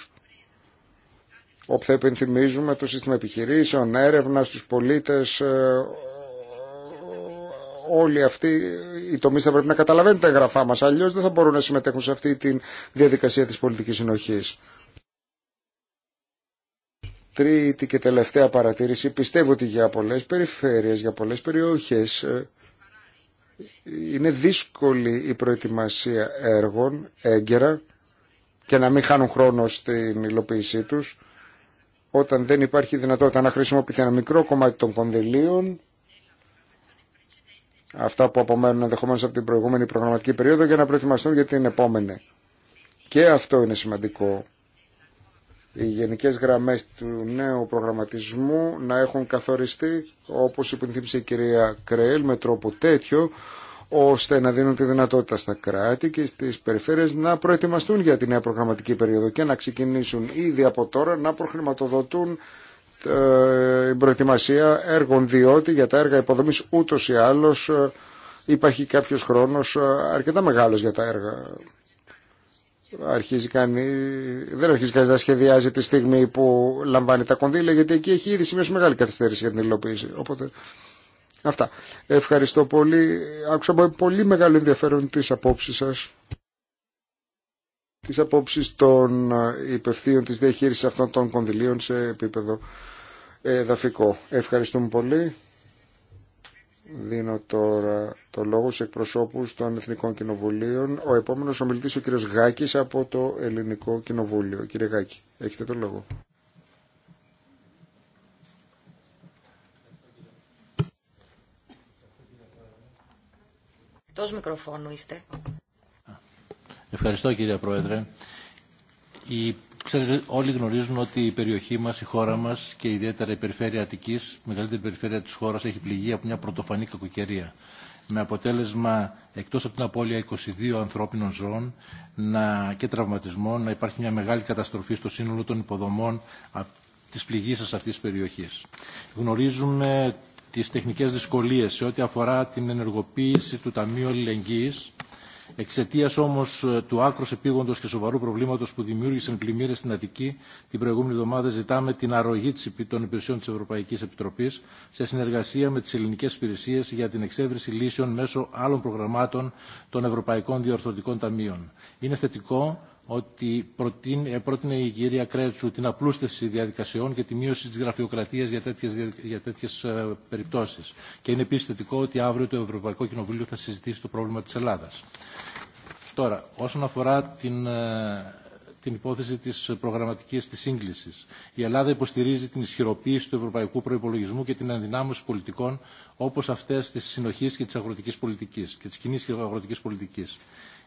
[SPEAKER 2] Όπου θα υπενθυμίζουμε το σύστημα επιχειρήσεων, έρευνα, του πολίτε, ε, ε, όλοι αυτοί οι τομεί θα πρέπει να καταλαβαίνουν τα εγγραφά μα. Αλλιώ δεν θα μπορούν να συμμετέχουν σε αυτή τη διαδικασία τη πολιτική συνοχή. Τρίτη και τελευταία παρατήρηση. Πιστεύω ότι για πολλές περιφέρειες, για πολλές περιοχές ε, είναι δύσκολη η προετοιμασία έργων έγκαιρα και να μην χάνουν χρόνο στην υλοποίησή τους όταν δεν υπάρχει δυνατότητα να χρησιμοποιηθεί ένα μικρό κομμάτι των κονδυλίων αυτά που απομένουν ενδεχομένω από την προηγούμενη προγραμματική περίοδο για να προετοιμαστούν για την επόμενη. Και αυτό είναι σημαντικό οι γενικές γραμμές του νέου προγραμματισμού να έχουν καθοριστεί όπως υπενθύμισε η κυρία Κρέλ με τρόπο τέτοιο ώστε να δίνουν τη δυνατότητα στα κράτη και στις περιφέρειες να προετοιμαστούν για τη νέα προγραμματική περίοδο και να ξεκινήσουν ήδη από τώρα να προχρηματοδοτούν την ε, προετοιμασία έργων διότι για τα έργα υποδομής ούτως ή άλλως ε, υπάρχει κάποιος χρόνος ε, αρκετά μεγάλος για τα έργα αρχίζει κανεί, δεν αρχίζει κανεί να σχεδιάζει τη στιγμή που λαμβάνει τα κονδύλια, γιατί εκεί έχει ήδη σημειώσει μεγάλη καθυστέρηση για την υλοποίηση. Οπότε, αυτά. Ευχαριστώ πολύ. Άκουσα με πολύ μεγάλο ενδιαφέρον τι απόψει σας. Τι απόψεις των υπευθείων της διαχείριση αυτών των κονδυλίων σε επίπεδο εδαφικό. Ευχαριστούμε πολύ. Δίνω τώρα το λόγο σε εκπροσώπους των Εθνικών Κοινοβουλίων. Ο επόμενος ομιλητής ο κύριος Γάκης από το Ελληνικό Κοινοβούλιο. Κύριε Γάκη, έχετε το λόγο.
[SPEAKER 4] μικροφώνου είστε.
[SPEAKER 5] Ευχαριστώ κύριε Πρόεδρε. Η Ξέρετε, όλοι γνωρίζουν ότι η περιοχή μας, η χώρα μας και ιδιαίτερα η περιφέρεια Αττικής, η μεγαλύτερη περιφέρεια της χώρας, έχει πληγεί από μια πρωτοφανή κακοκαιρία. Με αποτέλεσμα, εκτός από την απώλεια 22 ανθρώπινων ζώων να, και τραυματισμών, να υπάρχει μια μεγάλη καταστροφή στο σύνολο των υποδομών της πληγή σας αυτής της περιοχής. Γνωρίζουμε τις τεχνικές δυσκολίες σε ό,τι αφορά την ενεργοποίηση του Ταμείου Αλληλεγγύης, Εξαιτία όμω ε, του άκρου επίγοντο και σοβαρού προβλήματο που δημιούργησαν πλημμύρε στην Αττική την προηγούμενη εβδομάδα, ζητάμε την αρρωγή των υπηρεσιών τη Ευρωπαϊκή Επιτροπή σε συνεργασία με τι ελληνικέ υπηρεσίε για την εξέβριση λύσεων μέσω άλλων προγραμμάτων των Ευρωπαϊκών Διορθωτικών Ταμείων. Είναι θετικό ότι ε, πρότεινε η κυρία Κρέτσου την απλούστευση διαδικασιών και τη μείωση της γραφειοκρατίας για τέτοιες, για τέτοιες ε, περιπτώσεις. Και είναι επίσης θετικό ότι αύριο το Ευρωπαϊκό Κοινοβούλιο θα συζητήσει το πρόβλημα της Ελλάδας. Τώρα, όσον αφορά την, ε, την υπόθεση της προγραμματικής της σύγκλησης, η Ελλάδα υποστηρίζει την ισχυροποίηση του ευρωπαϊκού προϋπολογισμού και την ενδυνάμωση πολιτικών όπως αυτές της συνοχής και της αγροτικής πολιτικής και της κοινή αγροτικής πολιτικής.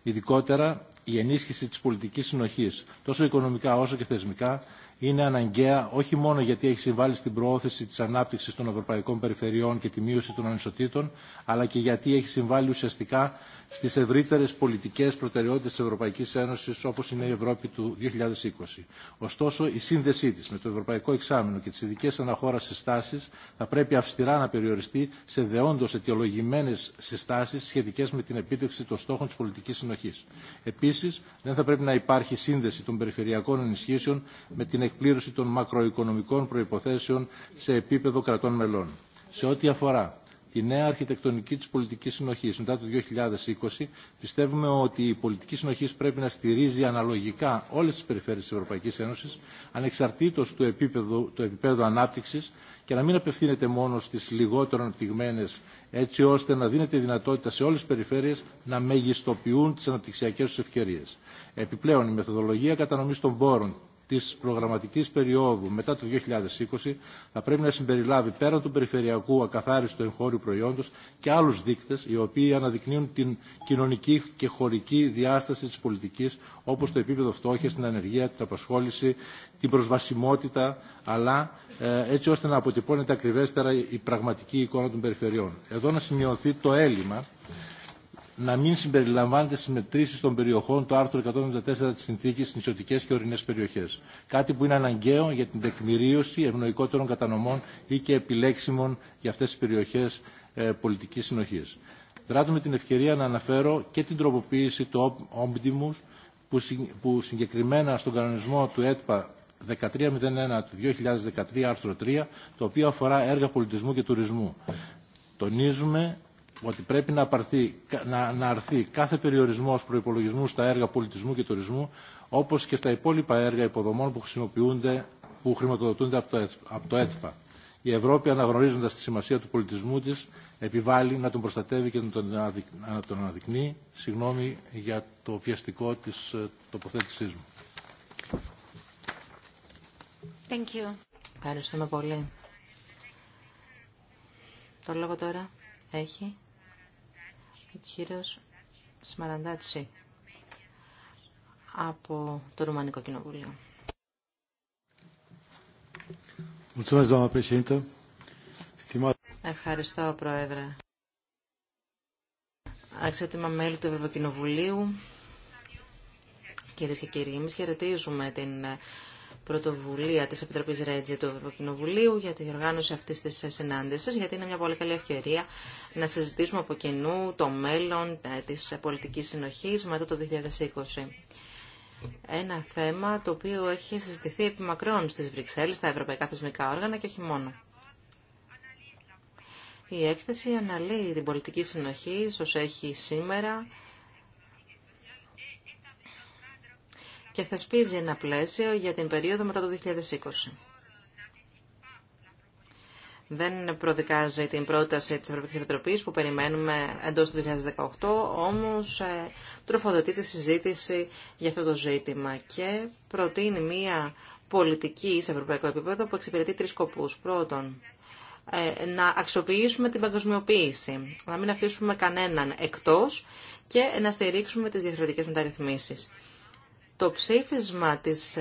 [SPEAKER 5] Ειδικότερα, η ενίσχυση της πολιτικής συνοχής, τόσο οικονομικά όσο και θεσμικά, είναι αναγκαία όχι μόνο γιατί έχει συμβάλει στην προώθηση της ανάπτυξης των ευρωπαϊκών περιφερειών και τη μείωση των ανισοτήτων, αλλά και γιατί έχει συμβάλει ουσιαστικά στις ευρύτερες πολιτικές προτεραιότητες της Ευρωπαϊκής Ένωσης όπως είναι η Ευρώπη του 2020. Ωστόσο, η σύνδεσή της με το Ευρωπαϊκό Εξάμεινο και τις ειδικέ αναχώρασεις στάσει θα πρέπει αυστηρά να περιοριστεί σε δεόντως αιτιολογημένες συστάσεις σχετικές με την επίτευξη των στόχων της πολιτικής συνοχής. Επίσης, δεν θα πρέπει να υπάρχει σύνδεση των περιφερειακών ενισχύσεων με την εκπλήρωση των μακροοικονομικών προϋποθέσεων σε επίπεδο κρατών μελών. Σε ό,τι αφορά Τη νέα αρχιτεκτονική της πολιτικής συνοχής. Μετά το 2020 πιστεύουμε ότι η πολιτική συνοχής πρέπει να στηρίζει αναλογικά όλες τις περιφέρειες της Ευρωπαϊκής Ένωσης, ανεξαρτήτως του επίπεδου, του επίπεδου ανάπτυξης και να μην απευθύνεται μόνο στις λιγότερο αναπτυγμένες, έτσι ώστε να δίνεται δυνατότητα σε όλες τις περιφέρειες να μεγιστοποιούν τις αναπτυξιακές τους ευκαιρίες. Επιπλέον, η μεθοδολογία κατανομής των πόρων της προγραμματικής περίοδου μετά το 2020 θα πρέπει να συμπεριλάβει πέραν του περιφερειακού ακαθάριστου εγχώριου προϊόντος και άλλους δείκτες οι οποίοι αναδεικνύουν την κοινωνική και χωρική διάσταση της πολιτικής όπως το επίπεδο φτώχειας, την ανεργία, την απασχόληση, την προσβασιμότητα αλλά ε, έτσι ώστε να αποτυπώνεται ακριβέστερα η πραγματική εικόνα των περιφερειών. Εδώ να σημειωθεί το έλλειμμα να μην συμπεριλαμβάνεται στι μετρήσει των περιοχών το άρθρο 174 τη συνθήκη στι νησιωτικέ και ορεινέ περιοχέ. Κάτι που είναι αναγκαίο για την τεκμηρίωση ευνοϊκότερων κατανομών ή και επιλέξιμων για αυτέ τι περιοχέ ε, πολιτική συνοχή. Δράτω την ευκαιρία να αναφέρω και την τροποποίηση του Optimus που συγκεκριμένα στον κανονισμό του ΕΤΠΑ 1301 του 2013 άρθρο 3 το οποίο αφορά έργα πολιτισμού και τουρισμού. Τονίζουμε ότι πρέπει να, αρθεί κάθε περιορισμός προϋπολογισμού στα έργα πολιτισμού και τουρισμού, όπως και στα υπόλοιπα έργα υποδομών που, χρηματοδοτούνται από το, ΕΤΠΑ. Η Ευρώπη, αναγνωρίζοντα τη σημασία του πολιτισμού της, επιβάλλει να τον προστατεύει και να τον αναδεικνύει. Συγγνώμη για το φιαστικό της ε, τοποθέτησή μου.
[SPEAKER 3] Ευχαριστούμε πολύ. Το λόγο τώρα έχει ο κύριος Σμαραντάτσι από το Ρουμανικό Κοινοβούλιο. Ευχαριστώ, Πρόεδρε. Αξιότιμα μέλη του Ευρωκοινοβουλίου, κυρίες και κύριοι, εμείς χαιρετίζουμε την πρωτοβουλία της Επιτροπής Ρέτζη του Ευρωκοινοβουλίου για τη διοργάνωση αυτής της συνάντησης, γιατί είναι μια πολύ καλή ευκαιρία να συζητήσουμε από κοινού το μέλλον ε, της πολιτικής συνοχής μετά το 2020. Ένα θέμα το οποίο έχει συζητηθεί επί μακρόν στις Βρυξέλλες, στα ευρωπαϊκά θεσμικά όργανα και όχι μόνο. Η έκθεση αναλύει την πολιτική συνοχή όσο έχει σήμερα και θεσπίζει ένα πλαίσιο για την περίοδο μετά το 2020. Δεν προδικάζει την πρόταση της Ευρωπαϊκής Επιτροπής που περιμένουμε εντός του 2018, όμως ε, τροφοδοτεί τη συζήτηση για αυτό το ζήτημα και προτείνει μία πολιτική σε ευρωπαϊκό επίπεδο που εξυπηρετεί τρεις σκοπούς. Πρώτον, ε, να αξιοποιήσουμε την παγκοσμιοποίηση, να μην αφήσουμε κανέναν εκτός και να στηρίξουμε τις διαφορετικές μεταρρυθμίσεις. Το ψήφισμα της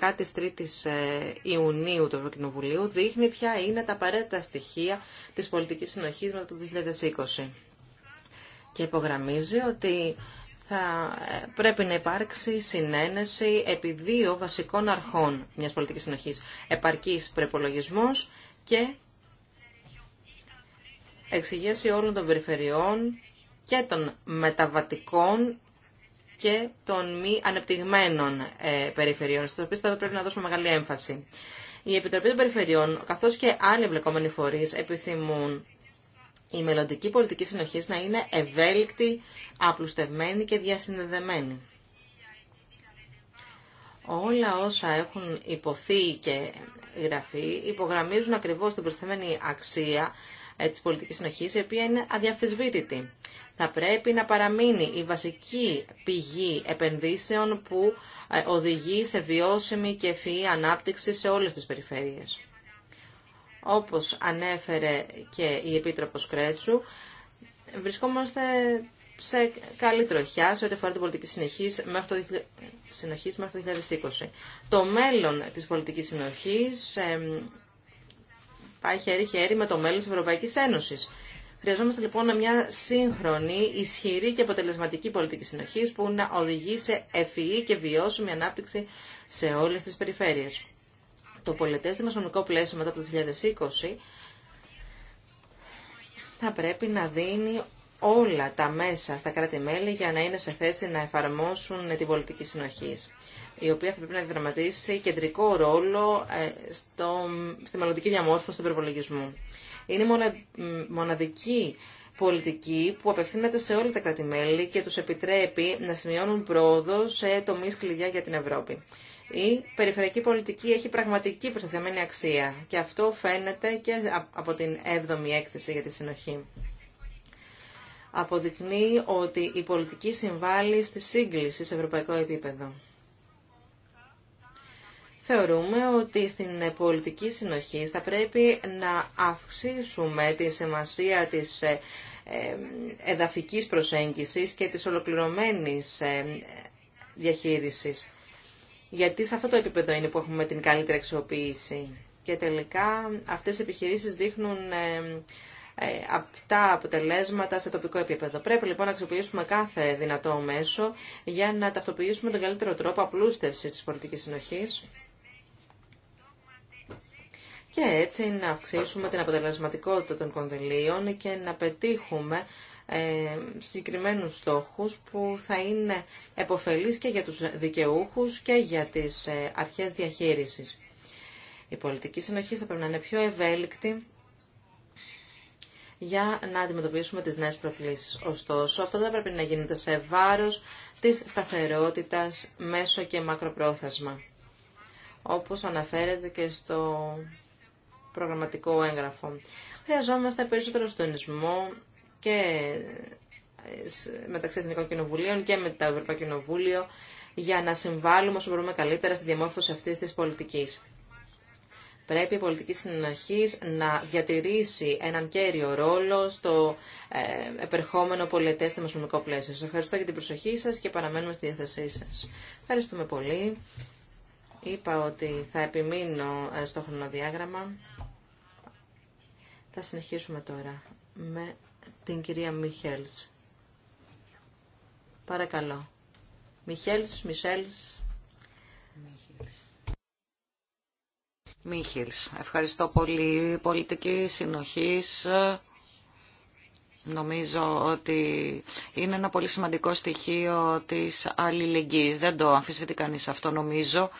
[SPEAKER 3] 13ης ε, ε, Ιουνίου του Ευρωκοινοβουλίου δείχνει ποια είναι τα απαραίτητα στοιχεία της πολιτικής συνοχής μετά το 2020 και υπογραμμίζει ότι θα ε, πρέπει να υπάρξει συνένεση επί δύο βασικών αρχών μιας πολιτικής συνοχής. Επαρκής προπολογισμό και εξηγέση όλων των περιφερειών και των μεταβατικών και των μη ανεπτυγμένων ε, περιφερειών, στις οποίες θα πρέπει να δώσουμε μεγάλη έμφαση. Η Επιτροπή των Περιφερειών, καθώς και άλλοι εμπλεκόμενοι φορείς, επιθυμούν η μελλοντική πολιτική συνοχή να είναι ευέλικτη, απλουστευμένη και διασυνδεδεμένη. Όλα όσα έχουν υποθεί και γραφεί υπογραμμίζουν ακριβώς την προσθεμένη αξία ε, της πολιτικής συνοχής, η οποία είναι αδιαφυσβήτητη θα πρέπει να παραμείνει η βασική πηγή επενδύσεων που ε, οδηγεί σε βιώσιμη και ευφυή ανάπτυξη σε όλες τις περιφέρειες. Όπως ανέφερε και η Επίτροπος Κρέτσου, βρισκόμαστε σε καλή τροχιά σε ό,τι αφορά την πολιτική συνεχής μέχρι το, συνοχής μέχρι το 2020. Το μέλλον της πολιτικής συνοχής πάει χέρι-χέρι με το μέλλον της Ευρωπαϊκής Ένωσης. Χρειαζόμαστε λοιπόν μια σύγχρονη, ισχυρή και αποτελεσματική πολιτική συνοχή που να οδηγεί σε ευφυή και βιώσιμη ανάπτυξη σε όλε τι περιφέρειε. Το πολιτέ δημοσιονομικό πλαίσιο μετά το 2020 θα πρέπει να δίνει όλα τα μέσα στα κράτη-μέλη για να είναι σε θέση να εφαρμόσουν την πολιτική συνοχή, η οποία θα πρέπει να διδραματίσει κεντρικό ρόλο ε, στο, στη μελλοντική διαμόρφωση του υπερπολογισμού. Είναι η μοναδική πολιτική που απευθύνεται σε όλα τα κράτη-μέλη και τους επιτρέπει να σημειώνουν πρόοδο σε τομείς κλειδιά για την Ευρώπη. Η περιφερειακή πολιτική έχει πραγματική προσταθεμένη αξία και αυτό φαίνεται και από την 7η έκθεση για τη συνοχή. Αποδεικνύει ότι η πολιτική συμβάλλει στη σύγκληση σε ευρωπαϊκό επίπεδο θεωρούμε ότι στην πολιτική συνοχή θα πρέπει να αυξήσουμε τη σημασία της ε, εδαφικής προσέγγισης και της ολοκληρωμένης ε, διαχείρισης. Γιατί σε αυτό το επίπεδο είναι που έχουμε την καλύτερη αξιοποίηση. Και τελικά αυτές οι επιχειρήσεις δείχνουν ε, απτά αποτελέσματα σε τοπικό επίπεδο. Πρέπει λοιπόν να αξιοποιήσουμε κάθε δυνατό μέσο για να ταυτοποιήσουμε τον καλύτερο τρόπο απλούστευσης της πολιτικής συνοχής και έτσι να αυξήσουμε την αποτελεσματικότητα των κονδυλίων και να πετύχουμε ε, συγκεκριμένους στόχους που θα είναι επωφελείς και για τους δικαιούχους και για τις ε, αρχές διαχείρισης. Η πολιτική συνοχή θα πρέπει να είναι πιο ευέλικτη για να αντιμετωπίσουμε τις νέες προκλήσεις. Ωστόσο, αυτό δεν πρέπει να γίνεται σε βάρος της σταθερότητας μέσω και μακροπρόθεσμα, όπως αναφέρεται και στο προγραμματικό έγγραφο. Χρειαζόμαστε περισσότερο στονισμό και ε, μεταξύ Εθνικών Κοινοβουλίων και με το Ευρωπαϊκό Κοινοβούλιο για να συμβάλλουμε όσο μπορούμε καλύτερα στη διαμόρφωση αυτή τη πολιτική. Πρέπει η πολιτική συνοχή να διατηρήσει έναν κέριο ρόλο στο ε, επερχόμενο πολιτέ δημοσιονομικό πλαίσιο. Σα ευχαριστώ για την προσοχή σα και παραμένουμε στη διάθεσή σα. Ευχαριστούμε πολύ. Είπα ότι θα επιμείνω ε, στο χρονοδιάγραμμα. Θα συνεχίσουμε τώρα με την κυρία Μιχέλς. Παρακαλώ. Μιχέλς, Μισελς.
[SPEAKER 4] Μίχελς. Ευχαριστώ πολύ. Πολιτική συνοχής. Νομίζω ότι είναι ένα πολύ σημαντικό στοιχείο της αλληλεγγύης. Δεν το αμφισβητεί κανείς αυτό νομίζω.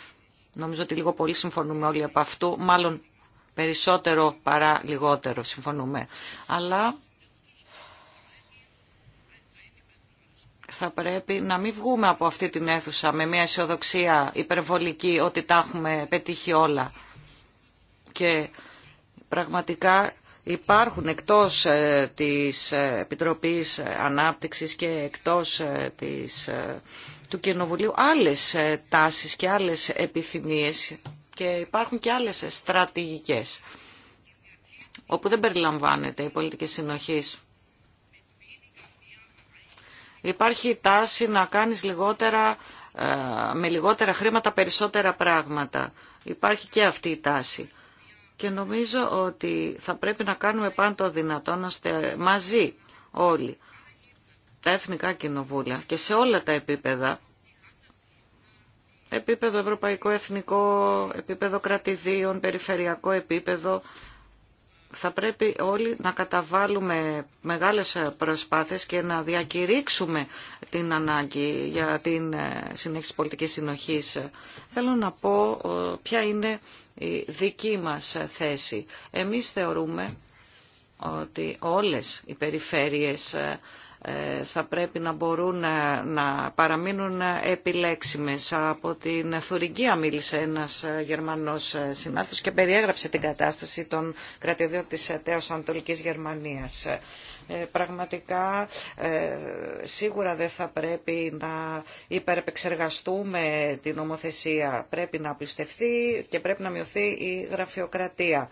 [SPEAKER 4] Νομίζω ότι λίγο πολύ συμφωνούμε όλοι από αυτού. Μάλλον Περισσότερο παρά λιγότερο, συμφωνούμε. Αλλά θα πρέπει να μην βγούμε από αυτή την αίθουσα με μια αισιοδοξία υπερβολική ότι τα έχουμε πετύχει όλα. Και πραγματικά υπάρχουν εκτός ε, της ε, Επιτροπής Ανάπτυξης και εκτός ε, του Κοινοβουλίου άλλες τάσεις και άλλες επιθυμίες και υπάρχουν και άλλες στρατηγικές όπου δεν περιλαμβάνεται η πολιτική συνοχής. Υπάρχει η τάση να κάνεις λιγότερα, ε, με λιγότερα χρήματα περισσότερα πράγματα. Υπάρχει και αυτή η τάση. Και νομίζω ότι θα πρέπει να κάνουμε πάντο δυνατόν ώστε μαζί όλοι τα εθνικά κοινοβούλια και σε όλα τα επίπεδα επίπεδο ευρωπαϊκό, εθνικό, επίπεδο κρατηδίων, περιφερειακό επίπεδο. Θα πρέπει όλοι να καταβάλουμε μεγάλες προσπάθειες και να διακηρύξουμε την ανάγκη για την ε, συνέχιση πολιτικής συνοχής. Θέλω να πω ε, ποια είναι η δική μας θέση. Εμείς θεωρούμε ότι όλες οι περιφέρειες ε, ε, θα πρέπει να μπορούν ε, να παραμείνουν επιλέξιμες. Από την Θουριγκία μίλησε ένας ε, Γερμανός συνάδελφος και περιέγραψε την κατάσταση των κρατηδίων της Τέος Ανατολικής Γερμανίας. Πραγματικά σίγουρα δεν θα πρέπει να υπερεπεξεργαστούμε την νομοθεσία. Πρέπει να απλουστευτεί και πρέπει να μειωθεί η γραφειοκρατία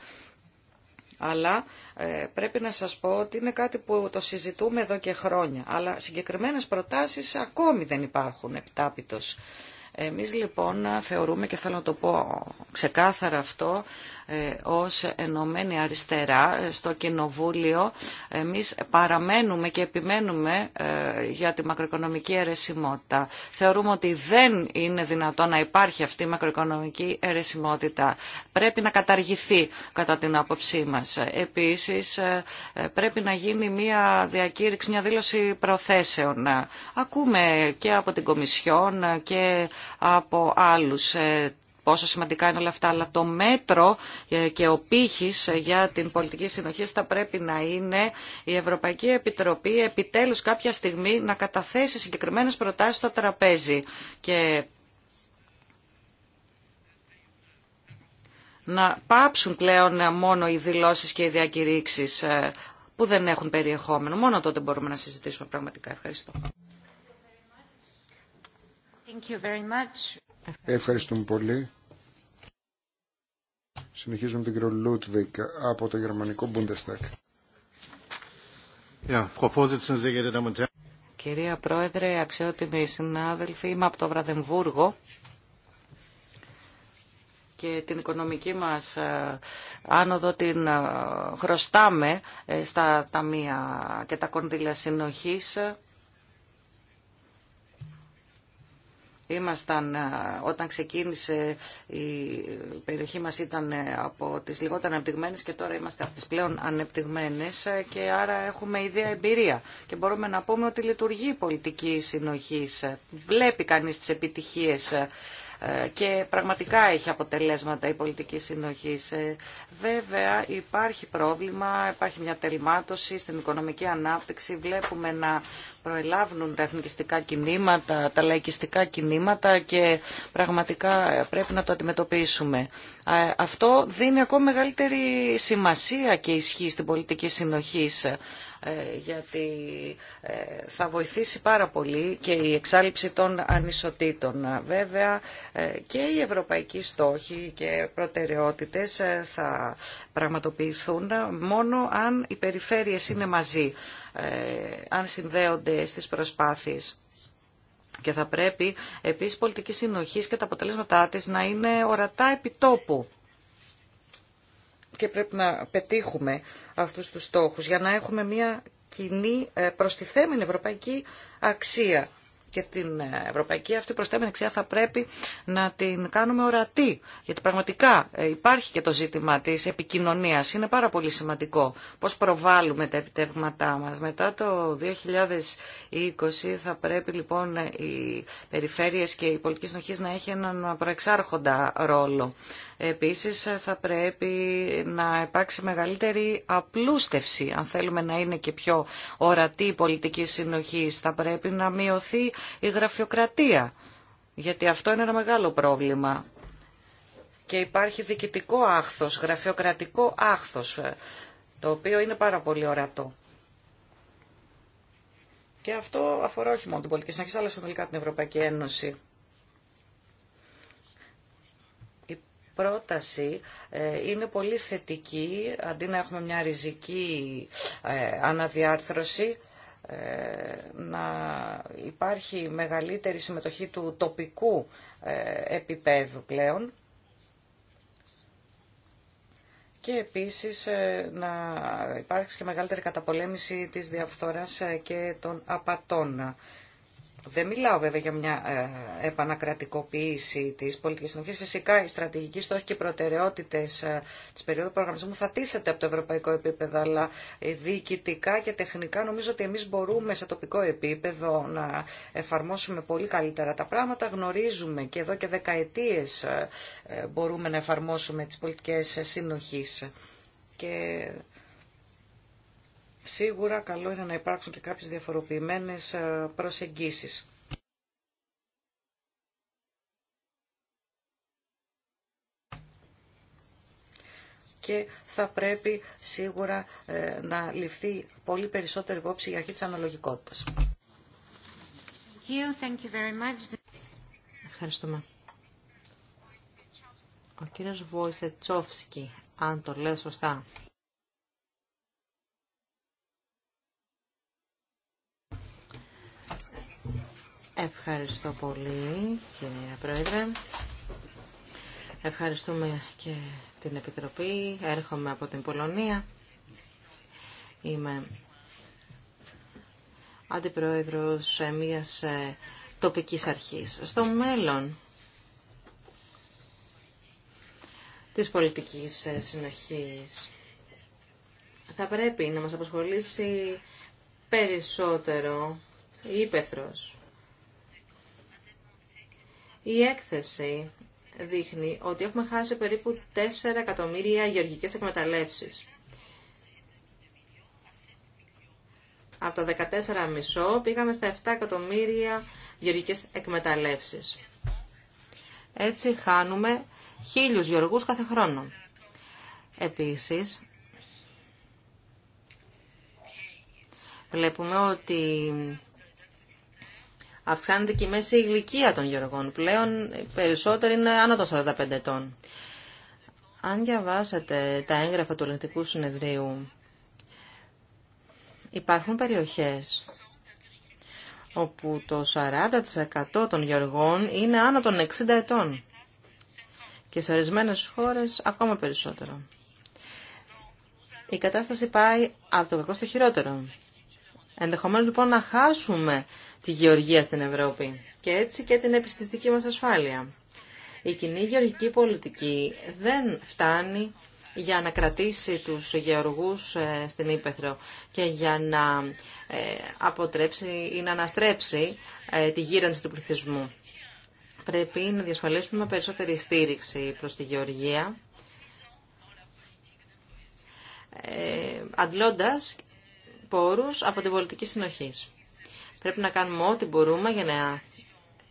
[SPEAKER 4] αλλά ε, πρέπει να σας πω ότι είναι κάτι που το συζητούμε εδώ και χρόνια. Αλλά συγκεκριμένες προτάσεις ακόμη δεν υπάρχουν επιτάπητος. Εμείς λοιπόν θεωρούμε και θέλω να το πω ξεκάθαρα αυτό ε, ως ενωμένη αριστερά ε, στο Κοινοβούλιο εμείς παραμένουμε και επιμένουμε ε, για τη μακροοικονομική αιρεσιμότητα. Θεωρούμε ότι δεν είναι δυνατό να υπάρχει αυτή η μακροοικονομική αιρεσιμότητα. Πρέπει να καταργηθεί κατά την άποψή μας. Επίσης πρέπει να γίνει μια διακήρυξη, μια δήλωση προθέσεων. Ακούμε και από την Κομισιόν και από άλλους πόσο σημαντικά είναι όλα αυτά, αλλά το μέτρο ε, και ο πύχης ε, για την πολιτική συνοχή θα πρέπει να είναι η Ευρωπαϊκή Επιτροπή επιτέλους κάποια στιγμή να καταθέσει συγκεκριμένες προτάσεις στο τραπέζι και να πάψουν πλέον μόνο οι δηλώσεις και οι διακηρύξεις ε, που δεν έχουν περιεχόμενο. Μόνο τότε μπορούμε να συζητήσουμε πραγματικά. Ευχαριστώ.
[SPEAKER 1] Thank you very much.
[SPEAKER 2] Ευχαριστούμε πολύ. Συνεχίζουμε με τον κύριο Λούτβικ από το γερμανικό Bundestag.
[SPEAKER 4] Κυρία Πρόεδρε, αξιότιμοι συνάδελφοι, είμαι από το Βραδεμβούργο και την οικονομική μας ε, άνοδο την ε, χρωστάμε ε, στα ταμεία και τα κονδύλια συνοχής. Ήμασταν, ε, όταν ξεκίνησε η περιοχή μας ήταν ε, από τις λιγότερο ανεπτυγμένες και τώρα είμαστε από τις πλέον ανεπτυγμένες ε, και άρα έχουμε ιδέα εμπειρία. Και μπορούμε να πούμε ότι λειτουργεί η πολιτική συνοχής. Βλέπει κανείς τις επιτυχίες και πραγματικά έχει αποτελέσματα η πολιτική συνοχή. Ε, βέβαια υπάρχει πρόβλημα, υπάρχει μια τελμάτωση στην οικονομική ανάπτυξη. Βλέπουμε να προελάβουν τα εθνικιστικά κινήματα, τα λαϊκιστικά κινήματα και πραγματικά πρέπει να το αντιμετωπίσουμε αυτό δίνει ακόμα μεγαλύτερη σημασία και ισχύ στην πολιτική συνοχή ε, γιατί ε, θα βοηθήσει πάρα πολύ και η εξάλληψη των ανισοτήτων. Βέβαια ε, και οι ευρωπαϊκοί στόχοι και προτεραιότητες θα πραγματοποιηθούν μόνο αν οι περιφέρειες είναι μαζί, αν συνδέονται στις προσπάθειες. Και θα πρέπει επίσης πολιτική συνοχή και τα αποτελέσματά της να είναι ορατά επιτόπου. Και πρέπει να πετύχουμε αυτούς τους στόχους για να έχουμε μια κοινή ε, προστιθέμενη ευρωπαϊκή αξία και την ευρωπαϊκή αυτή προστέμενη αξία θα πρέπει να την κάνουμε ορατή. Γιατί πραγματικά ε, υπάρχει και το ζήτημα της επικοινωνίας. Είναι πάρα πολύ σημαντικό πώς προβάλλουμε τα επιτεύγματά μας. Μετά το 2020 θα πρέπει λοιπόν οι περιφέρειες και οι πολιτική συνοχή να έχει έναν προεξάρχοντα ρόλο. Επίσης θα πρέπει να υπάρξει μεγαλύτερη απλούστευση. Αν θέλουμε να είναι και πιο ορατή η πολιτική συνοχή, θα πρέπει να μειωθεί η γραφειοκρατία. Γιατί αυτό είναι ένα μεγάλο πρόβλημα. Και υπάρχει διοικητικό άχθος, γραφειοκρατικό άχθος, το οποίο είναι πάρα πολύ ορατό. Και αυτό αφορά όχι μόνο την πολιτική συνοχή, αλλά συνολικά την Ευρωπαϊκή Ένωση. πρόταση ε, είναι πολύ θετική, αντί να έχουμε μια ριζική ε, αναδιάρθρωση, ε, να υπάρχει μεγαλύτερη συμμετοχή του τοπικού επίπεδου πλέον και επίσης να υπάρξει και μεγαλύτερη καταπολέμηση της διαφθοράς και των απατών. Δεν μιλάω βέβαια για μια ε, επανακρατικοποίηση τη πολιτική συνοχή. Φυσικά οι στρατηγικοί στόχοι και οι προτεραιότητε ε, τη περίοδου προγραμματισμού θα τίθεται από το ευρωπαϊκό επίπεδο, αλλά ε, διοικητικά και τεχνικά νομίζω ότι εμεί μπορούμε σε τοπικό επίπεδο να εφαρμόσουμε πολύ καλύτερα τα πράγματα. Γνωρίζουμε και εδώ και δεκαετίε ε, ε, μπορούμε να εφαρμόσουμε τι πολιτικέ συνοχή. Και Σίγουρα καλό είναι να υπάρξουν και κάποιες διαφοροποιημένες ε, προσεγγίσεις. και θα πρέπει σίγουρα ε, να ληφθεί πολύ
[SPEAKER 3] περισσότερη υπόψη η αρχή της αναλογικότητας. Ευχαριστούμε. Ο κύριος Βόησετσόφσκι, αν το λέω σωστά. Ευχαριστώ πολύ, κυρία Πρόεδρε. Ευχαριστούμε και την Επιτροπή. Έρχομαι από την Πολωνία. Είμαι αντιπρόεδρος μιας ε, τοπικής αρχής. Στο μέλλον της πολιτικής ε, συνοχής θα πρέπει να μας αποσχολήσει περισσότερο η ύπεθρος. Η έκθεση δείχνει ότι έχουμε χάσει περίπου 4 εκατομμύρια γεωργικές εκμεταλλεύσεις. Από τα 14,5 πήγαμε στα 7 εκατομμύρια γεωργικές εκμεταλλεύσεις. Έτσι χάνουμε χίλιους γεωργούς κάθε χρόνο. Επίσης, βλέπουμε ότι Αυξάνεται και η μέση ηλικία των γεωργών. Πλέον περισσότεροι είναι άνω των 45 ετών. Αν διαβάσετε τα έγγραφα του Ελληνικού συνεδρίου, υπάρχουν περιοχές όπου το 40% των γεωργών είναι άνω των 60 ετών και σε ορισμένε χώρες ακόμα περισσότερο. Η κατάσταση πάει από το κακό στο χειρότερο. Ενδεχομένως λοιπόν να χάσουμε τη γεωργία στην Ευρώπη και έτσι και την επιστηστική μας ασφάλεια. Η κοινή γεωργική πολιτική δεν φτάνει για να κρατήσει τους γεωργούς ε, στην Ήπεθρο και για να ε, αποτρέψει ή να αναστρέψει ε, τη γύρανση του πληθυσμού. Πρέπει να διασφαλίσουμε περισσότερη στήριξη προς τη γεωργία, αντλώντας πόρου από την πολιτική συνοχή. Πρέπει να κάνουμε ό,τι μπορούμε για να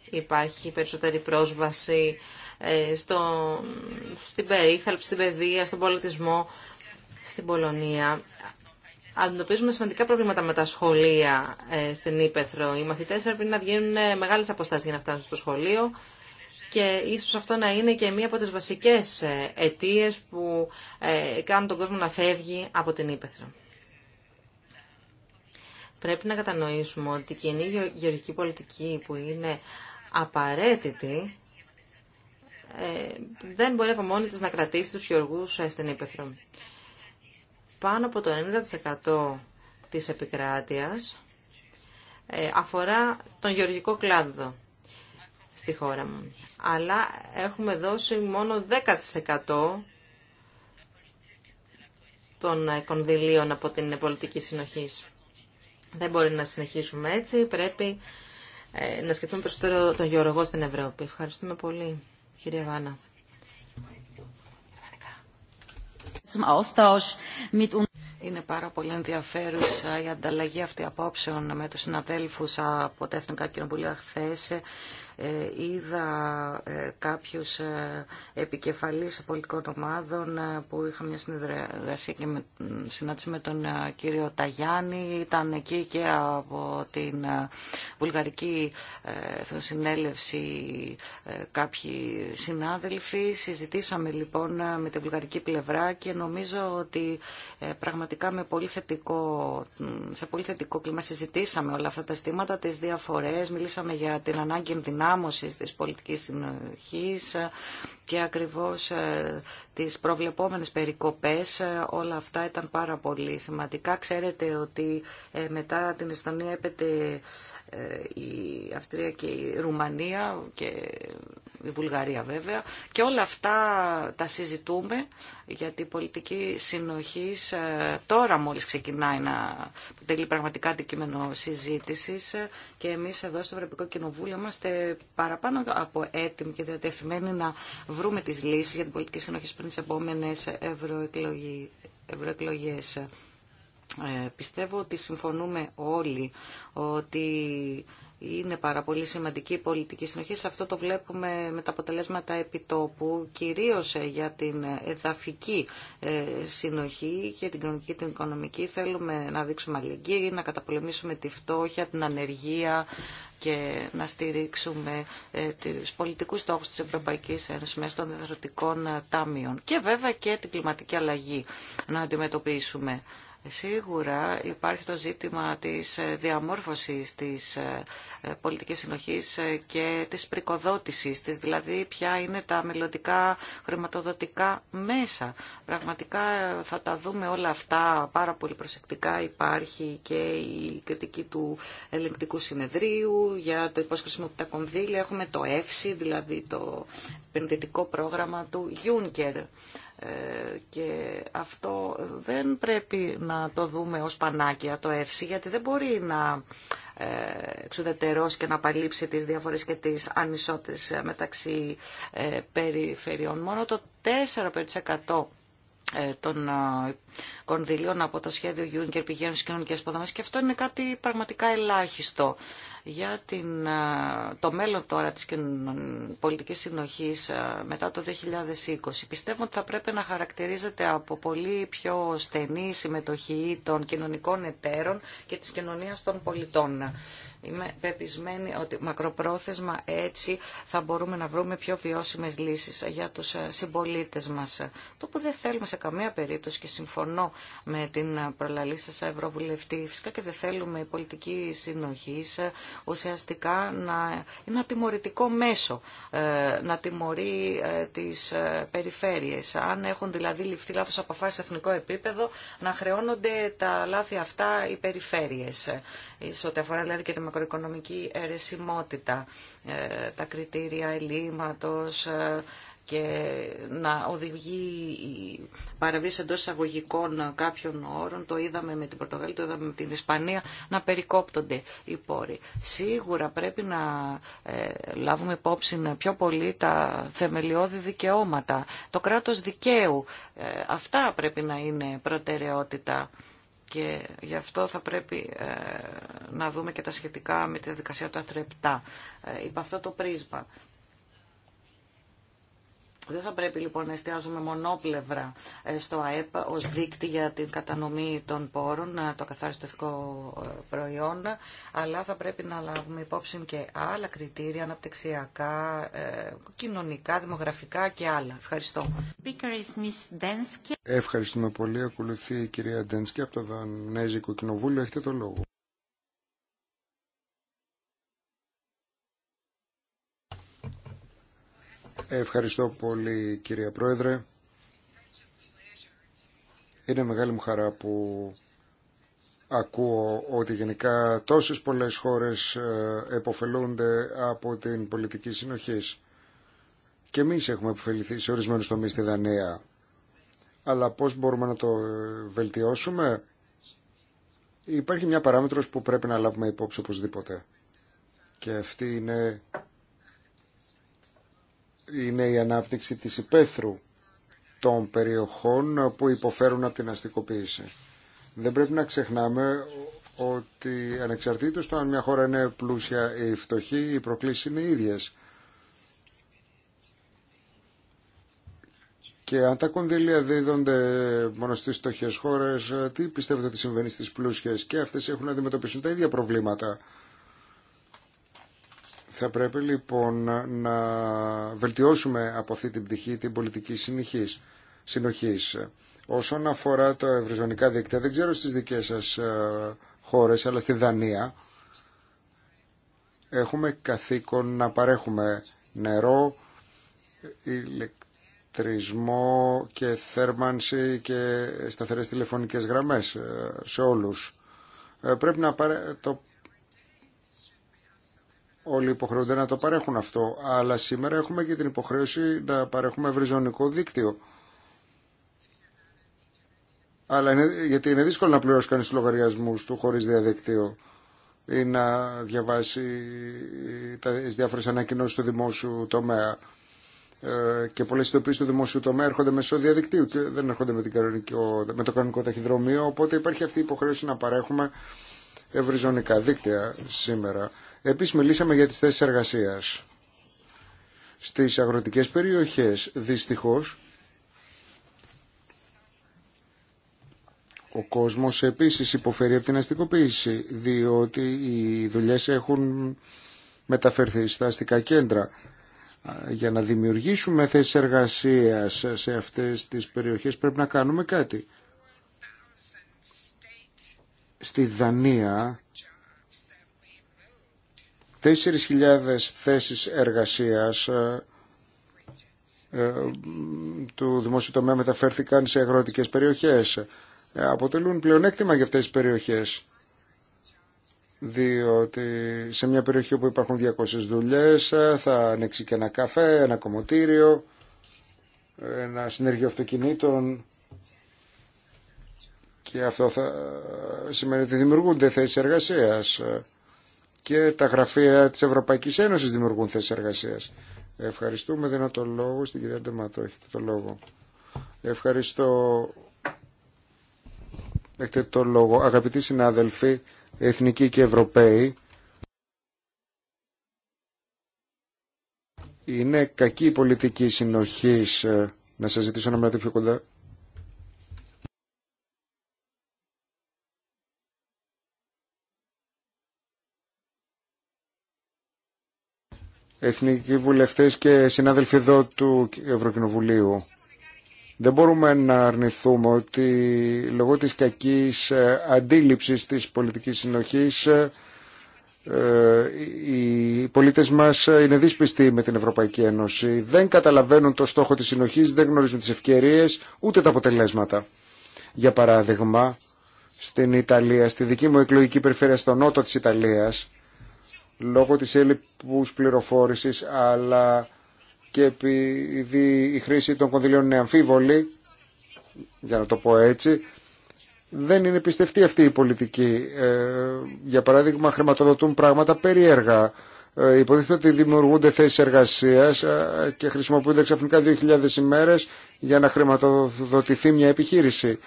[SPEAKER 3] υπάρχει περισσότερη πρόσβαση ε, στο, στην περίθαλψη, στην παιδεία, στον πολιτισμό, στην Πολωνία. Αντιμετωπίζουμε σημαντικά προβλήματα με τα σχολεία ε, στην Ήπεθρο. Οι μαθητέ πρέπει να βγαίνουν ε, μεγάλε αποστάσει για να φτάσουν στο σχολείο και ίσω αυτό να είναι και μία από τι βασικέ αιτίε που κάνουν τον κόσμο να φεύγει από την Ήπεθρο. Πρέπει να κατανοήσουμε ότι η κοινή γεωργική πολιτική που είναι απαραίτητη ε, δεν μπορεί από μόνη της να κρατήσει τους γεωργούς στην Ήπεθρο. Πάνω από το 90% της επικράτειας ε, αφορά τον γεωργικό κλάδο στη χώρα μου. Αλλά έχουμε δώσει μόνο 10% των κονδυλίων από την πολιτική συνοχής. Δεν μπορεί να συνεχίσουμε έτσι. Πρέπει ε, να σκεφτούμε περισσότερο τον γεωργό στην Ευρώπη. Ευχαριστούμε πολύ, κυρία Βάνα.
[SPEAKER 4] Είναι πάρα πολύ ενδιαφέρουσα η ανταλλαγή αυτή απόψεων με τους συναδέλφους από τα Εθνικά Κοινοβουλία χθε ε, είδα ε, κάποιους ε, επικεφαλής πολιτικών ομάδων που είχα μια συνεργασία και με, συνάντηση με τον κύριο Ταγιάννη. Ήταν εκεί και από την Βουλγαρική Εθνοσυνέλευση κάποιοι συνάδελφοι. Συζητήσαμε λοιπόν με την βουλγαρική πλευρά και νομίζω ότι πραγματικά με πολύ θετικό, σε πολύ θετικό κλίμα συζητήσαμε όλα αυτά τα στήματα, τις διαφορές, μιλήσαμε για την ανάγκη ενδυνάμωση ενδυνάμωσης της πολιτικής συνοχής και ακριβώς ε, τις προβλεπόμενες περικοπές. Ε, όλα αυτά ήταν πάρα πολύ σημαντικά. Ξέρετε ότι ε, μετά την Εστονία έπεται ε, η Αυστρία και η Ρουμανία και η Βουλγαρία βέβαια. Και όλα αυτά τα συζητούμε γιατί η πολιτική συνοχή ε, τώρα μόλις ξεκινάει να τελεί πραγματικά αντικείμενο συζήτηση ε, και εμείς εδώ στο Ευρωπαϊκό Κοινοβούλιο είμαστε παραπάνω από έτοιμοι και διατεθειμένοι να βρούμε τις λύσεις για την πολιτική συνοχή πριν τις επόμενες ευρωεκλογές. Ε, πιστεύω ότι συμφωνούμε όλοι ότι είναι πάρα πολύ σημαντική η πολιτική συνοχή. Σε αυτό το βλέπουμε με τα αποτελέσματα επιτόπου, κυρίως ε, για την εδαφική ε, συνοχή και την κοινωνική την οικονομική. Θέλουμε να δείξουμε αλληλεγγύη, να καταπολεμήσουμε τη φτώχεια, την ανεργία και να στηρίξουμε ε, τις πολιτικούς στόχους της Ευρωπαϊκής Ένωσης μέσα των τάμιων και βέβαια και την κλιματική αλλαγή να αντιμετωπίσουμε. Σίγουρα υπάρχει το ζήτημα της διαμόρφωσης της ε, πολιτικής συνοχής ε, και της πρικοδότησης της, δηλαδή ποια είναι τα μελλοντικά χρηματοδοτικά μέσα. Πραγματικά ε, θα τα δούμε όλα αυτά πάρα πολύ προσεκτικά. Υπάρχει και η κριτική του ελεγκτικού συνεδρίου για το υπόσχεσμο τα κονδύλια. Έχουμε το ΕΦΣΙ, δηλαδή το επενδυτικό πρόγραμμα του Juncker ε, και αυτό δεν πρέπει να το δούμε ως πανάκια το εύση γιατί δεν μπορεί να ε, εξουδετερώσει και να παλείψει τις διαφορές και τις ανισότητες μεταξύ ε, περιφερειών. Μόνο το 4% ε, των ε, κονδυλίων από το σχέδιο Γιούνκερ πηγαίνουν στις κοινωνικές υποδομές και αυτό είναι κάτι πραγματικά ελάχιστο για την, ε, το μέλλον τώρα της πολιτικής συνοχής μετά το 2020. Πιστεύω ότι θα πρέπει να χαρακτηρίζεται από πολύ πιο στενή συμμετοχή των κοινωνικών εταίρων και της κοινωνίας των πολιτών. Είμαι πεπισμένη ότι μακροπρόθεσμα έτσι θα μπορούμε να βρούμε πιο βιώσιμες λύσεις για τους ε, συμπολίτες μας. Το που δεν θέλουμε σε καμία περίπτωση και συμφωνώ με την προλαλή σας Ευρωβουλευτή φυσικά και δεν θέλουμε η πολιτική συνοχή ουσιαστικά να είναι ένα τιμωρητικό μέσο ε, να τιμωρεί ε, τις περιφέρειες. Αν έχουν δηλαδή ληφθεί λάθος αποφάσεις σε εθνικό επίπεδο να χρεώνονται τα λάθη αυτά οι περιφέρειες. αφορά δηλαδή και τη μακροοικονομική αιρεσιμότητα, ε, τα κριτήρια ελλείμματος ε, και να οδηγεί η παραβίαση εντό εισαγωγικών κάποιων όρων, το είδαμε με την Πορτογαλία, το είδαμε με την Ισπανία, να περικόπτονται οι πόροι. Σίγουρα πρέπει να ε, λάβουμε υπόψη πιο πολύ τα θεμελιώδη δικαιώματα, το κράτος δικαίου. αυτά πρέπει να είναι προτεραιότητα και γι' αυτό θα πρέπει ε, να δούμε και τα σχετικά με τη διαδικασία του ΑΤΡΕΠΤΑ. 7. Υπό αυτό το πρίσμα δεν θα πρέπει λοιπόν να εστιάζουμε μονόπλευρα ε, στο ΑΕΠ ως δίκτυ για την κατανομή των πόρων, ε, το καθάριστο ε, προϊόν, αλλά θα πρέπει να λάβουμε υπόψη και άλλα κριτήρια αναπτυξιακά, κοινωνικά, δημογραφικά και άλλα. Ευχαριστώ.
[SPEAKER 2] Ευχαριστούμε πολύ. Ακολουθεί η κυρία Ντένσκι από το Δανέζικο Κοινοβούλιο. Έχετε το λόγο. Ευχαριστώ πολύ κυρία Πρόεδρε. Είναι μεγάλη μου χαρά που ακούω ότι γενικά τόσες πολλές χώρες ε, εποφελούνται από την πολιτική συνοχής. Και εμείς έχουμε επωφεληθεί σε ορισμένους τομείς στη Δανία. Αλλά πώς μπορούμε να το βελτιώσουμε. Υπάρχει μια παράμετρος που πρέπει να λάβουμε υπόψη οπωσδήποτε. Και αυτή είναι είναι η ανάπτυξη της υπαίθρου των περιοχών που υποφέρουν από την αστικοποίηση. Δεν πρέπει να ξεχνάμε ότι ανεξαρτήτως το αν μια χώρα είναι πλούσια ή φτωχή, οι προκλήσεις είναι οι ίδιες. Και αν τα κονδύλια δίδονται μόνο στις φτωχές χώρες, τι πιστεύετε ότι συμβαίνει στις πλούσιες και αυτές έχουν να αντιμετωπίσουν τα ίδια προβλήματα θα πρέπει λοιπόν να βελτιώσουμε από αυτή την πτυχή την πολιτική συνοχής. Όσον αφορά το ευρυζωνικά δίκτυα, δεν ξέρω στις δικές σας ε, χώρες, αλλά στη Δανία έχουμε καθήκον να παρέχουμε νερό, ηλεκτρισμό και θέρμανση και σταθερές τηλεφωνικές γραμμές ε, σε όλους. Ε, πρέπει να το όλοι υποχρεούνται να το παρέχουν αυτό, αλλά σήμερα έχουμε και την υποχρέωση να παρέχουμε ευρυζωνικό δίκτυο. Αλλά είναι, γιατί είναι δύσκολο να πληρώσει κανεί του λογαριασμού του χωρί διαδικτύο ή να διαβάσει τα διάφορε ανακοινώσει του δημόσιου τομέα. Ε, και πολλέ ειδοποιήσει του δημόσιου τομέα έρχονται μέσω διαδικτύου και δεν έρχονται με, την με το κανονικό ταχυδρομείο, οπότε υπάρχει αυτή η υποχρέωση να παρέχουμε ευρυζωνικά δίκτυα σήμερα. Επίσης μιλήσαμε για τις θέσεις εργασίας. Στις αγροτικές περιοχές, δυστυχώς, Ο κόσμος επίσης υποφέρει από την αστικοποίηση, διότι οι δουλειές έχουν μεταφερθεί στα αστικά κέντρα. Για να δημιουργήσουμε θέσεις εργασίας σε αυτές τις περιοχές πρέπει να κάνουμε κάτι. Στη Δανία 4.000 θέσεις εργασίας ε, ε, του δημόσιου τομέα μεταφέρθηκαν σε αγροτικές περιοχές. Ε, αποτελούν πλεονέκτημα για αυτές τις περιοχές διότι σε μια περιοχή όπου υπάρχουν 200 δουλειές θα ανοίξει και ένα καφέ, ένα κομμωτήριο, ένα συνεργείο αυτοκινήτων και αυτό θα σημαίνει ότι δημιουργούνται θέσεις εργασίας και τα γραφεία της Ευρωπαϊκής Ένωσης δημιουργούν θέσει εργασία. Ευχαριστούμε. Δίνω το λόγο στην κυρία Ντεμάτο. Έχετε το λόγο. Ευχαριστώ. Έχετε το λόγο. Αγαπητοί συνάδελφοι, εθνικοί και ευρωπαίοι, είναι κακή η πολιτική συνοχή ε, να σας ζητήσω να μιλάτε πιο κοντά εθνικοί βουλευτές και συνάδελφοι εδώ του Ευρωκοινοβουλίου. Δεν μπορούμε να αρνηθούμε ότι λόγω της κακής ε, αντίληψης της πολιτικής συνοχής ε, ε, οι πολίτες μας είναι δύσπιστοι με την Ευρωπαϊκή Ένωση. Δεν καταλαβαίνουν το στόχο της συνοχής, δεν γνωρίζουν τις ευκαιρίες ούτε τα αποτελέσματα. Για παράδειγμα, στην Ιταλία, στη δική μου εκλογική περιφέρεια στο νότο της Ιταλίας, λόγω της έλλειπους πληροφόρησης αλλά και επειδή η χρήση των κονδυλίων είναι αμφίβολη, για να το πω έτσι, δεν είναι πιστευτή αυτή η πολιτική. Ε, για παράδειγμα, χρηματοδοτούν πράγματα περίεργα. Ε, υποτίθεται ότι δημιουργούνται θέσει εργασία ε, και χρησιμοποιούνται ξαφνικά 2.000 ημέρες για να χρηματοδοτηθεί μια επιχείρηση.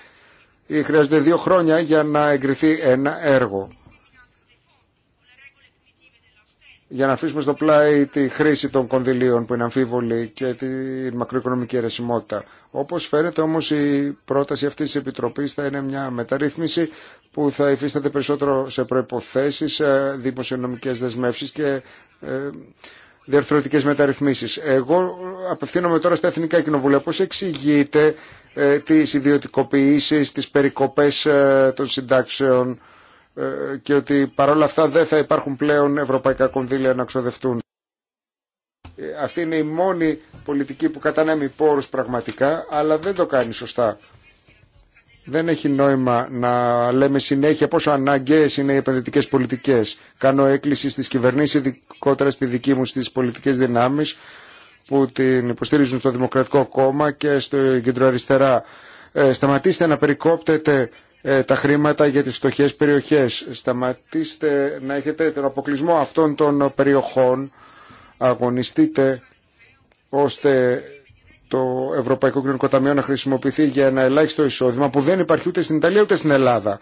[SPEAKER 2] Ή ε, χρειάζονται δύο χρόνια για να εγκριθεί ένα έργο για να αφήσουμε στο πλάι τη χρήση των κονδυλίων που είναι αμφίβολη και τη μακροοικονομική αιρεσιμότητα. Όπως φαίνεται όμως η πρόταση αυτής της Επιτροπής θα είναι μια μεταρρύθμιση που θα υφίσταται περισσότερο σε προϋποθέσεις, δημοσιονομικές δεσμεύσεις και ε, διαρθρωτικές μεταρρυθμίσεις. Εγώ απευθύνομαι τώρα στα Εθνικά Κοινοβούλια. Πώς εξηγείτε ε, τις ιδιωτικοποιήσεις, τις περικοπές ε, των συντάξεων, ε, και ότι παρόλα αυτά δεν θα υπάρχουν πλέον ευρωπαϊκά κονδύλια να ξοδευτούν. Ε, αυτή είναι η μόνη πολιτική που κατανέμει πόρους πραγματικά, αλλά δεν το κάνει σωστά. Δεν έχει νόημα να λέμε συνέχεια πόσο αναγκαίες είναι οι επενδυτικές πολιτικές. Κάνω έκκληση στις κυβερνήσεις, ειδικότερα στη δική μου στις πολιτικές δυνάμεις, που την υποστηρίζουν στο Δημοκρατικό Κόμμα και στο κεντροαριστερά. Ε, σταματήστε να περικόπτετε ε, τα χρήματα για τις φτωχές περιοχές. Σταματήστε να έχετε τον αποκλεισμό αυτών των περιοχών. Αγωνιστείτε ώστε το Ευρωπαϊκό Κοινωνικό Ταμείο να χρησιμοποιηθεί για ένα ελάχιστο εισόδημα που δεν υπάρχει ούτε στην Ιταλία ούτε στην Ελλάδα.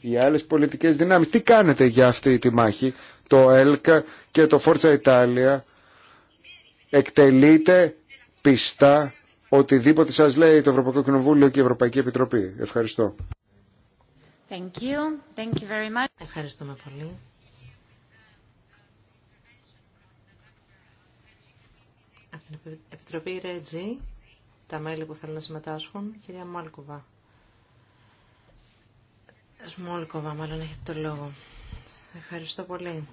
[SPEAKER 2] Οι άλλες πολιτικές δυνάμεις, τι κάνετε για αυτή τη μάχη, το ΕΛΚΑ και το Φόρτσα Ιτάλια εκτελείται πιστά οτιδήποτε σας λέει το Ευρωπαϊκό Κοινοβούλιο και η Ευρωπαϊκή Επιτροπή. Ευχαριστώ.
[SPEAKER 1] Thank you. Thank you very much. Ευχαριστούμε πολύ.
[SPEAKER 3] Από την Επιτροπή ΡΕΤΖΙ, τα μέλη που θέλουν να συμμετάσχουν, κυρία Μόλκοβα. Σμόλκοβα, μάλλον έχετε το λόγο. Ευχαριστώ πολύ.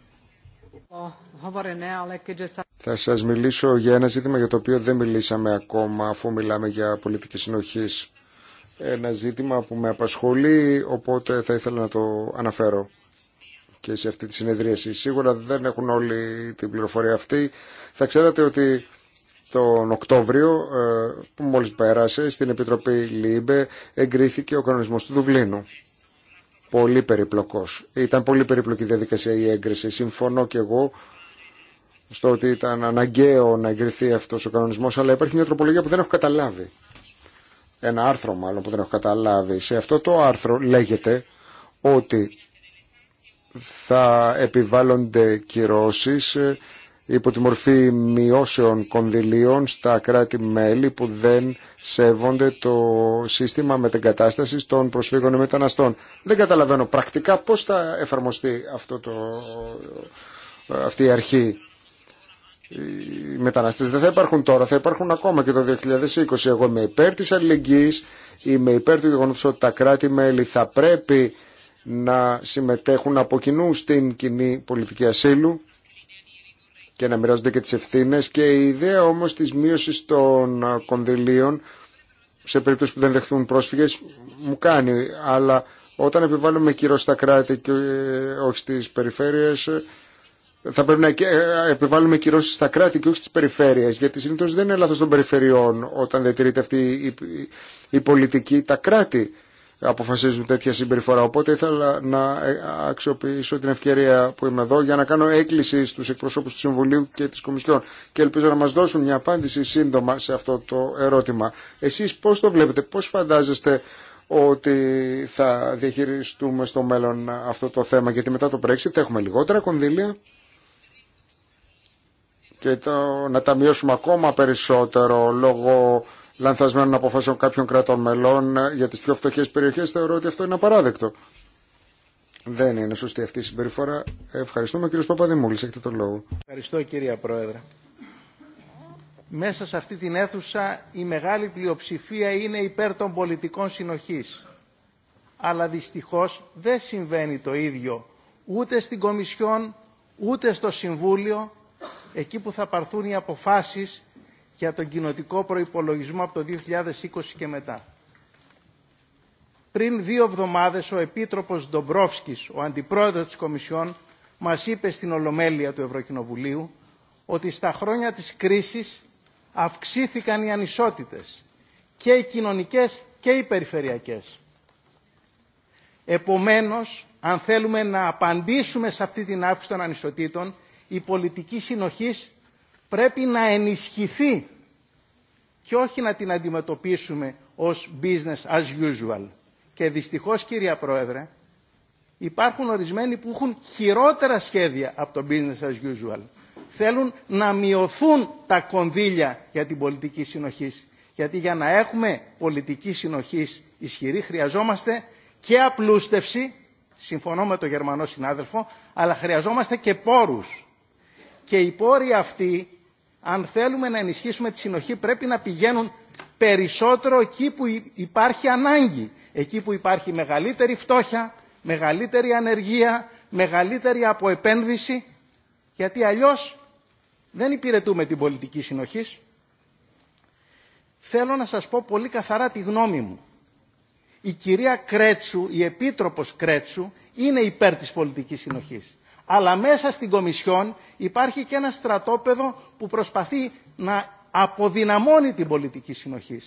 [SPEAKER 2] Θα σας μιλήσω για ένα ζήτημα για το οποίο δεν μιλήσαμε ακόμα αφού μιλάμε για πολιτική συνοχή. Ένα ζήτημα που με απασχολεί, οπότε θα ήθελα να το αναφέρω και σε αυτή τη συνεδρίαση. Σίγουρα δεν έχουν όλοι την πληροφορία αυτή. Θα ξέρατε ότι τον Οκτώβριο, ε, που μόλις πέρασε, στην Επιτροπή ΛΥΜΠΕ εγκρίθηκε ο κανονισμός του Δουβλίνου. Πολύ περιπλοκός. Ήταν πολύ περιπλοκή διαδικασία η έγκριση. Συμφωνώ και εγώ στο ότι ήταν αναγκαίο να εγκριθεί αυτός ο κανονισμός, αλλά υπάρχει μια τροπολογία που δεν έχω καταλάβει. Ένα άρθρο μάλλον που δεν έχω καταλάβει. Σε αυτό το άρθρο λέγεται ότι θα επιβάλλονται κυρώσεις ε, υπό τη μορφή μειώσεων κονδυλίων στα κράτη-μέλη που δεν σέβονται το σύστημα μετεγκατάστασης των προσφύγων μεταναστών. Δεν καταλαβαίνω πρακτικά πώς θα εφαρμοστεί αυτό το, ε, αυτή η αρχή οι μεταναστές δεν θα υπάρχουν τώρα, θα υπάρχουν ακόμα και το 2020. Εγώ είμαι υπέρ της αλληλεγγύης, είμαι υπέρ του γεγονότος ότι τα κράτη-μέλη θα πρέπει να συμμετέχουν από κοινού στην κοινή πολιτική ασύλου και να μοιράζονται και τις ευθύνες και η ιδέα όμως της μείωσης των κονδυλίων σε περίπτωση που δεν δεχθούν πρόσφυγες μου κάνει αλλά όταν επιβάλλουμε κύριο στα κράτη και όχι στις περιφέρειες θα πρέπει να ε, επιβάλλουμε κυρώσει στα κράτη και όχι στι περιφέρειε, γιατί συνήθω δεν είναι λάθο των περιφερειών όταν τηρείται αυτή η, η πολιτική. Τα κράτη αποφασίζουν τέτοια συμπεριφορά. Οπότε ήθελα να ε, αξιοποιήσω την ευκαιρία που είμαι εδώ για να κάνω έκκληση στου εκπροσώπου του Συμβουλίου και τη Κομισιόν και ελπίζω να μα δώσουν μια απάντηση σύντομα σε αυτό το ερώτημα. Εσεί πώ το βλέπετε, πώ φαντάζεστε ότι θα διαχειριστούμε στο μέλλον αυτό το θέμα, γιατί μετά το Brexit θα έχουμε λιγότερα κονδύλια και το, να τα μειώσουμε ακόμα περισσότερο λόγω λανθασμένων αποφάσεων κάποιων κρατών μελών για τις πιο φτωχές περιοχές θεωρώ ότι αυτό είναι απαράδεκτο. Δεν είναι σωστή αυτή η συμπεριφορά. Ευχαριστούμε κύριος Παπαδημούλης, έχετε τον λόγο.
[SPEAKER 6] Ευχαριστώ κυρία Πρόεδρε. Μέσα σε αυτή την αίθουσα η μεγάλη πλειοψηφία είναι υπέρ των πολιτικών συνοχής. Αλλά δυστυχώς δεν συμβαίνει το ίδιο ούτε στην Κομισιόν, ούτε στο Συμβούλιο, εκεί που θα παρθούν οι αποφάσεις για τον κοινοτικό προϋπολογισμό από το 2020 και μετά. Πριν δύο εβδομάδες ο Επίτροπος Ντομπρόφσκης, ο Αντιπρόεδρος της Κομισιόν, μας είπε στην Ολομέλεια του Ευρωκοινοβουλίου ότι στα χρόνια της κρίσης αυξήθηκαν οι ανισότητες και οι κοινωνικές και οι περιφερειακές. Επομένως, αν θέλουμε να απαντήσουμε σε αυτή την αύξηση των ανισοτήτων η πολιτική συνοχής πρέπει να ενισχυθεί και όχι να την αντιμετωπίσουμε ως business as usual. Και δυστυχώς, κύρια Πρόεδρε, υπάρχουν ορισμένοι που έχουν χειρότερα σχέδια από το business as usual. Θέλουν να μειωθούν τα κονδύλια για την πολιτική συνοχής. Γιατί για να έχουμε πολιτική συνοχής ισχυρή χρειαζόμαστε και απλούστευση, συμφωνώ με τον Γερμανό συνάδελφο, αλλά χρειαζόμαστε και πόρους και οι πόροι αυτοί, αν θέλουμε να ενισχύσουμε τη συνοχή, πρέπει να πηγαίνουν περισσότερο εκεί που υπάρχει ανάγκη. Εκεί που υπάρχει μεγαλύτερη φτώχεια, μεγαλύτερη ανεργία, μεγαλύτερη αποεπένδυση, γιατί αλλιώς δεν υπηρετούμε την πολιτική συνοχής. Θέλω να σας πω πολύ καθαρά τη γνώμη μου. Η κυρία Κρέτσου, η Επίτροπος Κρέτσου, είναι υπέρ της πολιτικής συνοχής αλλά μέσα στην Κομισιόν υπάρχει και ένα στρατόπεδο που προσπαθεί να αποδυναμώνει την πολιτική συνοχή.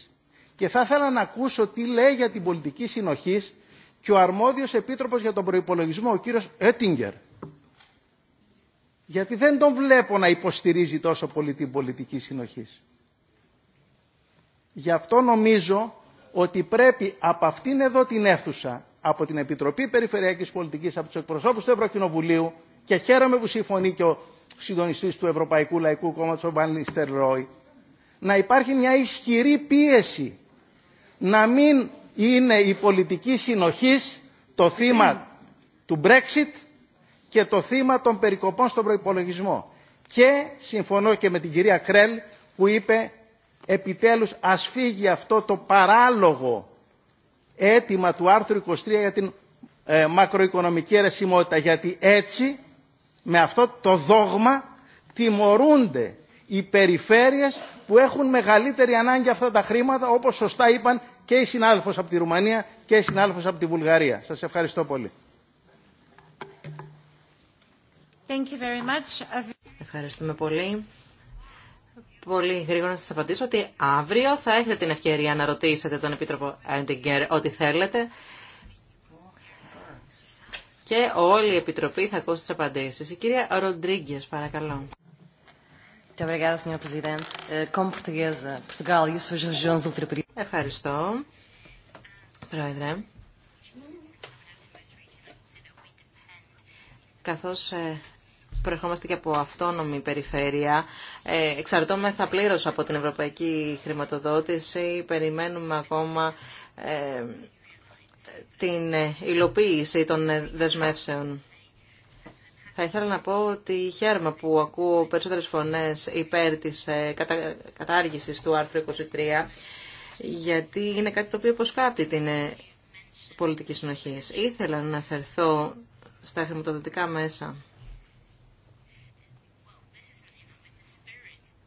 [SPEAKER 6] Και θα ήθελα να ακούσω τι λέει για την πολιτική συνοχή και ο αρμόδιος επίτροπος για τον προϋπολογισμό, ο κύριος Έτιγκερ. Γιατί δεν τον βλέπω να υποστηρίζει τόσο πολύ την πολιτική συνοχή. Γι' αυτό νομίζω ότι πρέπει από αυτήν εδώ την αίθουσα, από την Επιτροπή Περιφερειακής Πολιτικής, από τους εκπροσώπους του Ευρωκοινοβουλίου, και χαίρομαι που συμφωνεί και ο συντονιστή του Ευρωπαϊκού Λαϊκού Κόμματο, ο Βανίστερ Ρόι, να υπάρχει μια ισχυρή πίεση να μην είναι η πολιτική συνοχής το θύμα του Brexit και το θύμα των περικοπών στον προϋπολογισμό. Και συμφωνώ και με την κυρία Κρέλ που είπε επιτέλους ας φύγει αυτό το παράλογο αίτημα του άρθρου 23 για την ε, μακροοικονομική αιρεσιμότητα γιατί έτσι με αυτό το δόγμα τιμωρούνται οι περιφέρειες που έχουν μεγαλύτερη ανάγκη αυτά τα χρήματα, όπως σωστά είπαν και οι συνάδελφος από τη Ρουμανία και οι συνάδελφος από τη Βουλγαρία. Σας ευχαριστώ πολύ.
[SPEAKER 1] Thank you very much.
[SPEAKER 3] Ευχαριστούμε πολύ. Πολύ γρήγορα να σας απαντήσω ότι αύριο θα έχετε την ευκαιρία να ρωτήσετε τον Επίτροπο Έντιγκερ ό,τι θέλετε και όλη η Επιτροπή θα ακούσει τι απαντήσει. Η κυρία Ροντρίγκε, παρακαλώ. Eh, Ευχαριστώ, Πρόεδρε. Καθώ ε, προερχόμαστε και από αυτόνομη περιφέρεια. Ε, εξαρτώμεθα πλήρω από την ευρωπαϊκή χρηματοδότηση. Περιμένουμε ακόμα ε, την υλοποίηση των δεσμεύσεων. Θα ήθελα να πω ότι χαίρομαι που ακούω περισσότερες φωνές υπέρ της ε, κατάργησης του άρθρου 23, γιατί είναι κάτι το οποίο υποσκάπτει την ε, πολιτική συνοχή. Ήθελα να αναφερθώ στα χρηματοδοτικά μέσα.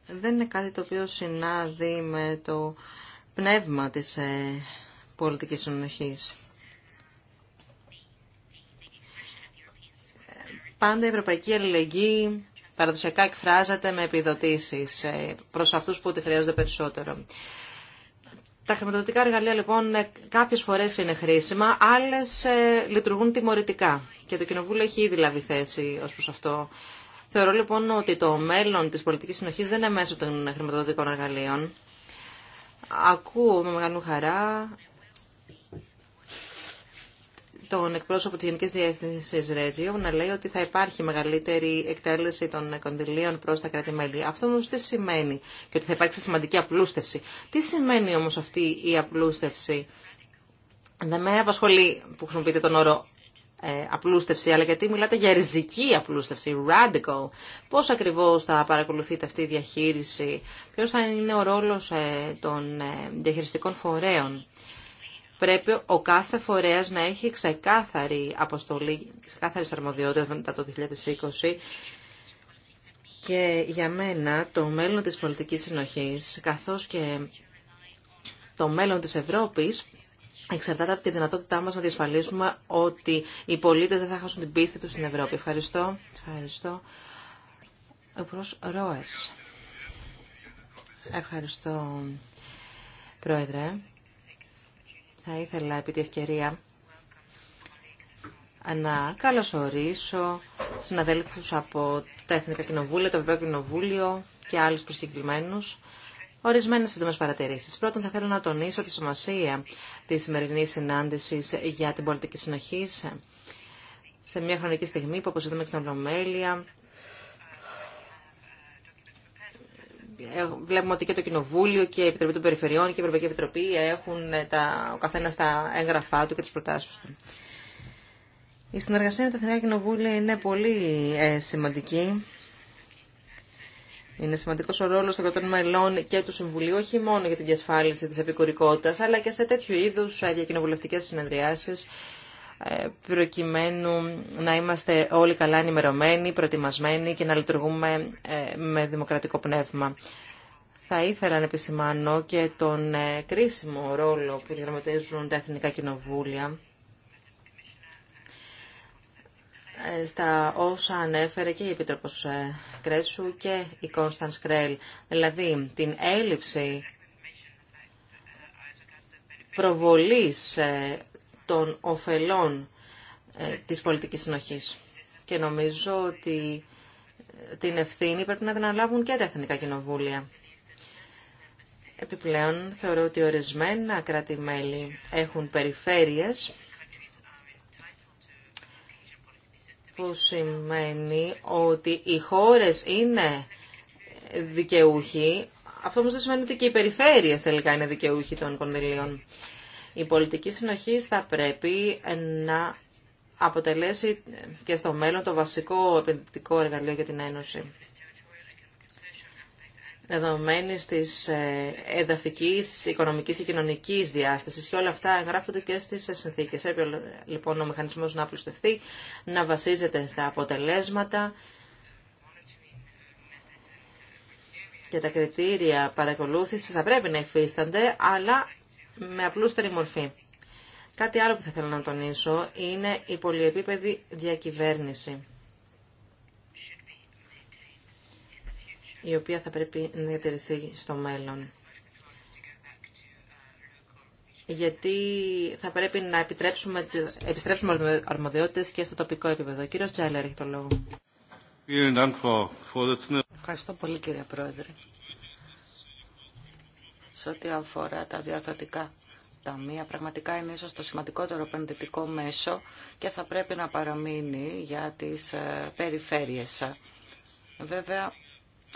[SPEAKER 3] Δεν είναι κάτι το οποίο συνάδει με το πνεύμα της ε, πολιτικής συνοχής. πάντα η ευρωπαϊκή αλληλεγγύη παραδοσιακά εκφράζεται με επιδοτήσεις ε, προς αυτούς που τη χρειάζονται περισσότερο. Τα χρηματοδοτικά εργαλεία λοιπόν ε, κάποιες φορές είναι χρήσιμα, άλλες ε, λειτουργούν τιμωρητικά και το Κοινοβούλιο έχει ήδη λάβει θέση ως προς αυτό. Θεωρώ λοιπόν ότι το μέλλον της πολιτικής συνοχής δεν είναι μέσω των χρηματοδοτικών εργαλείων. Ακούω με μεγάλη χαρά τον εκπρόσωπο τη Γενική Διεύθυνση Ρέτζιο να λέει ότι θα υπάρχει μεγαλύτερη εκτέλεση των κονδυλίων προ τα κράτη-μέλη. Αυτό όμω τι σημαίνει και ότι θα υπάρξει σημαντική απλούστευση. Τι σημαίνει όμως αυτή η απλούστευση. Δεν με απασχολεί που χρησιμοποιείτε τον όρο ε, απλούστευση, αλλά γιατί μιλάτε για ριζική απλούστευση, radical. Πώ ακριβώς θα παρακολουθείτε αυτή η διαχείριση, Ποιο θα είναι ο ρόλος ε, των ε, διαχειριστικών φορέων πρέπει ο κάθε φορέας να έχει ξεκάθαρη αποστολή, ξεκάθαρη αρμοδιότητα μετά το 2020 και για μένα το μέλλον της πολιτικής συνοχής καθώς και το μέλλον της Ευρώπης εξαρτάται από τη δυνατότητά μας να διασφαλίσουμε ότι οι πολίτες δεν θα χάσουν την πίστη τους στην Ευρώπη. Ευχαριστώ. Ευχαριστώ. Ευχαριστώ, Πρόεδρε. Θα ήθελα επί τη ευκαιρία να καλωσορίσω συναδέλφους από τα Εθνικά Κοινοβούλια, το Ευρωπαϊκό Κοινοβούλιο και άλλους προσκεκλημένους. Ορισμένες σύντομες παρατηρήσεις. Πρώτον, θα θέλω να τονίσω τη σημασία της σημερινής συνάντησης για την πολιτική συνοχή σε μια χρονική στιγμή που όπως είδαμε Ε, βλέπουμε ότι και το Κοινοβούλιο και η Επιτροπή των Περιφερειών και η Ευρωπαϊκή Επιτροπή έχουν τα, ο καθένα τα έγγραφά του και τι προτάσει του. Η συνεργασία με τα Εθνικά Κοινοβούλια είναι πολύ ε, σημαντική. Είναι σημαντικό ο ρόλο των κρατών μελών και του Συμβουλίου, όχι μόνο για την διασφάλιση τη επικουρικότητα, αλλά και σε τέτοιου είδου ε, διακοινοβουλευτικέ συνεδριάσει ε, προκειμένου να είμαστε όλοι καλά ενημερωμένοι, προετοιμασμένοι και να λειτουργούμε ε, με δημοκρατικό πνεύμα. Θα ήθελα να επισημάνω και τον ε, κρίσιμο ρόλο που διαδραματίζουν τα Εθνικά Κοινοβούλια στα όσα ανέφερε και η Επίτροπος Κρέτσου και η Κόνσταντς Κρέλ, δηλαδή την έλλειψη προβολής των ωφελών ε, της πολιτικής συνοχής. Και νομίζω ότι ε, την ευθύνη πρέπει να την αναλάβουν και τα εθνικά κοινοβούλια. Επιπλέον, θεωρώ ότι ορισμένα κράτη-μέλη έχουν περιφέρειες που σημαίνει ότι οι χώρες είναι δικαιούχοι. Αυτό όμως δεν σημαίνει ότι και οι περιφέρειες τελικά είναι δικαιούχοι των κονδυλίων. Η πολιτική συνοχή θα πρέπει να αποτελέσει και στο μέλλον το βασικό επενδυτικό εργαλείο για την Ένωση. Δεδομένη τη ε, εδαφική, οικονομική και κοινωνική διάσταση. Και όλα αυτά εγγράφονται και στι συνθήκε. Πρέπει ε, λοιπόν ο μηχανισμό να απλουστευτεί, να βασίζεται στα αποτελέσματα και τα κριτήρια παρακολούθηση θα πρέπει να υφίστανται, αλλά με απλούστερη μορφή. Κάτι άλλο που θα ήθελα να τονίσω είναι η πολυεπίπεδη διακυβέρνηση, η οποία θα πρέπει να διατηρηθεί στο μέλλον. Γιατί θα πρέπει να επιτρέψουμε, επιστρέψουμε αρμοδιότητες και στο τοπικό επίπεδο. Κύριος Τζέλερ έχει το λόγο. Ευχαριστώ πολύ κύριε Πρόεδρε σε ό,τι αφορά τα διαθετικά
[SPEAKER 4] ταμεία. Πραγματικά είναι ίσως το σημαντικότερο επενδυτικό μέσο και θα πρέπει να παραμείνει για τις ε, περιφέρειες. Βέβαια,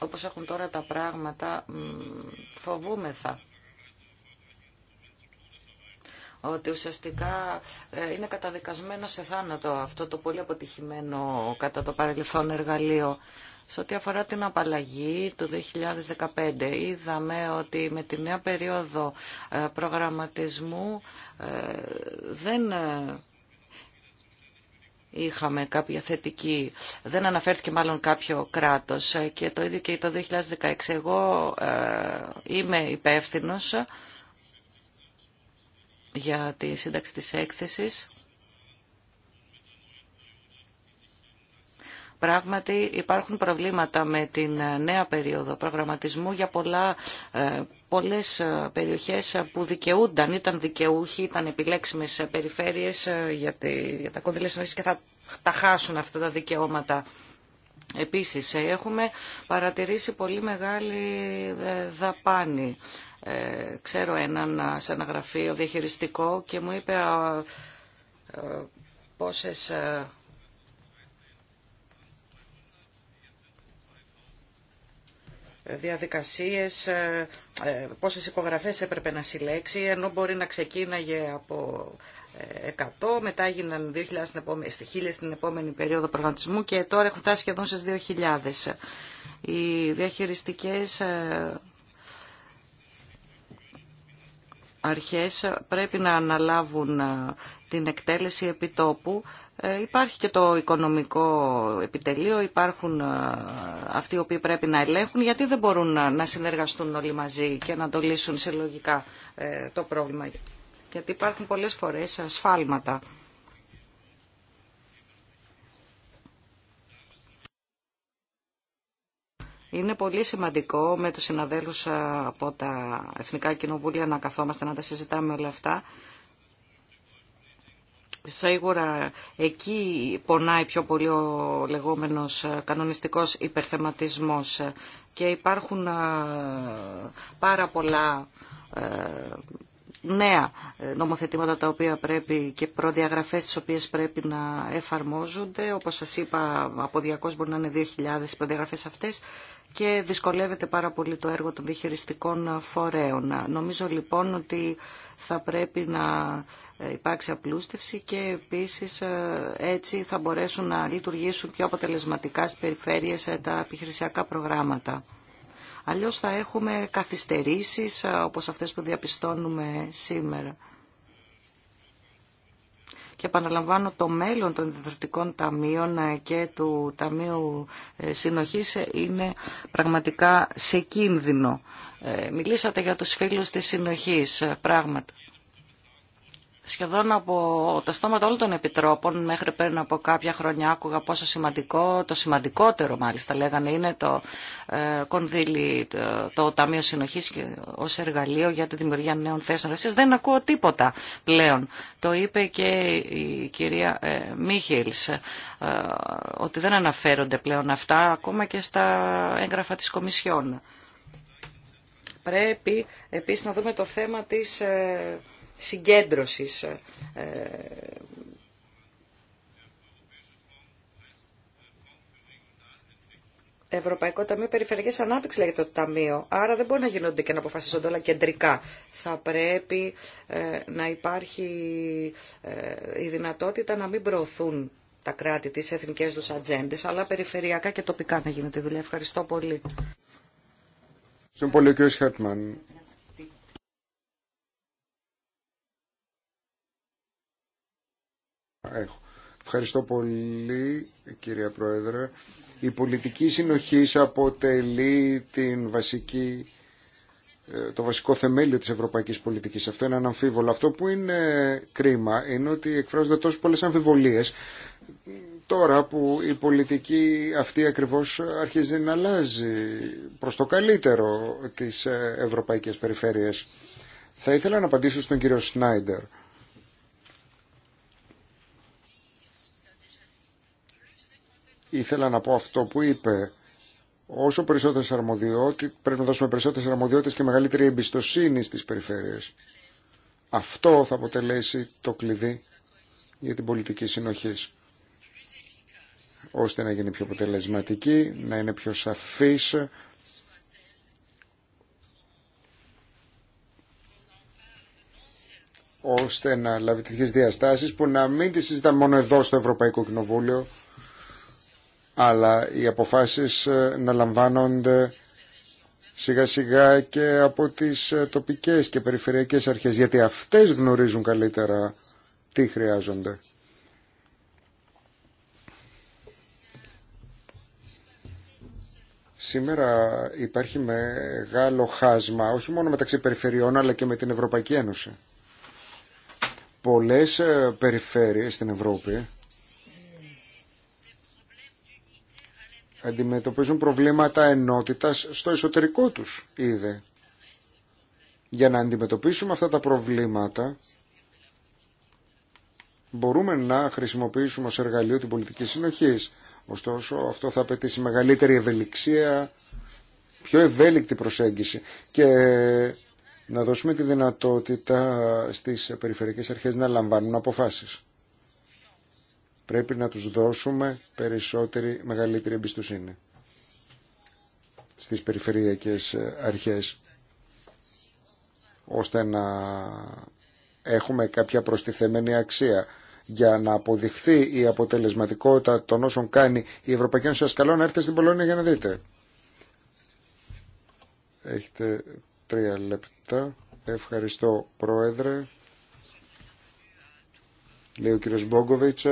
[SPEAKER 4] όπως έχουν τώρα τα πράγματα, φοβούμεθα ότι ουσιαστικά ε, είναι καταδικασμένο σε θάνατο αυτό το πολύ αποτυχημένο κατά το παρελθόν εργαλείο. Σε ό,τι αφορά την απαλλαγή του 2015, είδαμε ότι με τη νέα περίοδο ε, προγραμματισμού ε, δεν ε, είχαμε κάποια θετική, δεν αναφέρθηκε μάλλον κάποιο κράτος και το ίδιο και το 2016. Εγώ είμαι υπεύθυνος για τη σύνταξη της έκθεσης Πράγματι υπάρχουν προβλήματα με την ε, νέα περίοδο προγραμματισμού για πολλά, ε, πολλές ε, περιοχές που δικαιούνταν, ήταν δικαιούχοι, ήταν επιλέξιμες περιφέρειες για, τα κονδύλια και θα τα χάσουν αυτά τα δικαιώματα. Επίσης έχουμε παρατηρήσει πολύ μεγάλη δαπάνη. ξέρω έναν σε ένα γραφείο διαχειριστικό και μου είπε πόσες διαδικασίες, ε, ε, πόσες υπογραφές έπρεπε να συλλέξει, ενώ μπορεί να ξεκίναγε από 100, ε, μετά έγιναν 2.000 στην επόμενη, στην επόμενη περίοδο προγραμματισμού και τώρα έχουν φτάσει σχεδόν στις 2.000. Οι διαχειριστικές αρχές πρέπει να αναλάβουν ε, την εκτέλεση επιτόπου. Ε, υπάρχει και το οικονομικό επιτελείο, υπάρχουν ε, αυτοί οι οποίοι πρέπει να ελέγχουν, γιατί δεν μπορούν να συνεργαστούν όλοι μαζί και να το λύσουν συλλογικά το πρόβλημα. Γιατί υπάρχουν πολλές φορές ασφάλματα Είναι πολύ σημαντικό με τους συναδέλφους ε, από τα Εθνικά Κοινοβούλια να καθόμαστε να τα συζητάμε όλα αυτά. Σίγουρα εκεί πονάει πιο πολύ ο λεγόμενος ε, κανονιστικός υπερθεματισμός και υπάρχουν ε, πάρα πολλά νέα ε, νομοθετήματα τα οποία πρέπει και προδιαγραφές τις οποίες πρέπει να εφαρμόζονται. Όπως σας είπα, από 200 μπορεί να είναι 2.000 οι προδιαγραφές αυτές και δυσκολεύεται πάρα πολύ το έργο των διχειριστικών φορέων. Νομίζω λοιπόν ότι θα πρέπει να ε, υπάρξει απλούστευση και επίσης ε, έτσι θα μπορέσουν να λειτουργήσουν πιο αποτελεσματικά στις περιφέρειες τα επιχειρησιακά προγράμματα. Αλλιώς θα έχουμε καθυστερήσεις ε, όπως αυτές που διαπιστώνουμε σήμερα. Και επαναλαμβάνω το μέλλον των διευθυντικών ταμείων ε, και του Ταμείου ε, Συνοχής είναι πραγματικά σε κίνδυνο. Μιλήσατε για τους φίλους της συνοχής, πράγματα. Σχεδόν από τα στόματα όλων των επιτρόπων μέχρι πριν από κάποια χρόνια άκουγα πόσο σημαντικό, το σημαντικότερο μάλιστα λέγανε είναι το ε, κονδύλι, το, Ταμείο Συνοχής ως εργαλείο για τη δημιουργία νέων θέσεων Δεν ακούω τίποτα πλέον. Το είπε και η κυρία ε, Μίχελς ε, ότι δεν αναφέρονται πλέον αυτά ακόμα και στα έγγραφα της Κομισιόν. Πρέπει επίσης να δούμε το θέμα της... Ε, συγκέντρωσης ε, Ευρωπαϊκό Ταμείο Περιφερειακής Ανάπτυξης λέγεται το Ταμείο, άρα δεν μπορεί να γίνονται και να αποφασίζονται όλα κεντρικά. Θα πρέπει ε, να υπάρχει ε, η δυνατότητα να μην προωθούν τα κράτη τις εθνικές τους ατζέντε, αλλά περιφερειακά και τοπικά να γίνεται δουλειά. Ευχαριστώ πολύ.
[SPEAKER 2] Ευχαριστώ πολύ κυρία Πρόεδρε. Η πολιτική συνοχή αποτελεί την βασική, ε, το βασικό θεμέλιο της ευρωπαϊκής πολιτικής. Αυτό είναι αναμφίβολο. Αυτό που είναι κρίμα είναι ότι εκφράζονται τόσο πολλές αμφιβολίες τώρα που η πολιτική αυτή ακριβώς αρχίζει να αλλάζει προς το καλύτερο τις ε, ευρωπαϊκές περιφέρειες. Θα ήθελα να απαντήσω στον κύριο Σνάιντερ ήθελα να πω αυτό που είπε. Όσο περισσότερε αρμοδιότητε πρέπει να δώσουμε περισσότερε αρμοδιότητες και μεγαλύτερη εμπιστοσύνη στις περιφέρειες. Αυτό θα αποτελέσει το κλειδί για την πολιτική συνοχή. Ώστε να γίνει πιο αποτελεσματική, να είναι πιο σαφής, ώστε να λάβει τέτοιε διαστάσεις που να μην τις συζητάμε μόνο εδώ στο Ευρωπαϊκό Κοινοβούλιο, αλλά οι αποφάσεις ε, να λαμβάνονται σιγά σιγά και από τις ε, τοπικές και περιφερειακές αρχές γιατί αυτές γνωρίζουν καλύτερα τι χρειάζονται. Σήμερα υπάρχει μεγάλο χάσμα όχι μόνο μεταξύ περιφερειών αλλά και με την Ευρωπαϊκή Ένωση. Πολλές ε, περιφέρειες στην Ευρώπη αντιμετωπίζουν προβλήματα ενότητας στο εσωτερικό τους, είδε. Για να αντιμετωπίσουμε αυτά τα προβλήματα, μπορούμε να χρησιμοποιήσουμε ως εργαλείο την πολιτική συνοχής. Ωστόσο, αυτό θα απαιτήσει μεγαλύτερη ευελιξία, πιο ευέλικτη προσέγγιση και να δώσουμε τη δυνατότητα στις περιφερειακές αρχές να λαμβάνουν αποφάσεις. Πρέπει να τους δώσουμε περισσότερη, μεγαλύτερη εμπιστοσύνη στις περιφερειακές ε, αρχές ώστε να έχουμε κάποια προστιθεμένη αξία για να αποδειχθεί η αποτελεσματικότητα των όσων κάνει η Ευρωπαϊκή Ένωση. Σας καλώ να έρθετε στην Πολωνία για να δείτε. Έχετε τρία λεπτά. Ευχαριστώ Πρόεδρε. Λέει ο κύριος Μπόγκοβιτς.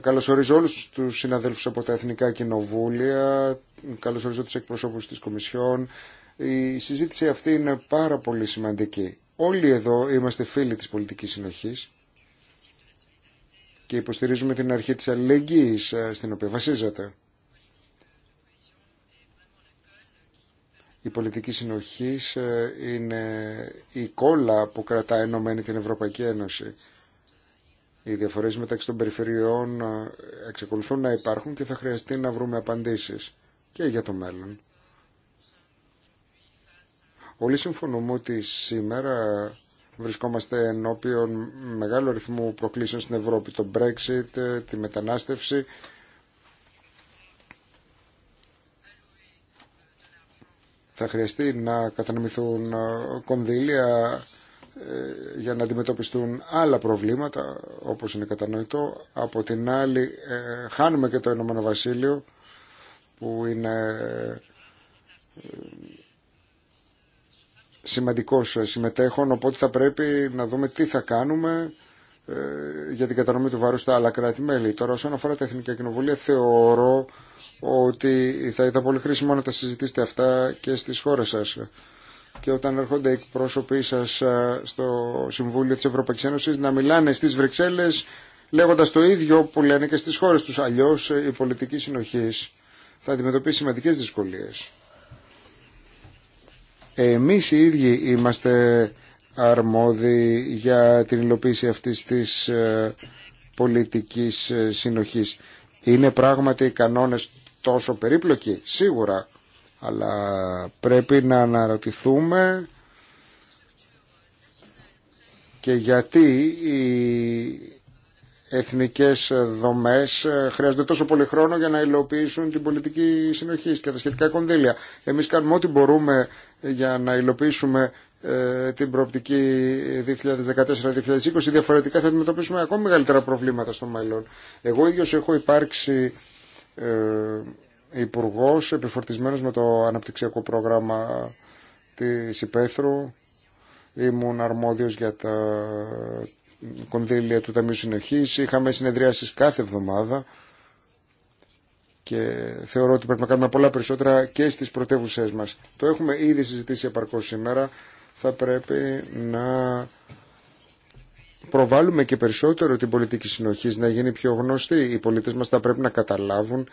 [SPEAKER 2] Καλωσορίζω όλους τους συναδέλφους από τα Εθνικά Κοινοβούλια, καλωσορίζω τους εκπροσώπους της Κομισιόν. Η συζήτηση αυτή είναι πάρα πολύ σημαντική. Όλοι εδώ είμαστε φίλοι της πολιτικής συνοχής και υποστηρίζουμε την αρχή της αλληλεγγύης ε, στην οποία βασίζεται. Η πολιτική συνοχής ε, είναι η κόλλα που κρατά ενωμένη την Ευρωπαϊκή Ένωση. Οι διαφορές μεταξύ των περιφερειών ε, εξακολουθούν να υπάρχουν και θα χρειαστεί να βρούμε απαντήσεις και για το μέλλον. Όλοι συμφωνούμε ότι σήμερα βρισκόμαστε ενώπιον μεγάλου αριθμού προκλήσεων στην Ευρώπη. Το Brexit, ε, τη μετανάστευση. Θα χρειαστεί να κατανομηθούν ε, κονδύλια ε, για να αντιμετωπιστούν άλλα προβλήματα όπως είναι κατανοητό. Από την άλλη ε, χάνουμε και το Ηνωμένο Βασίλειο που είναι ε, σημαντικός συμμετέχων οπότε θα πρέπει να δούμε τι θα κάνουμε για την κατανομή του βάρους στα άλλα κράτη-μέλη. Τώρα όσον αφορά τα Εθνικά Κοινοβουλία θεωρώ ότι θα ήταν πολύ χρήσιμο να τα συζητήσετε αυτά και στις χώρες σας και όταν έρχονται οι πρόσωποι σα στο Συμβούλιο τη Ευρωπαϊκή Ένωση να μιλάνε στι Βρυξέλλε λέγοντα το ίδιο που λένε και στι χώρε του. Αλλιώ ε, η πολιτική συνοχή θα αντιμετωπίσει σημαντικέ δυσκολίε. Εμεί οι ίδιοι είμαστε αρμόδιοι για την υλοποίηση αυτή τη ε, πολιτική ε, συνοχή. Είναι πράγματι οι κανόνε τόσο περίπλοκοι, σίγουρα. Αλλά πρέπει να αναρωτηθούμε και γιατί οι εθνικές δομές χρειάζονται τόσο πολύ χρόνο για να υλοποιήσουν την πολιτική συνοχή και τα σχετικά κονδύλια. Εμείς κάνουμε ό,τι μπορούμε για να υλοποιήσουμε ε, την προοπτική 2014-2020 διαφορετικά θα αντιμετωπίσουμε ακόμα μεγαλύτερα προβλήματα στο μέλλον. Εγώ ίδιος έχω υπάρξει ε, υπουργό επιφορτισμένος με το αναπτυξιακό πρόγραμμα της Υπέθρου. Ήμουν αρμόδιος για τα κονδύλια του Ταμείου Συνοχής. Είχαμε συνεδριάσεις κάθε εβδομάδα και θεωρώ ότι πρέπει να κάνουμε πολλά περισσότερα και στις πρωτεύουσέ μας. Το έχουμε ήδη συζητήσει επαρκώς σήμερα. Θα πρέπει να προβάλλουμε και περισσότερο την πολιτική συνοχής, να γίνει πιο γνωστή. Οι πολίτες μας θα πρέπει να καταλάβουν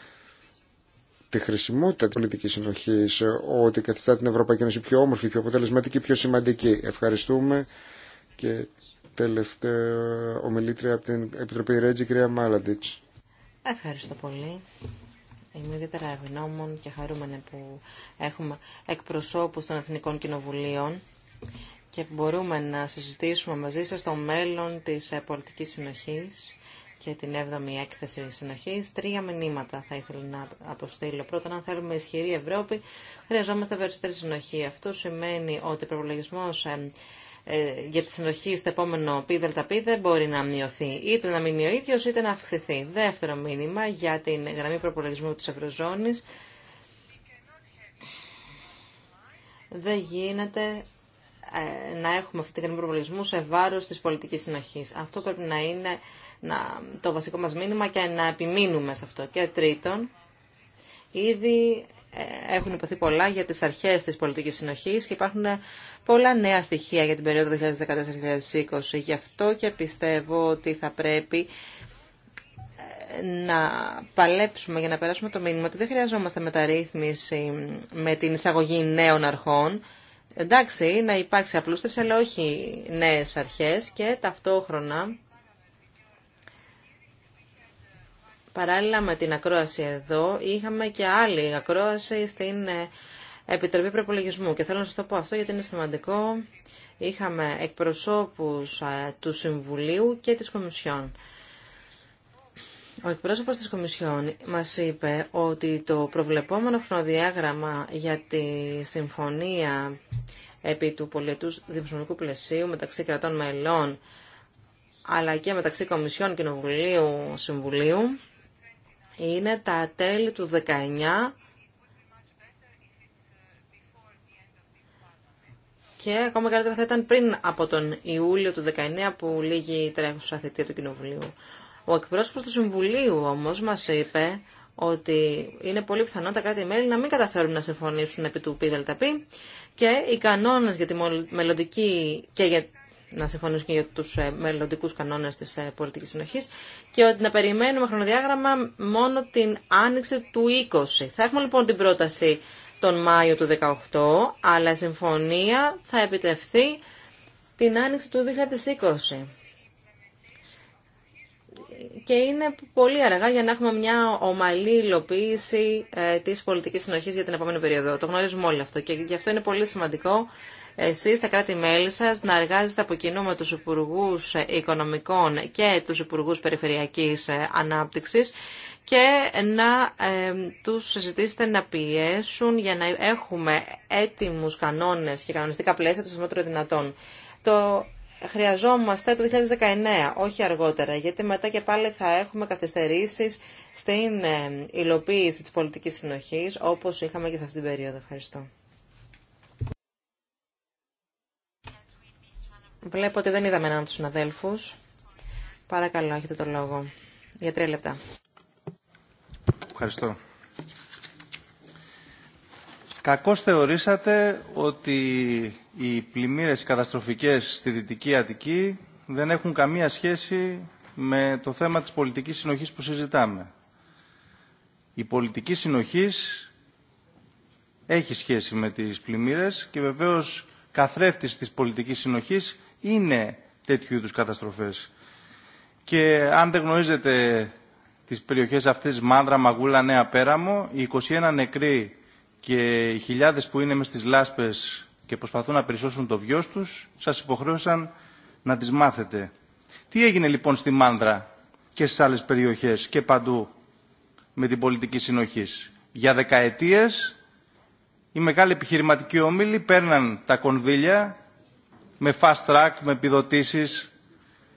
[SPEAKER 2] τη χρησιμότητα της πολιτικής συνοχής, ότι καθιστά την Ευρωπαϊκή Ένωση πιο όμορφη, πιο αποτελεσματική, πιο σημαντική. Ευχαριστούμε και τελευταία ομιλήτρια από την Επιτροπή Ρέτζη, κυρία Μάλαντιτς.
[SPEAKER 3] Ευχαριστώ πολύ. Είμαι ιδιαίτερα ευγνώμων και χαρούμενη που έχουμε εκπροσώπους των Εθνικών Κοινοβουλίων και μπορούμε να συζητήσουμε μαζί σας το μέλλον της πολιτικής συνοχής και την 7η έκθεση συνοχή. Τρία μηνύματα θα ήθελα να αποστείλω. Πρώτον, αν θέλουμε ισχυρή Ευρώπη, χρειαζόμαστε περισσότερη συνοχή. Αυτό σημαίνει ότι ο προπολογισμό ε, ε, για τη συνοχή στο επόμενο ΠΔΠ δεν μπορεί να μειωθεί. Είτε να μείνει ο ίδιο, είτε να αυξηθεί. Δεύτερο μήνυμα για την γραμμή προπολογισμού τη Ευρωζώνη. Δεν γίνεται ε, να έχουμε αυτή την γραμμή προπολογισμού σε βάρο τη πολιτική συνοχή. Αυτό πρέπει να είναι να, το βασικό μας μήνυμα και να επιμείνουμε σε αυτό. Και τρίτον, ήδη ε, έχουν υποθεί πολλά για τις αρχές της πολιτικής συνοχής και υπάρχουν πολλά νέα στοιχεία για την περίοδο 2014-2020. Γι' αυτό και πιστεύω ότι θα πρέπει ε, να παλέψουμε για να περάσουμε το μήνυμα ότι δεν χρειαζόμαστε μεταρρύθμιση με την εισαγωγή νέων αρχών. Εντάξει, να υπάρξει απλούστευση, αλλά όχι νέες αρχές και ταυτόχρονα Παράλληλα με την ακρόαση εδώ, είχαμε και άλλη ακρόαση στην ε, Επιτροπή Προπολογισμού. Και θέλω να σας το πω αυτό γιατί είναι σημαντικό. Είχαμε εκπροσώπους ε, του Συμβουλίου και της Κομισιόν. Ο εκπρόσωπος της Κομισιόν μας είπε ότι το προβλεπόμενο χρονοδιάγραμμα για τη συμφωνία επί του πολιτού δημοσιονομικού πλαισίου μεταξύ κρατών μελών αλλά και μεταξύ Κομισιών Κοινοβουλίου Συμβουλίου είναι τα τέλη του 19 και ακόμα καλύτερα θα ήταν πριν από τον Ιούλιο του 19 που λύγει η τρέχουσα θητεία του Κοινοβουλίου. Ο εκπρόσωπος του Συμβουλίου όμως μας είπε ότι είναι πολύ πιθανό τα κράτη-μέλη να μην καταφέρουν να συμφωνήσουν επί του ΠΔΠ και οι κανόνες για τη μελλοντική και για να συμφωνήσουν και για του ε, μελλοντικού κανόνες της ε, πολιτικής συνοχής και ότι να περιμένουμε χρονοδιάγραμμα μόνο την άνοιξη του 20. Θα έχουμε λοιπόν την πρόταση τον Μάιο του 2018, αλλά η συμφωνία θα επιτευχθεί την άνοιξη του 2020. Και είναι πολύ αργά για να έχουμε μια ομαλή υλοποίηση ε, της πολιτικής συνοχής για την επόμενη περίοδο. Το γνωρίζουμε όλοι αυτό και γι' αυτό είναι πολύ σημαντικό εσείς τα κράτη-μέλη σας να εργάζεστε από κοινού με τους Υπουργούς Οικονομικών και τους Υπουργούς Περιφερειακής ε, Ανάπτυξης και να ε, τους συζητήσετε να πιέσουν για να έχουμε έτοιμους κανόνες και κανονιστικά πλαίσια του σημαντικών δυνατών. Το χρειαζόμαστε το 2019, όχι αργότερα, γιατί μετά και πάλι θα έχουμε καθυστερήσεις στην ε, υλοποίηση της πολιτικής συνοχής, όπως είχαμε και σε αυτήν την περίοδο. Ευχαριστώ. Βλέπω ότι δεν είδαμε έναν από τους συναδέλφους. Παρακαλώ, έχετε το λόγο. Για τρία λεπτά.
[SPEAKER 7] Ευχαριστώ. Κακώς θεωρήσατε ότι οι πλημμύρες καταστροφικές στη Δυτική Αττική δεν έχουν καμία σχέση με το θέμα της πολιτικής συνοχής που συζητάμε. Η πολιτική συνοχής έχει σχέση με τις πλημμύρες και βεβαίως καθρέφτης της πολιτικής συνοχής είναι τέτοιου είδους καταστροφές. Και αν δεν γνωρίζετε τις περιοχές αυτές Μάνδρα, Μαγούλα, Νέα Πέραμο, οι 21 νεκροί και οι χιλιάδες που είναι μες στις λάσπες και προσπαθούν να περισσώσουν το βιός τους, σας υποχρέωσαν να τις μάθετε. Τι έγινε λοιπόν στη Μάνδρα και στις άλλες περιοχές και παντού με την πολιτική συνοχή. Για δεκαετίες οι μεγάλοι επιχειρηματικοί ομίλοι παίρναν τα κονδύλια με fast track, με επιδοτήσεις,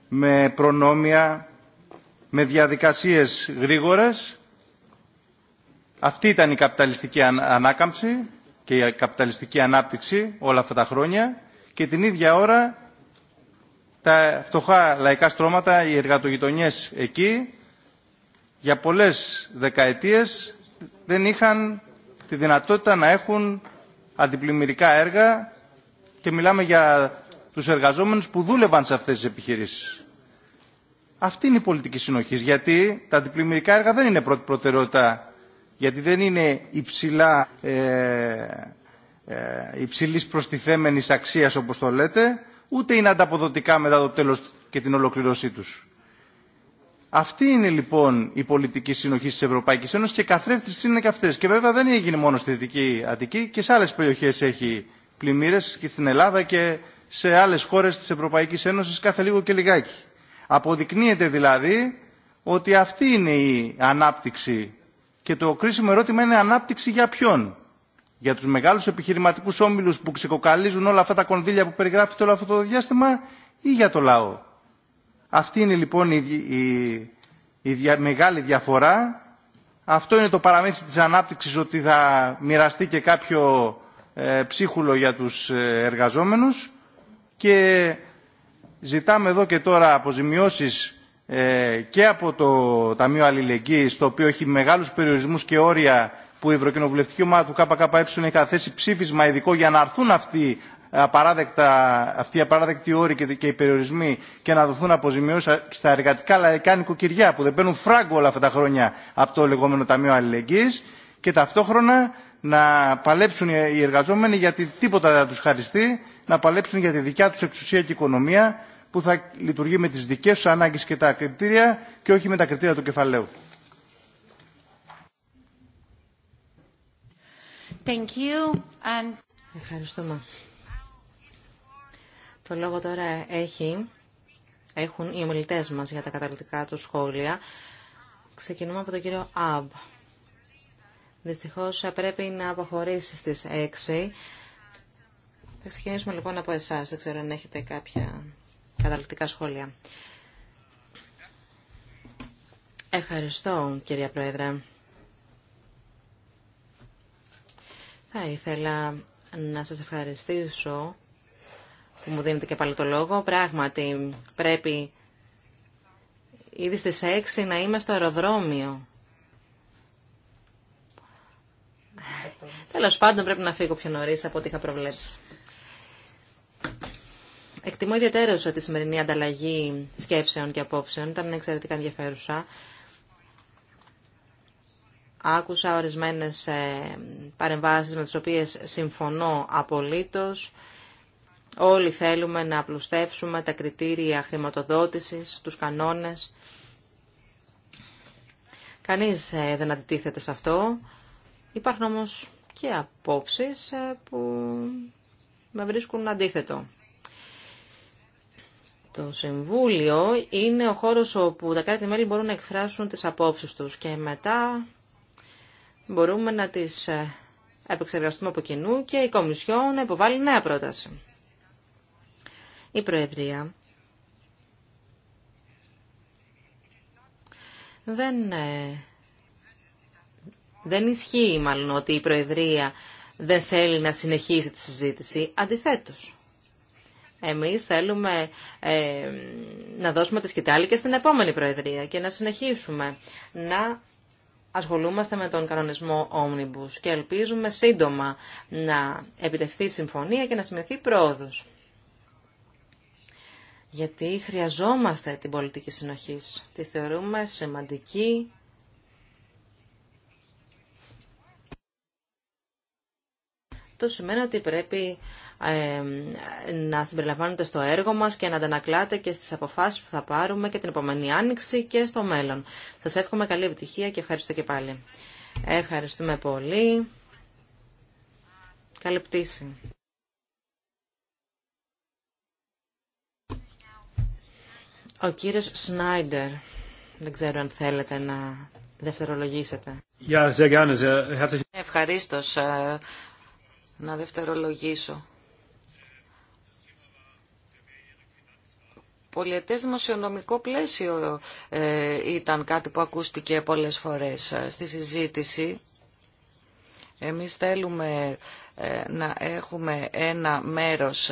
[SPEAKER 7] με προνόμια, με διαδικασίες γρήγορες. Αυτή ήταν η καπιταλιστική ανάκαμψη και η καπιταλιστική ανάπτυξη όλα αυτά τα χρόνια και την ίδια ώρα τα φτωχά λαϊκά στρώματα, οι εργατογειτονιές εκεί, για πολλές δεκαετίες δεν είχαν τη δυνατότητα να έχουν αντιπλημμυρικά έργα και μιλάμε για τους εργαζόμενους που δούλευαν σε αυτές τις επιχειρήσεις. Αυτή είναι η πολιτική συνοχή, γιατί τα αντιπλημμυρικά έργα δεν είναι πρώτη προτεραιότητα, γιατί δεν είναι υψηλά, ε, ε, υψηλής προστιθέμενης αξίας όπως το λέτε, ούτε είναι ανταποδοτικά μετά το τέλος και την ολοκληρώσή τους. Αυτή είναι λοιπόν η πολιτική συνοχή τη Ευρωπαϊκή Ένωση και καθρέφτη είναι και αυτέ. Και βέβαια δεν έγινε μόνο στη Δυτική Αττική και σε άλλε περιοχέ έχει πλημμύρε και στην Ελλάδα και σε άλλε χώρες της Ευρωπαϊκής Ένωσης κάθε λίγο και λιγάκι. Αποδεικνύεται δηλαδή ότι αυτή είναι η ανάπτυξη και το κρίσιμο ερώτημα είναι ανάπτυξη για ποιον. Για τους μεγάλους επιχειρηματικούς όμιλους που ξεκοκαλίζουν όλα αυτά τα κονδύλια που περιγράφεται όλο αυτό το διάστημα ή για το λαό. Αυτή είναι λοιπόν η, η, μεγάλη διαφορά. Αυτό είναι το παραμύθι της ανάπτυξης ότι θα μοιραστεί και κάποιο ε, ψίχουλο για τους ε, εργαζόμενους και ζητάμε εδώ και τώρα αποζημιώσεις ε, και από το Ταμείο Αλληλεγγύης, το οποίο έχει μεγάλους περιορισμούς και όρια που η Ευρωκοινοβουλευτική Ομάδα του ΚΚΕ έχει καθέσει ψήφισμα ειδικό για να αρθούν αυτοί οι απαράδεκτοι όροι και, οι περιορισμοί και να δοθούν αποζημιώσεις στα εργατικά λαϊκά νοικοκυριά που δεν παίρνουν φράγκο όλα αυτά τα χρόνια από το λεγόμενο Ταμείο Αλληλεγγύης και ταυτόχρονα να παλέψουν οι εργαζόμενοι γιατί τίποτα δεν θα τους χαριστεί να παλέψουν για τη δικιά τους εξουσία και οικονομία που θα λειτουργεί με τις δικές τους ανάγκες και τα κριτήρια και όχι με τα κριτήρια του κεφαλαίου.
[SPEAKER 1] Thank you. And... Ευχαριστούμε. Το λόγο τώρα
[SPEAKER 3] έχει, έχουν οι ομιλητέ μας για τα καταληκτικά του σχόλια. Ξεκινούμε από τον κύριο Αμπ. Δυστυχώς πρέπει να αποχωρήσει στις θα ξεκινήσουμε λοιπόν από εσά, Δεν ξέρω αν έχετε κάποια καταληκτικά σχόλια. Ευχαριστώ, κυρία Πρόεδρε. Θα ήθελα να σας ευχαριστήσω που μου δίνετε και πάλι το λόγο. Πράγματι, πρέπει ήδη στις 6 να είμαι στο αεροδρόμιο. Τέλος πάντων, πρέπει να φύγω πιο νωρίς από ό,τι είχα προβλέψει. Εκτιμώ ιδιαίτερα τη σημερινή ανταλλαγή σκέψεων και απόψεων. Ήταν εξαιρετικά ενδιαφέρουσα. Άκουσα ορισμένες ε, παρεμβάσεις με τις οποίες συμφωνώ απολύτως. Όλοι θέλουμε να απλουστεύσουμε τα κριτήρια χρηματοδότησης, τους κανόνες. Κανείς ε, δεν αντιτίθεται σε αυτό. Υπάρχουν όμως και απόψεις ε, που με βρίσκουν αντίθετο. Το Συμβούλιο είναι ο χώρος όπου τα κάθε μελη μπορούν να εκφράσουν τις απόψεις τους και μετά μπορούμε να τις ε, επεξεργαστούμε από κοινού και η Κομισιόν να υποβάλει νέα πρόταση. Η Προεδρία δεν, ε, δεν ισχύει μάλλον ότι η Προεδρία δεν θέλει να συνεχίσει τη συζήτηση. Αντιθέτως, εμείς θέλουμε ε, να δώσουμε τη σκητάλη και στην επόμενη Προεδρία και να συνεχίσουμε να ασχολούμαστε με τον κανονισμό Omnibus και ελπίζουμε σύντομα να επιτευχθεί συμφωνία και να σημειωθεί πρόοδος. Γιατί χρειαζόμαστε την πολιτική συνοχή. Τη θεωρούμε σημαντική Αυτό σημαίνει ότι πρέπει να συμπεριλαμβάνεται στο έργο μας και να αντανακλάτε και στις αποφάσεις που θα πάρουμε και την επόμενη άνοιξη και στο μέλλον. Σας εύχομαι καλή επιτυχία και ευχαριστώ και πάλι. Ευχαριστούμε πολύ. Καλή πτήση. Ο κύριος Σνάιντερ, δεν ξέρω αν θέλετε να δευτερολογήσετε.
[SPEAKER 4] Ευχαριστώ. Ε, να δευτερολογήσω. Πολιετές δημοσιονομικό πλαίσιο ε, ήταν κάτι που ακούστηκε πολλές φορές ε, στη συζήτηση. Εμείς θέλουμε ε, να έχουμε ένα μέρος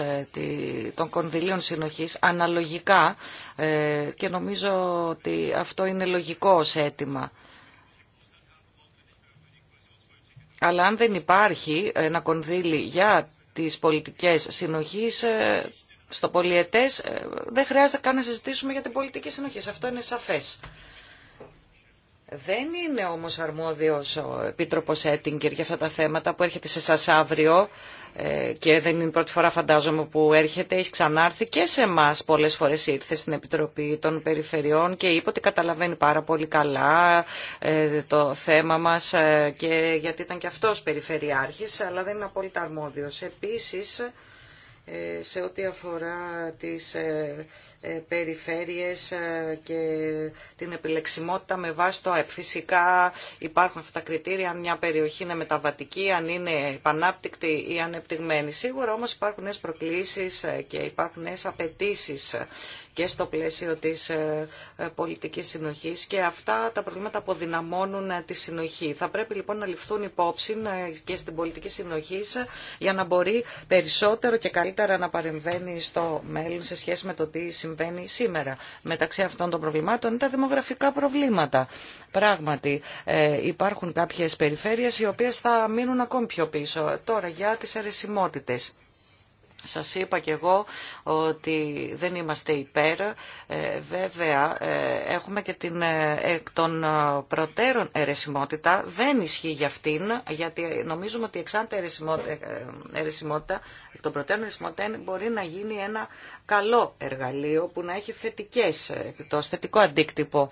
[SPEAKER 4] των κονδυλίων συνοχής αναλογικά και νομίζω ότι αυτό είναι λογικό ως αίτημα. Αλλά αν δεν υπάρχει ένα κονδύλι για τις πολιτικές συνοχής, ε, στο πολιετές ε, δεν χρειάζεται καν να συζητήσουμε για την πολιτική συνοχή. Αυτό είναι σαφές. Δεν είναι όμως αρμόδιος ο Επίτροπος Έτιγκερ για αυτά τα θέματα που έρχεται σε σας αύριο ε, και δεν είναι πρώτη φορά φαντάζομαι που έρχεται, έχει ξανάρθει και σε εμά πολλές φορές ήρθε στην Επιτροπή των Περιφερειών και είπε ότι καταλαβαίνει πάρα πολύ καλά ε, το θέμα μας ε, και γιατί ήταν και αυτός περιφερειάρχης αλλά δεν είναι απόλυτα αρμόδιος. Επίσης σε ό,τι αφορά τις ε, ε, περιφέρειες ε, και την επιλεξιμότητα με βάση το ΑΕΠ. Φυσικά υπάρχουν αυτά τα κριτήρια, αν μια περιοχή είναι μεταβατική, αν είναι επανάπτυκτη ή ανεπτυγμένη. Σίγουρα όμως υπάρχουν νέες προκλήσεις και υπάρχουν νέες απαιτήσει και στο πλαίσιο της ε, ε, πολιτικής συνοχής και αυτά τα προβλήματα αποδυναμώνουν ε, τη συνοχή. Θα πρέπει λοιπόν να ληφθούν υπόψη και στην πολιτική συνοχή για να μπορεί περισσότερο και καλύτερα να παρεμβαίνει στο μέλλον σε σχέση με το τι συμβαίνει σήμερα. Μεταξύ αυτών των προβλημάτων είναι τα δημογραφικά προβλήματα. Πράγματι υπάρχουν κάποιες περιφέρειες οι οποίες θα μείνουν ακόμη πιο πίσω. Τώρα για τις αρεσιμότητες. Σας είπα και εγώ ότι δεν είμαστε υπέρ. Ε, βέβαια, ε, έχουμε και την εκ ε, των προτέρων αιρεσιμότητα. Δεν ισχύει για αυτήν, γιατί νομίζουμε ότι εξάντα αιρεσιμότητα, εκ των προτέρων αιρεσιμότητα μπορεί να γίνει ένα καλό εργαλείο που να έχει θετικές το θετικό αντίκτυπο.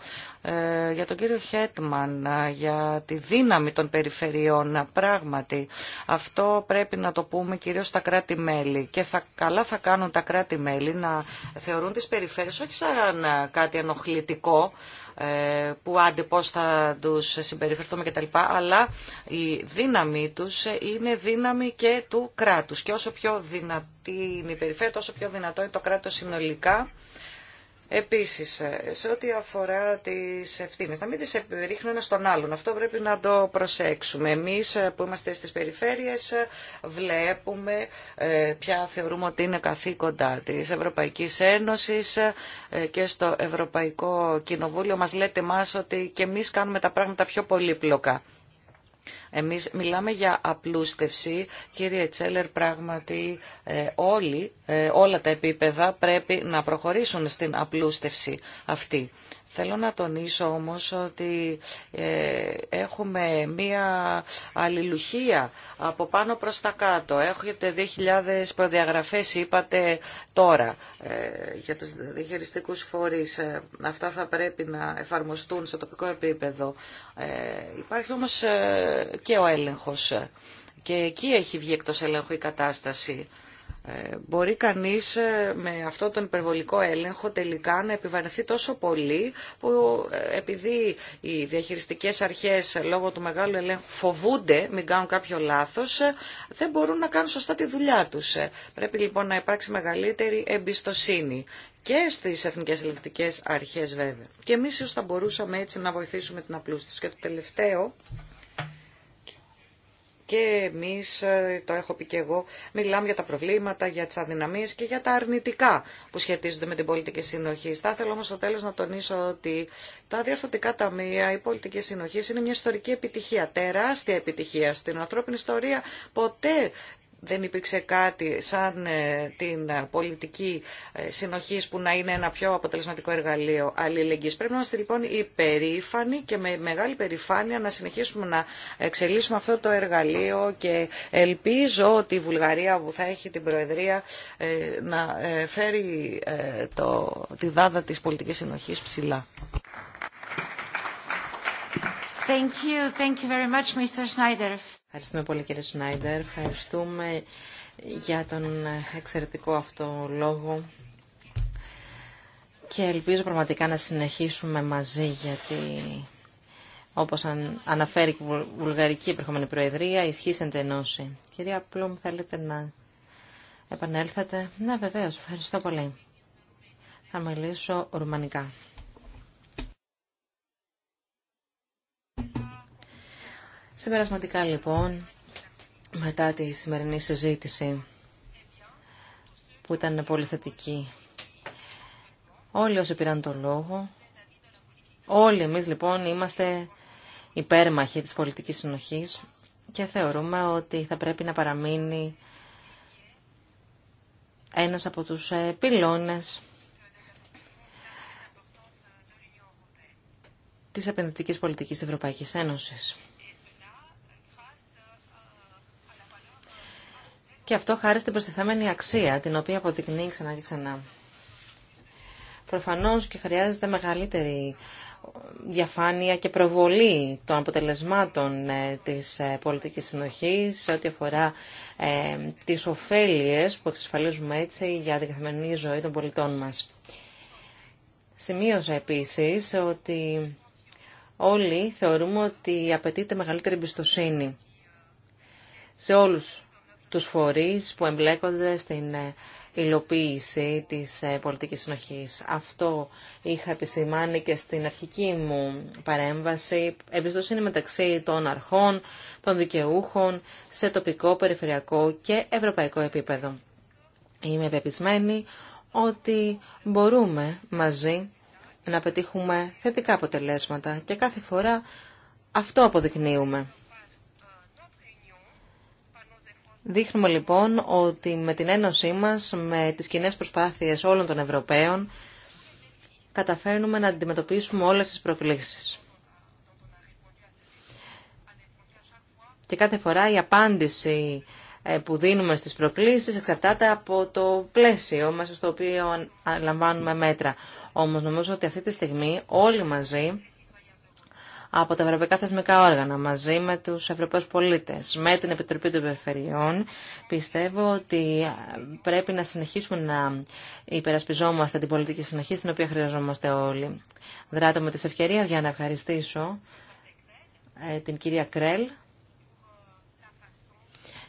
[SPEAKER 4] για τον κύριο Χέτμαν, για τη δύναμη των περιφερειών, πράγματι, αυτό πρέπει να το πούμε κυρίως στα κράτη-μέλη θα, καλά θα κάνουν τα κράτη-μέλη να θεωρούν τις περιφέρειες όχι σαν ε, κάτι ενοχλητικό ε, που άντε πώς θα τους συμπεριφερθούμε κτλ. Αλλά η δύναμη τους είναι δύναμη και του κράτους. Και όσο πιο δυνατή είναι η περιφέρεια, τόσο πιο δυνατό είναι το κράτος συνολικά Επίσης, ε, σε ό,τι αφορά τις ευθύνες, να μην τις ρίχνουν στον άλλον. Αυτό πρέπει να το προσέξουμε. Εμείς ε, που είμαστε στις περιφέρειες ε, βλέπουμε ποια θεωρούμε ότι είναι καθήκοντα της Ευρωπαϊκής Ένωσης και στο Ευρωπαϊκό Κοινοβούλιο μας λέτε μας ότι και εμείς κάνουμε τα πράγματα πιο πολύπλοκα. Εμείς μιλάμε για απλούστευση. Κύριε Τσέλερ, πράγματι ε, όλοι, ε, όλα τα επίπεδα πρέπει να προχωρήσουν στην απλούστευση αυτή. Θέλω να τονίσω όμως ότι ε, έχουμε μία αλληλουχία από πάνω προς τα κάτω. Έχετε 2.000 προδιαγραφές, είπατε τώρα, ε, για τους διαχειριστικούς φορείς. Ε, αυτά θα πρέπει να εφαρμοστούν στο τοπικό επίπεδο. Υπάρχει όμως και ο έλεγχος. Και εκεί έχει βγει εκτός έλεγχου η κατάσταση. Ε, μπορεί κανείς ε, με αυτό τον υπερβολικό έλεγχο τελικά να επιβαρυνθεί τόσο πολύ που ε, επειδή οι διαχειριστικές αρχές λόγω του μεγάλου ελέγχου φοβούνται μην κάνουν κάποιο λάθος δεν μπορούν να κάνουν σωστά τη δουλειά τους. Πρέπει λοιπόν να υπάρξει μεγαλύτερη εμπιστοσύνη και στις εθνικές ελεγκτικές αρχές βέβαια. Και εμείς ίσως θα μπορούσαμε έτσι να βοηθήσουμε την απλούστηση. Και το τελευταίο και εμείς, ε, το έχω πει και εγώ, μιλάμε για τα προβλήματα, για τις αδυναμίες και για τα αρνητικά που σχετίζονται με την πολιτική συνοχή. Θα ήθελα όμως στο τέλος να τονίσω ότι τα διαφορετικά ταμεία, η πολιτική συνοχή είναι μια ιστορική επιτυχία, τεράστια επιτυχία στην ανθρώπινη ιστορία. Ποτέ δεν υπήρξε κάτι σαν ε, την πολιτική ε, συνοχή που να είναι ένα πιο αποτελεσματικό εργαλείο αλληλεγγύη. Πρέπει να είμαστε λοιπόν υπερήφανοι και με μεγάλη περηφάνεια να συνεχίσουμε να εξελίσσουμε αυτό το εργαλείο και ελπίζω ότι η Βουλγαρία που θα έχει την Προεδρία ε, να φέρει
[SPEAKER 3] τη δάδα της πολιτικής συνοχής ψηλά.
[SPEAKER 1] Thank you. Thank you
[SPEAKER 3] Ευχαριστούμε πολύ κύριε Σνάιντερ, Ευχαριστούμε για τον εξαιρετικό αυτό λόγο και ελπίζω πραγματικά να συνεχίσουμε μαζί γιατί όπως αναφέρει η Βουλγαρική Επερχόμενη Προεδρία ισχύει εν Κυρία Πλούμ θέλετε να επανέλθετε. Ναι βεβαίως, ευχαριστώ πολύ. Θα μιλήσω ρουμανικά. Συμπερασματικά λοιπόν, μετά τη σημερινή συζήτηση που ήταν πολύ θετική, όλοι όσοι πήραν τον λόγο, όλοι εμείς λοιπόν είμαστε υπέρμαχοι της πολιτικής συνοχής και θεωρούμε ότι θα πρέπει να παραμείνει ένας από τους ε, πυλώνες της επενδυτικής πολιτικής Ευρωπαϊκής Ένωσης. Και αυτό χάρη στην προστιθέμενη αξία, την οποία αποδεικνύει ξανά και ξανά. Προφανώς και χρειάζεται μεγαλύτερη διαφάνεια και προβολή των αποτελεσμάτων ε, της ε, πολιτικής συνοχής σε ό,τι αφορά ε, τις ωφέλειες που εξασφαλίζουμε έτσι για την καθημερινή ζωή των πολιτών μας. Σημείωσα επίσης ότι όλοι θεωρούμε ότι απαιτείται μεγαλύτερη εμπιστοσύνη σε όλους τους φορείς που εμπλέκονται στην ε, υλοποίηση της ε, πολιτικής συνοχής. Αυτό είχα επισημάνει και στην αρχική μου παρέμβαση. Εμπιστοσύνη μεταξύ των αρχών, των δικαιούχων, σε τοπικό, περιφερειακό και ευρωπαϊκό επίπεδο. Είμαι πεπισμένη ότι μπορούμε μαζί να πετύχουμε θετικά αποτελέσματα και κάθε φορά αυτό αποδεικνύουμε. Δείχνουμε λοιπόν ότι με την ένωσή μας, με τις κοινέ προσπάθειες όλων των Ευρωπαίων, καταφέρνουμε να αντιμετωπίσουμε όλες τις προκλήσεις. Και κάθε φορά η απάντηση ε, που δίνουμε στις προκλήσεις εξαρτάται από το πλαίσιο μέσα στο οποίο λαμβάνουμε μέτρα. Όμως νομίζω ότι αυτή τη στιγμή όλοι μαζί από τα ευρωπαϊκά θεσμικά όργανα μαζί με τους Ευρωπαίους πολίτες, με την Επιτροπή των Περιφερειών. Πιστεύω ότι ε, πρέπει να συνεχίσουμε να υπερασπιζόμαστε την πολιτική συνοχή στην οποία χρειαζόμαστε όλοι. Δράτω με τις ευκαιρίες για να ευχαριστήσω ε, την κυρία Κρέλ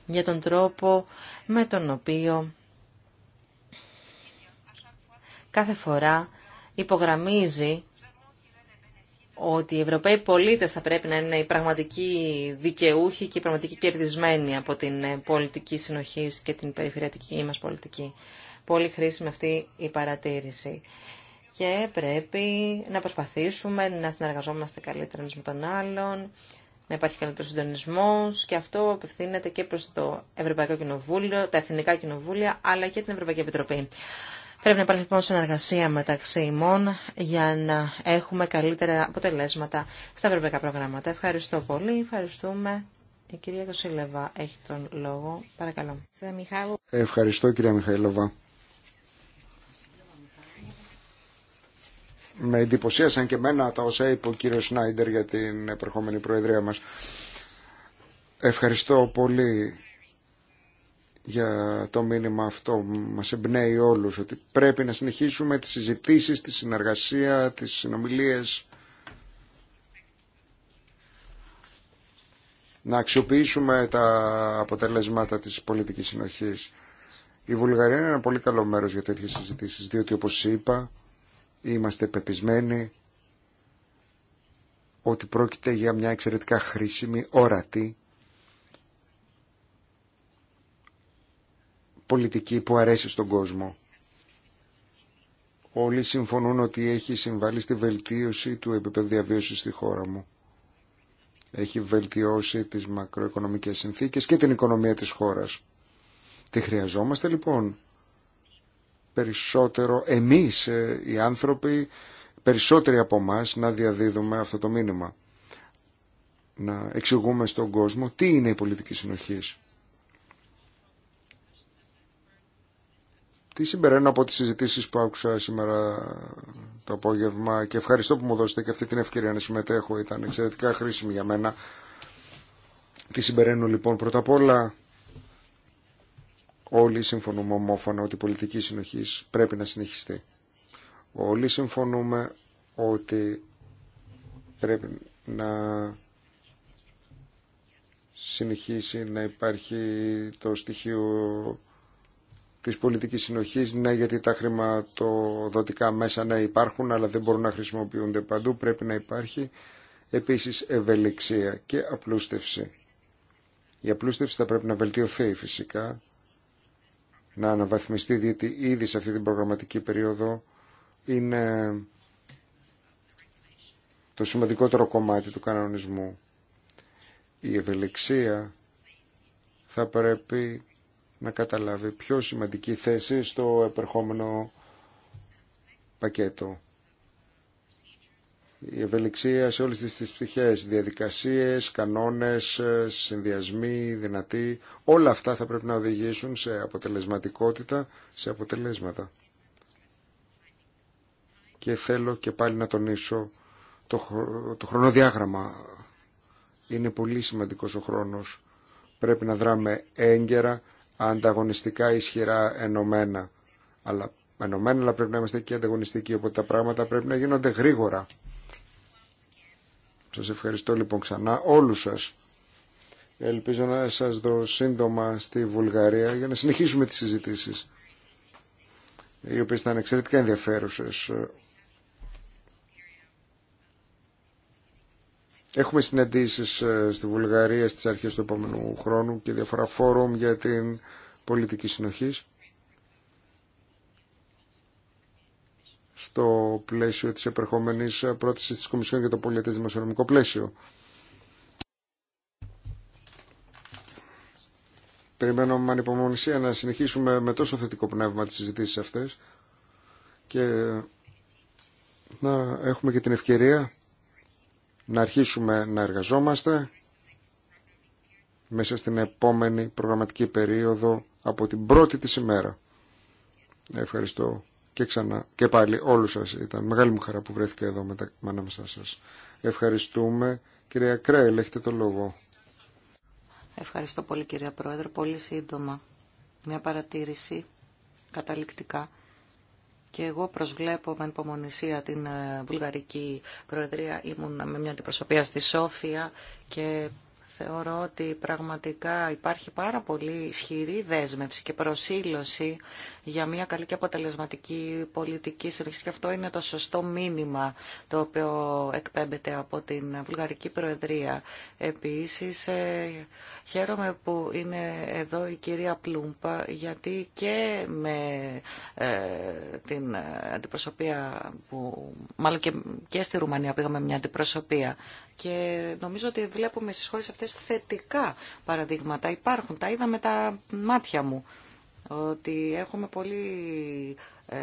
[SPEAKER 3] για τον τρόπο με τον οποίο κάθε φορά υπογραμμίζει ότι οι Ευρωπαίοι πολίτες θα πρέπει να είναι οι πραγματικοί δικαιούχοι και οι πραγματικοί κερδισμένοι από την ε, πολιτική συνοχή και την περιφερειακή μας πολιτική. Πολύ χρήσιμη αυτή η παρατήρηση. Και πρέπει να προσπαθήσουμε να συνεργαζόμαστε καλύτερα με τον άλλον, να υπάρχει καλύτερο συντονισμό και αυτό απευθύνεται και προ το Ευρωπαϊκό Κοινοβούλιο, τα Εθνικά Κοινοβούλια, αλλά και την Ευρωπαϊκή Επιτροπή. Πρέπει να υπάρχει λοιπόν συνεργασία μεταξύ ημών για να έχουμε καλύτερα αποτελέσματα στα ευρωπαϊκά προγράμματα. Ευχαριστώ πολύ. Ευχαριστούμε. Η κυρία Κωσίλεβα έχει τον λόγο. Παρακαλώ.
[SPEAKER 2] Ευχαριστώ κυρία Μιχαήλοβα. Με εντυπωσίασαν και εμένα τα όσα είπε ο κύριος Σνάιντερ για την επερχόμενη προεδρία μας. Ευχαριστώ πολύ για το μήνυμα αυτό. Μας εμπνέει όλους ότι πρέπει να συνεχίσουμε τις συζητήσεις, τη συνεργασία, τις συνομιλίες. Να αξιοποιήσουμε τα αποτελέσματα της πολιτικής συνοχής. Η Βουλγαρία είναι ένα πολύ καλό μέρος για τέτοιες συζητήσεις, διότι όπως είπα είμαστε πεπισμένοι ότι πρόκειται για μια εξαιρετικά χρήσιμη, ορατή πολιτική που αρέσει στον κόσμο. Όλοι συμφωνούν ότι έχει συμβάλει στη βελτίωση του επίπεδου διαβίωσης στη χώρα μου. Έχει βελτιώσει τις μακροοικονομικές συνθήκες και την οικονομία της χώρας. Τι χρειαζόμαστε λοιπόν περισσότερο εμείς ε, οι άνθρωποι, περισσότεροι από εμά να διαδίδουμε αυτό το μήνυμα. Να εξηγούμε στον κόσμο τι είναι η πολιτική συνοχής. Τι συμπεραίνω από τις συζητήσει που άκουσα σήμερα το απόγευμα και ευχαριστώ που μου δώσετε και αυτή την ευκαιρία να συμμετέχω. Ήταν εξαιρετικά χρήσιμη για μένα. Τι συμπεραίνω λοιπόν πρώτα απ' όλα όλοι συμφωνούμε ομόφωνα ότι η πολιτική συνοχή πρέπει να συνεχιστεί. Όλοι συμφωνούμε ότι πρέπει να συνεχίσει να υπάρχει το στοιχείο της πολιτικής συνοχής. Ναι, γιατί τα χρηματοδοτικά μέσα να υπάρχουν, αλλά δεν μπορούν να χρησιμοποιούνται παντού. Πρέπει να υπάρχει επίσης ευελιξία και απλούστευση. Η απλούστευση θα πρέπει να βελτιωθεί φυσικά, να αναβαθμιστεί, διότι ήδη σε αυτή την προγραμματική περίοδο είναι το σημαντικότερο κομμάτι του κανονισμού. Η ευελιξία θα πρέπει να καταλάβει πιο σημαντική θέση στο επερχόμενο πακέτο. Η ευελιξία σε όλες τις πτυχές, διαδικασίες, κανόνες, συνδυασμοί, δυνατοί, όλα αυτά θα πρέπει να οδηγήσουν σε αποτελεσματικότητα, σε αποτελέσματα. Και θέλω και πάλι να τονίσω το, το χρονοδιάγραμμα. Είναι πολύ σημαντικός ο χρόνος. Πρέπει να δράμε έγκαιρα, ανταγωνιστικά ισχυρά ενωμένα. Αλλά ενωμένα, αλλά πρέπει να είμαστε και ανταγωνιστικοί, οπότε τα πράγματα πρέπει να γίνονται γρήγορα. Σας ευχαριστώ λοιπόν ξανά όλους σας. Ελπίζω να σας δω σύντομα στη Βουλγαρία για να συνεχίσουμε τις συζητήσεις οι οποίες ήταν εξαιρετικά ενδιαφέρουσες Έχουμε συναντήσει ε, στη Βουλγαρία στις αρχές του επόμενου χρόνου και διαφορά φόρουμ για την πολιτική συνοχή. στο πλαίσιο της επερχόμενης πρότασης της Κομισιόν για το πολιτικό δημοσιονομικό πλαίσιο. Περιμένω με ανυπομονησία να συνεχίσουμε με τόσο θετικό πνεύμα τις συζητήσεις αυτές και να έχουμε και την ευκαιρία να αρχίσουμε να εργαζόμαστε μέσα στην επόμενη προγραμματική περίοδο από την πρώτη της ημέρα. Ευχαριστώ και ξανά και πάλι όλους σας. Ήταν μεγάλη μου χαρά που βρέθηκα εδώ μετα... ανάμεσά σας. Ευχαριστούμε. Κυρία Κρέλ, έχετε το λόγο.
[SPEAKER 4] Ευχαριστώ πολύ κυρία Πρόεδρε. Πολύ σύντομα. Μια παρατήρηση καταληκτικά και εγώ προσβλέπω με υπομονησία την ε, Βουλγαρική Προεδρία. Ήμουν με μια αντιπροσωπεία στη Σόφια και θεωρώ ότι πραγματικά υπάρχει πάρα πολύ ισχυρή δέσμευση και προσήλωση για μια καλή και αποτελεσματική πολιτική συνεχίση και αυτό είναι το σωστό μήνυμα το οποίο εκπέμπεται από την Βουλγαρική Προεδρία. Επίσης ε, χαίρομαι που είναι εδώ η κυρία Πλούμπα γιατί και με ε, την αντιπροσωπεία που μάλλον και, και στη Ρουμανία πήγαμε μια αντιπροσωπεία και νομίζω ότι βλέπουμε στις χώρες αυτές θετικά παραδείγματα. Υπάρχουν, τα είδα με τα μάτια μου, ότι έχουμε πολύ ε,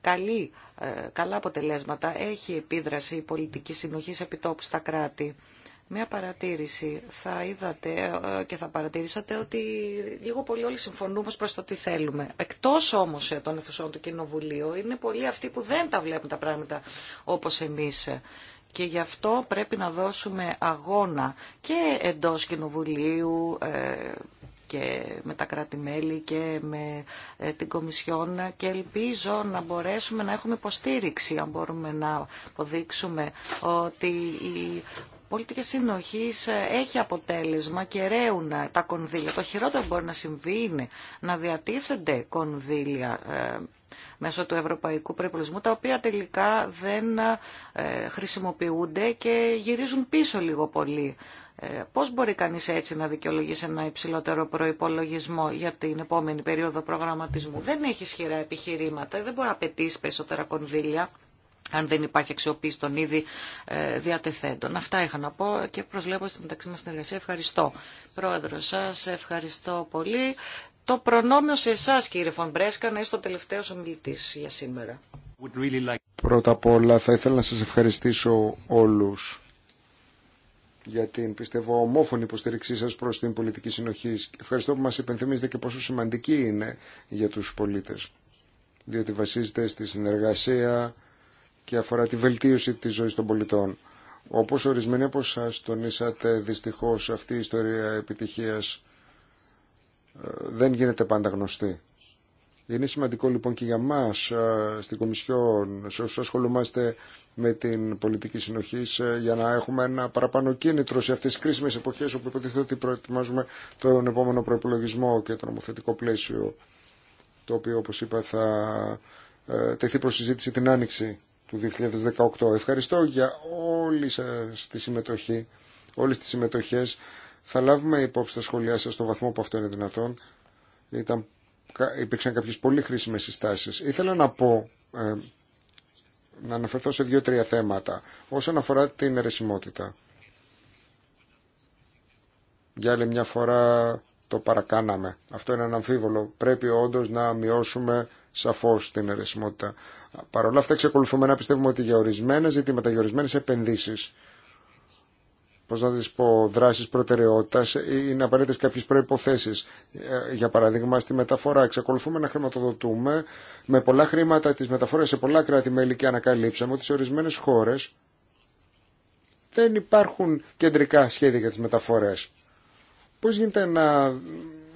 [SPEAKER 4] καλή, ε, καλά αποτελέσματα. Έχει επίδραση η πολιτική συνοχή επιτόπου στα κράτη. Μία παρατήρηση. Θα είδατε ε, και θα παρατηρήσατε ότι λίγο πολύ όλοι συμφωνούμε προς το τι θέλουμε. Εκτός όμως των αιθουσών του Κοινοβουλίου είναι πολλοί αυτοί που δεν τα βλέπουν τα πράγματα όπως εμείς και γι' αυτό πρέπει να δώσουμε αγώνα και εντός Κοινοβουλίου ε, και με τα κράτη-μέλη και με ε, την Κομισιόν και ελπίζω να μπορέσουμε να έχουμε υποστήριξη αν μπορούμε να αποδείξουμε ότι η πολιτική συνοχή ε, έχει αποτέλεσμα και ρέουν τα κονδύλια. Το χειρότερο που μπορεί να συμβεί είναι να διατίθενται κονδύλια μέσω του ευρωπαϊκού προϋπολογισμού, τα οποία τελικά δεν ε, χρησιμοποιούνται και γυρίζουν πίσω λίγο πολύ. Ε, πώς μπορεί κανείς έτσι να δικαιολογήσει ένα υψηλότερο προϋπολογισμό για την επόμενη περίοδο προγραμματισμού. Δεν έχει ισχυρά επιχειρήματα, δεν μπορεί να απαιτήσει περισσότερα κονδύλια αν δεν υπάρχει αξιοποίηση των ήδη ε, διατεθέντων. Αυτά είχα να πω και προσβλέπω στην μεταξύ μας συνεργασία. Ευχαριστώ. Πρόεδρο, σας ευχαριστώ πολύ το προνόμιο σε εσά, κύριε Φονμπρέσκα, να είστε ο τελευταίο ομιλητή για σήμερα.
[SPEAKER 2] Πρώτα απ' όλα θα ήθελα να σας ευχαριστήσω όλους για την πιστεύω ομόφωνη υποστήριξή σας προς την πολιτική συνοχή. Ευχαριστώ που μας υπενθυμίζετε και πόσο σημαντική είναι για τους πολίτες, διότι βασίζεται στη συνεργασία και αφορά τη βελτίωση της ζωής των πολιτών. Όπως ορισμένοι από σας τονίσατε, δυστυχώς αυτή η ιστορία επιτυχίας δεν γίνεται πάντα γνωστή. Είναι σημαντικό λοιπόν και για μα, ε, στην Κομισιόν, σε όσου ασχολούμαστε με την πολιτική συνοχή, για να έχουμε ένα παραπάνω κίνητρο σε αυτέ τις κρίσιμες εποχές όπου υποτίθεται ότι προετοιμάζουμε τον επόμενο προπολογισμό και το νομοθετικό πλαίσιο, το οποίο όπω είπα θα ε, τεθεί προς συζήτηση την Άνοιξη του 2018. Ευχαριστώ για όλη σας τη συμμετοχή, όλες τις συμμετοχές. Θα λάβουμε υπόψη τα σχόλιά σα στον βαθμό που αυτό είναι δυνατόν. Ήταν, υπήρξαν κάποιες πολύ χρήσιμες συστάσεις. Ήθελα να πω, ε, να αναφερθώ σε δύο-τρία θέματα όσον αφορά την αιρεσιμότητα. Για άλλη μια φορά το παρακάναμε. Αυτό είναι αναμφίβολο. Πρέπει όντω να μειώσουμε σαφώ την αιρεσιμότητα. Παρ' όλα αυτά, εξακολουθούμε να πιστεύουμε ότι για ορισμένα ζητήματα, για ορισμένε επενδύσει, πώς να τις πω, δράσεις προτεραιότητας είναι απαραίτητες κάποιες προϋποθέσεις. Ε, για παράδειγμα, στη μεταφορά εξακολουθούμε να χρηματοδοτούμε με πολλά χρήματα τις μεταφορές σε πολλά κράτη-μέλη και ανακαλύψαμε ότι σε ορισμένες χώρες δεν υπάρχουν κεντρικά σχέδια για τις μεταφορές. Πώς γίνεται να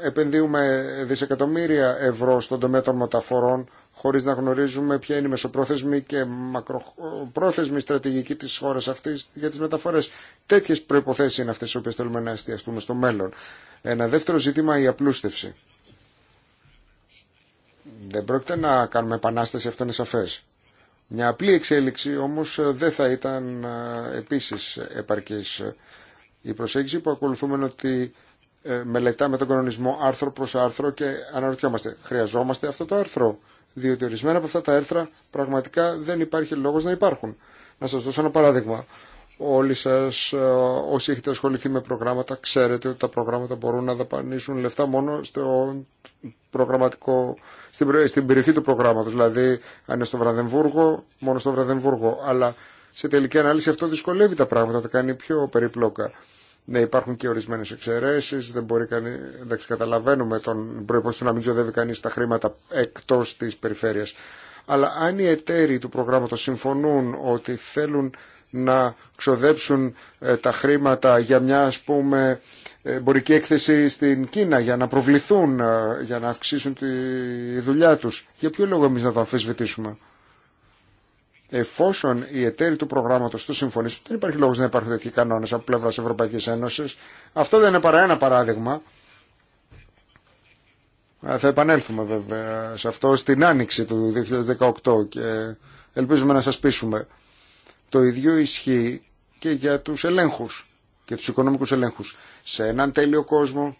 [SPEAKER 2] επενδύουμε δισεκατομμύρια ευρώ στον τομέα των μεταφορών χωρίς να γνωρίζουμε ποια είναι η μεσοπρόθεσμη και μακροπρόθεσμη στρατηγική της χώρας αυτής για τις μεταφορές. Τέτοιες προϋποθέσεις είναι αυτές οι οποίες θέλουμε να εστιαστούμε στο μέλλον. Ένα δεύτερο ζήτημα η απλούστευση. Δεν πρόκειται να κάνουμε επανάσταση, αυτό είναι σαφές. Μια απλή εξέλιξη όμως δεν θα ήταν ε, επίσης επαρκής. Η προσέγγιση που ακολουθούμε είναι ότι ε, μελετάμε τον κανονισμό άρθρο προς άρθρο και αναρωτιόμαστε, χρειαζόμαστε αυτό το άρθρο, διότι ορισμένα από αυτά τα έρθρα πραγματικά δεν υπάρχει λόγος να υπάρχουν. Να σας δώσω ένα παράδειγμα. Όλοι σας ε, όσοι έχετε ασχοληθεί με προγράμματα ξέρετε ότι τα προγράμματα μπορούν να δαπανίσουν λεφτά μόνο στο προγραμματικό, στην, στην περιοχή του προγράμματος. Δηλαδή αν είναι στο Βραδεμβούργο, μόνο στο Βραδεμβούργο. Αλλά σε τελική ανάλυση αυτό δυσκολεύει τα πράγματα, τα κάνει πιο περιπλόκα. Ναι, υπάρχουν και ορισμένε εξαιρέσει. Δεν μπορεί κανεί. Εντάξει, καταλαβαίνουμε τον προπόστο να μην ξοδεύει κανεί τα χρήματα εκτό τη περιφέρεια. Αλλά αν οι εταίροι του προγράμματο συμφωνούν ότι θέλουν να ξοδέψουν ε, τα χρήματα για μια ας πούμε ε, εμπορική έκθεση στην Κίνα για να προβληθούν, ε, για να αυξήσουν τη δουλειά τους. Για ποιο λόγο εμείς να το αμφισβητήσουμε. Εφόσον οι εταίροι του προγράμματο του συμφωνήσουν, δεν υπάρχει λόγο να υπάρχουν τέτοιοι κανόνε από πλευρά Ευρωπαϊκή Ένωση. Αυτό δεν είναι παρά ένα παράδειγμα. Θα επανέλθουμε βέβαια σε αυτό στην άνοιξη του 2018 και ελπίζουμε να σας πείσουμε. Το ίδιο ισχύει και για τους ελέγχους και τους οικονομικούς ελέγχους. Σε έναν τέλειο κόσμο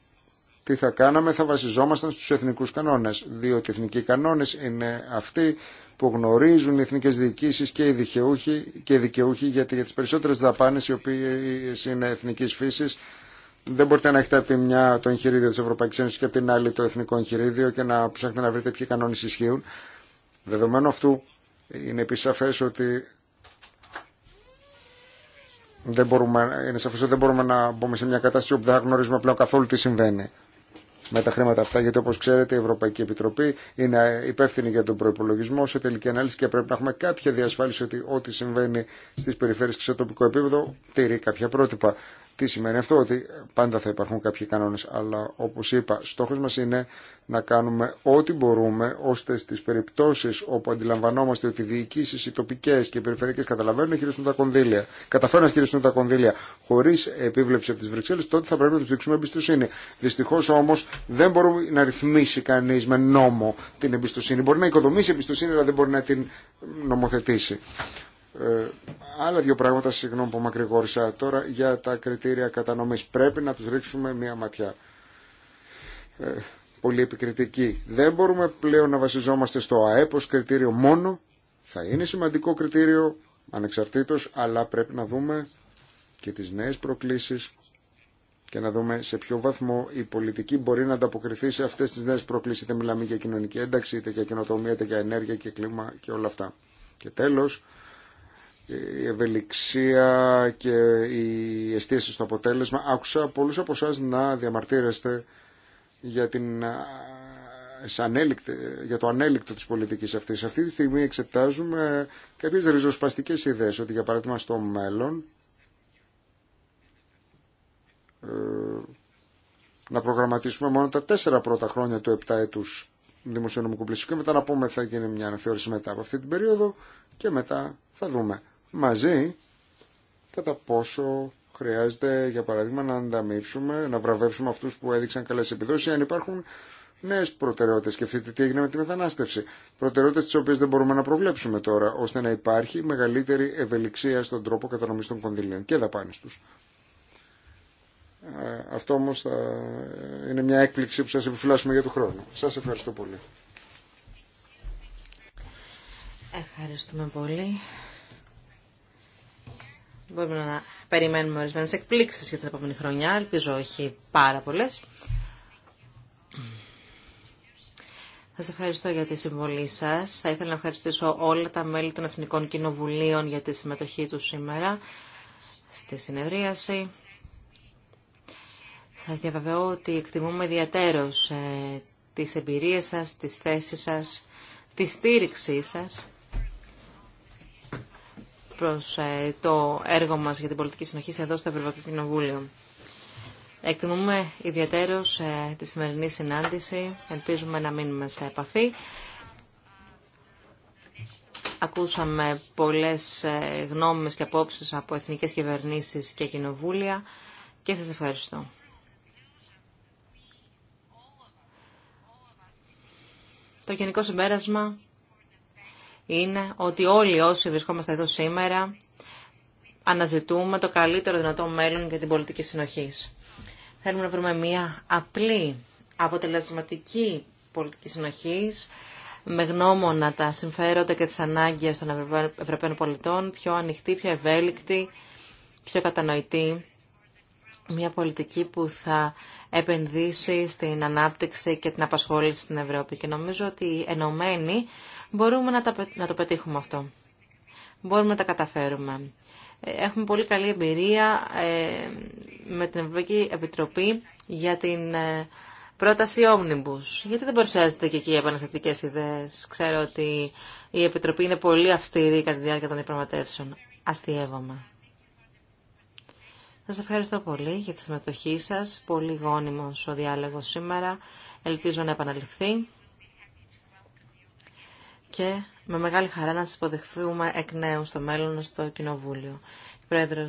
[SPEAKER 2] τι θα κάναμε θα βασιζόμασταν στους εθνικού κανόνε, διότι οι εθνικοί κανόνε είναι αυτοί που γνωρίζουν οι εθνικές διοικήσεις και οι δικαιούχοι, και οι δικαιούχοι γιατί για τις περισσότερες δαπάνες οι οποίες είναι εθνικής φύσης δεν μπορείτε να έχετε από τη μια το εγχειρίδιο της Ευρωπαϊκής Ένωσης και από την άλλη το εθνικό εγχειρίδιο και να ψάχνετε να βρείτε ποιοι κανόνες ισχύουν. Δεδομένου αυτού είναι επίσης σαφές ότι δεν μπορούμε, είναι σαφές ότι δεν μπορούμε να μπούμε σε μια κατάσταση όπου δεν γνωρίζουμε πλέον καθόλου τι συμβαίνει με τα χρήματα αυτά, γιατί όπως ξέρετε η Ευρωπαϊκή Επιτροπή είναι υπεύθυνη για τον προϋπολογισμό σε τελική ανάλυση και πρέπει να έχουμε κάποια διασφάλιση ότι ό,τι συμβαίνει στις περιφέρειες και σε τοπικό επίπεδο τηρεί κάποια πρότυπα. Τι σημαίνει αυτό, ότι πάντα θα υπάρχουν κάποιοι κανόνες, αλλά όπως είπα, στόχος μας είναι να κάνουμε ό,τι μπορούμε, ώστε στις περιπτώσεις όπου αντιλαμβανόμαστε ότι οι διοικήσεις, οι τοπικές και οι περιφερειακές καταλαβαίνουν να χειριστούν τα κονδύλια, καταφέρουν να χειριστούν τα κονδύλια χωρίς επίβλεψη από τις Βρυξέλλες, τότε θα πρέπει να τους δείξουμε εμπιστοσύνη. Δυστυχώς όμως δεν μπορούμε να ρυθμίσει κανείς με νόμο την εμπιστοσύνη. Μπορεί να οικοδομήσει εμπιστοσύνη, αλλά δεν μπορεί να την νομοθετήσει. Ε, άλλα δύο πράγματα, συγγνώμη που μακρηγόρησα τώρα, για τα κριτήρια κατανομής. Πρέπει να τους ρίξουμε μία ματιά. Ε, πολύ επικριτική. Δεν μπορούμε πλέον να βασιζόμαστε στο ΑΕΠ ως κριτήριο μόνο. Θα είναι σημαντικό κριτήριο ανεξαρτήτως, αλλά πρέπει να δούμε και τις νέες προκλήσεις και να δούμε σε ποιο βαθμό η πολιτική μπορεί να ανταποκριθεί σε αυτές τις νέες προκλήσεις. Είτε μιλάμε για κοινωνική ένταξη, είτε για κοινοτομία είτε για ενέργεια και κλίμα και όλα αυτά. Και τέλος, η ευελιξία και η εστίαση στο αποτέλεσμα. Άκουσα πολλούς από εσά να διαμαρτύρεστε για, την, για το ανέλικτο της πολιτικής αυτής. Αυτή τη στιγμή εξετάζουμε κάποιες ριζοσπαστικές ιδέες, ότι για παράδειγμα στο μέλλον ε, να προγραμματίσουμε μόνο τα τέσσερα πρώτα χρόνια του επτά δημοσιονομικού πλησίου και μετά να πούμε θα γίνει μια αναθεώρηση μετά από αυτή την περίοδο και μετά θα δούμε μαζί κατά πόσο χρειάζεται για παράδειγμα να ανταμείψουμε, να βραβεύσουμε αυτούς που έδειξαν καλές επιδόσεις αν υπάρχουν νέε προτεραιότητε. Σκεφτείτε τι έγινε με τη μετανάστευση. Προτεραιότητε τι οποίε δεν μπορούμε να προβλέψουμε τώρα, ώστε να υπάρχει μεγαλύτερη ευελιξία στον τρόπο κατανομή των κονδυλίων και δαπάνη του. Ε, αυτό όμω θα είναι μια έκπληξη που σα επιφυλάσσουμε για του χρόνο Σα ευχαριστώ πολύ.
[SPEAKER 3] Ευχαριστούμε πολύ. Μπορούμε να περιμένουμε ορισμένε εκπλήξεις για την επόμενη χρονιά. Ελπίζω όχι πάρα πολλέ. Σας ευχαριστώ για τη συμβολή σας. Θα ήθελα να ευχαριστήσω όλα τα μέλη των Εθνικών Κοινοβουλίων για τη συμμετοχή τους σήμερα στη συνεδρίαση. Σας διαβεβαιώ ότι εκτιμούμε ιδιαίτερως ε, τις εμπειρίες σας, τις θέσεις σας, τη στήριξή σας προς ε, το έργο μας για την πολιτική συνοχή εδώ στο Ευρωπαϊκό Κοινοβούλιο. Εκτιμούμε ιδιαίτερως ε, τη σημερινή συνάντηση. Ελπίζουμε να μείνουμε σε επαφή. Ακούσαμε πολλές ε, γνώμες και απόψεις από εθνικές κυβερνήσεις και κοινοβούλια και σας ευχαριστώ. Το γενικό συμπέρασμα είναι ότι όλοι όσοι βρισκόμαστε εδώ σήμερα αναζητούμε το καλύτερο δυνατό μέλλον για την πολιτική συνοχή. Θέλουμε να βρούμε μια απλή, αποτελεσματική πολιτική συνοχή με γνώμονα τα συμφέροντα και τις ανάγκες των Ευρωπαίων πολιτών, πιο ανοιχτή, πιο ευέλικτη, πιο κατανοητή. Μια πολιτική που θα επενδύσει στην ανάπτυξη και την απασχόληση στην Ευρώπη. Και νομίζω ότι ενωμένοι Μπορούμε να, να το πετύχουμε αυτό. Μπορούμε να τα καταφέρουμε. Ε, έχουμε πολύ καλή εμπειρία ε, με την Ευρωπαϊκή Επιτροπή για την ε, πρόταση Omnibus. Γιατί δεν παρουσιάζεται και εκεί επαναστατικέ ιδέε. Ξέρω ότι η Επιτροπή είναι πολύ αυστηρή κατά τη διάρκεια των διαπραγματεύσεων. Αστειεύομαι. Σας ευχαριστώ πολύ για τη συμμετοχή σα. Πολύ γόνιμος ο διάλογο σήμερα. Ελπίζω να επαναληφθεί και με μεγάλη χαρά να σα υποδεχθούμε εκ νέου στο μέλλον στο Κοινοβούλιο. Η Πρόεδρο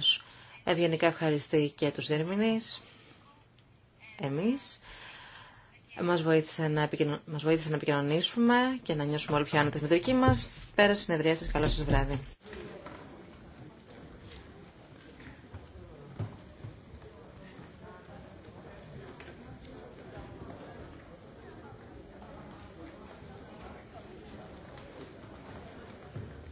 [SPEAKER 3] ευγενικά ευχαριστεί και τους διερμηνεί. εμείς. Μας βοήθησε, να να επικοινωνήσουμε και να νιώσουμε όλοι πιο άνετα τη μετρική μας. Πέρα συνεδρία σας. Καλό σας βράδυ.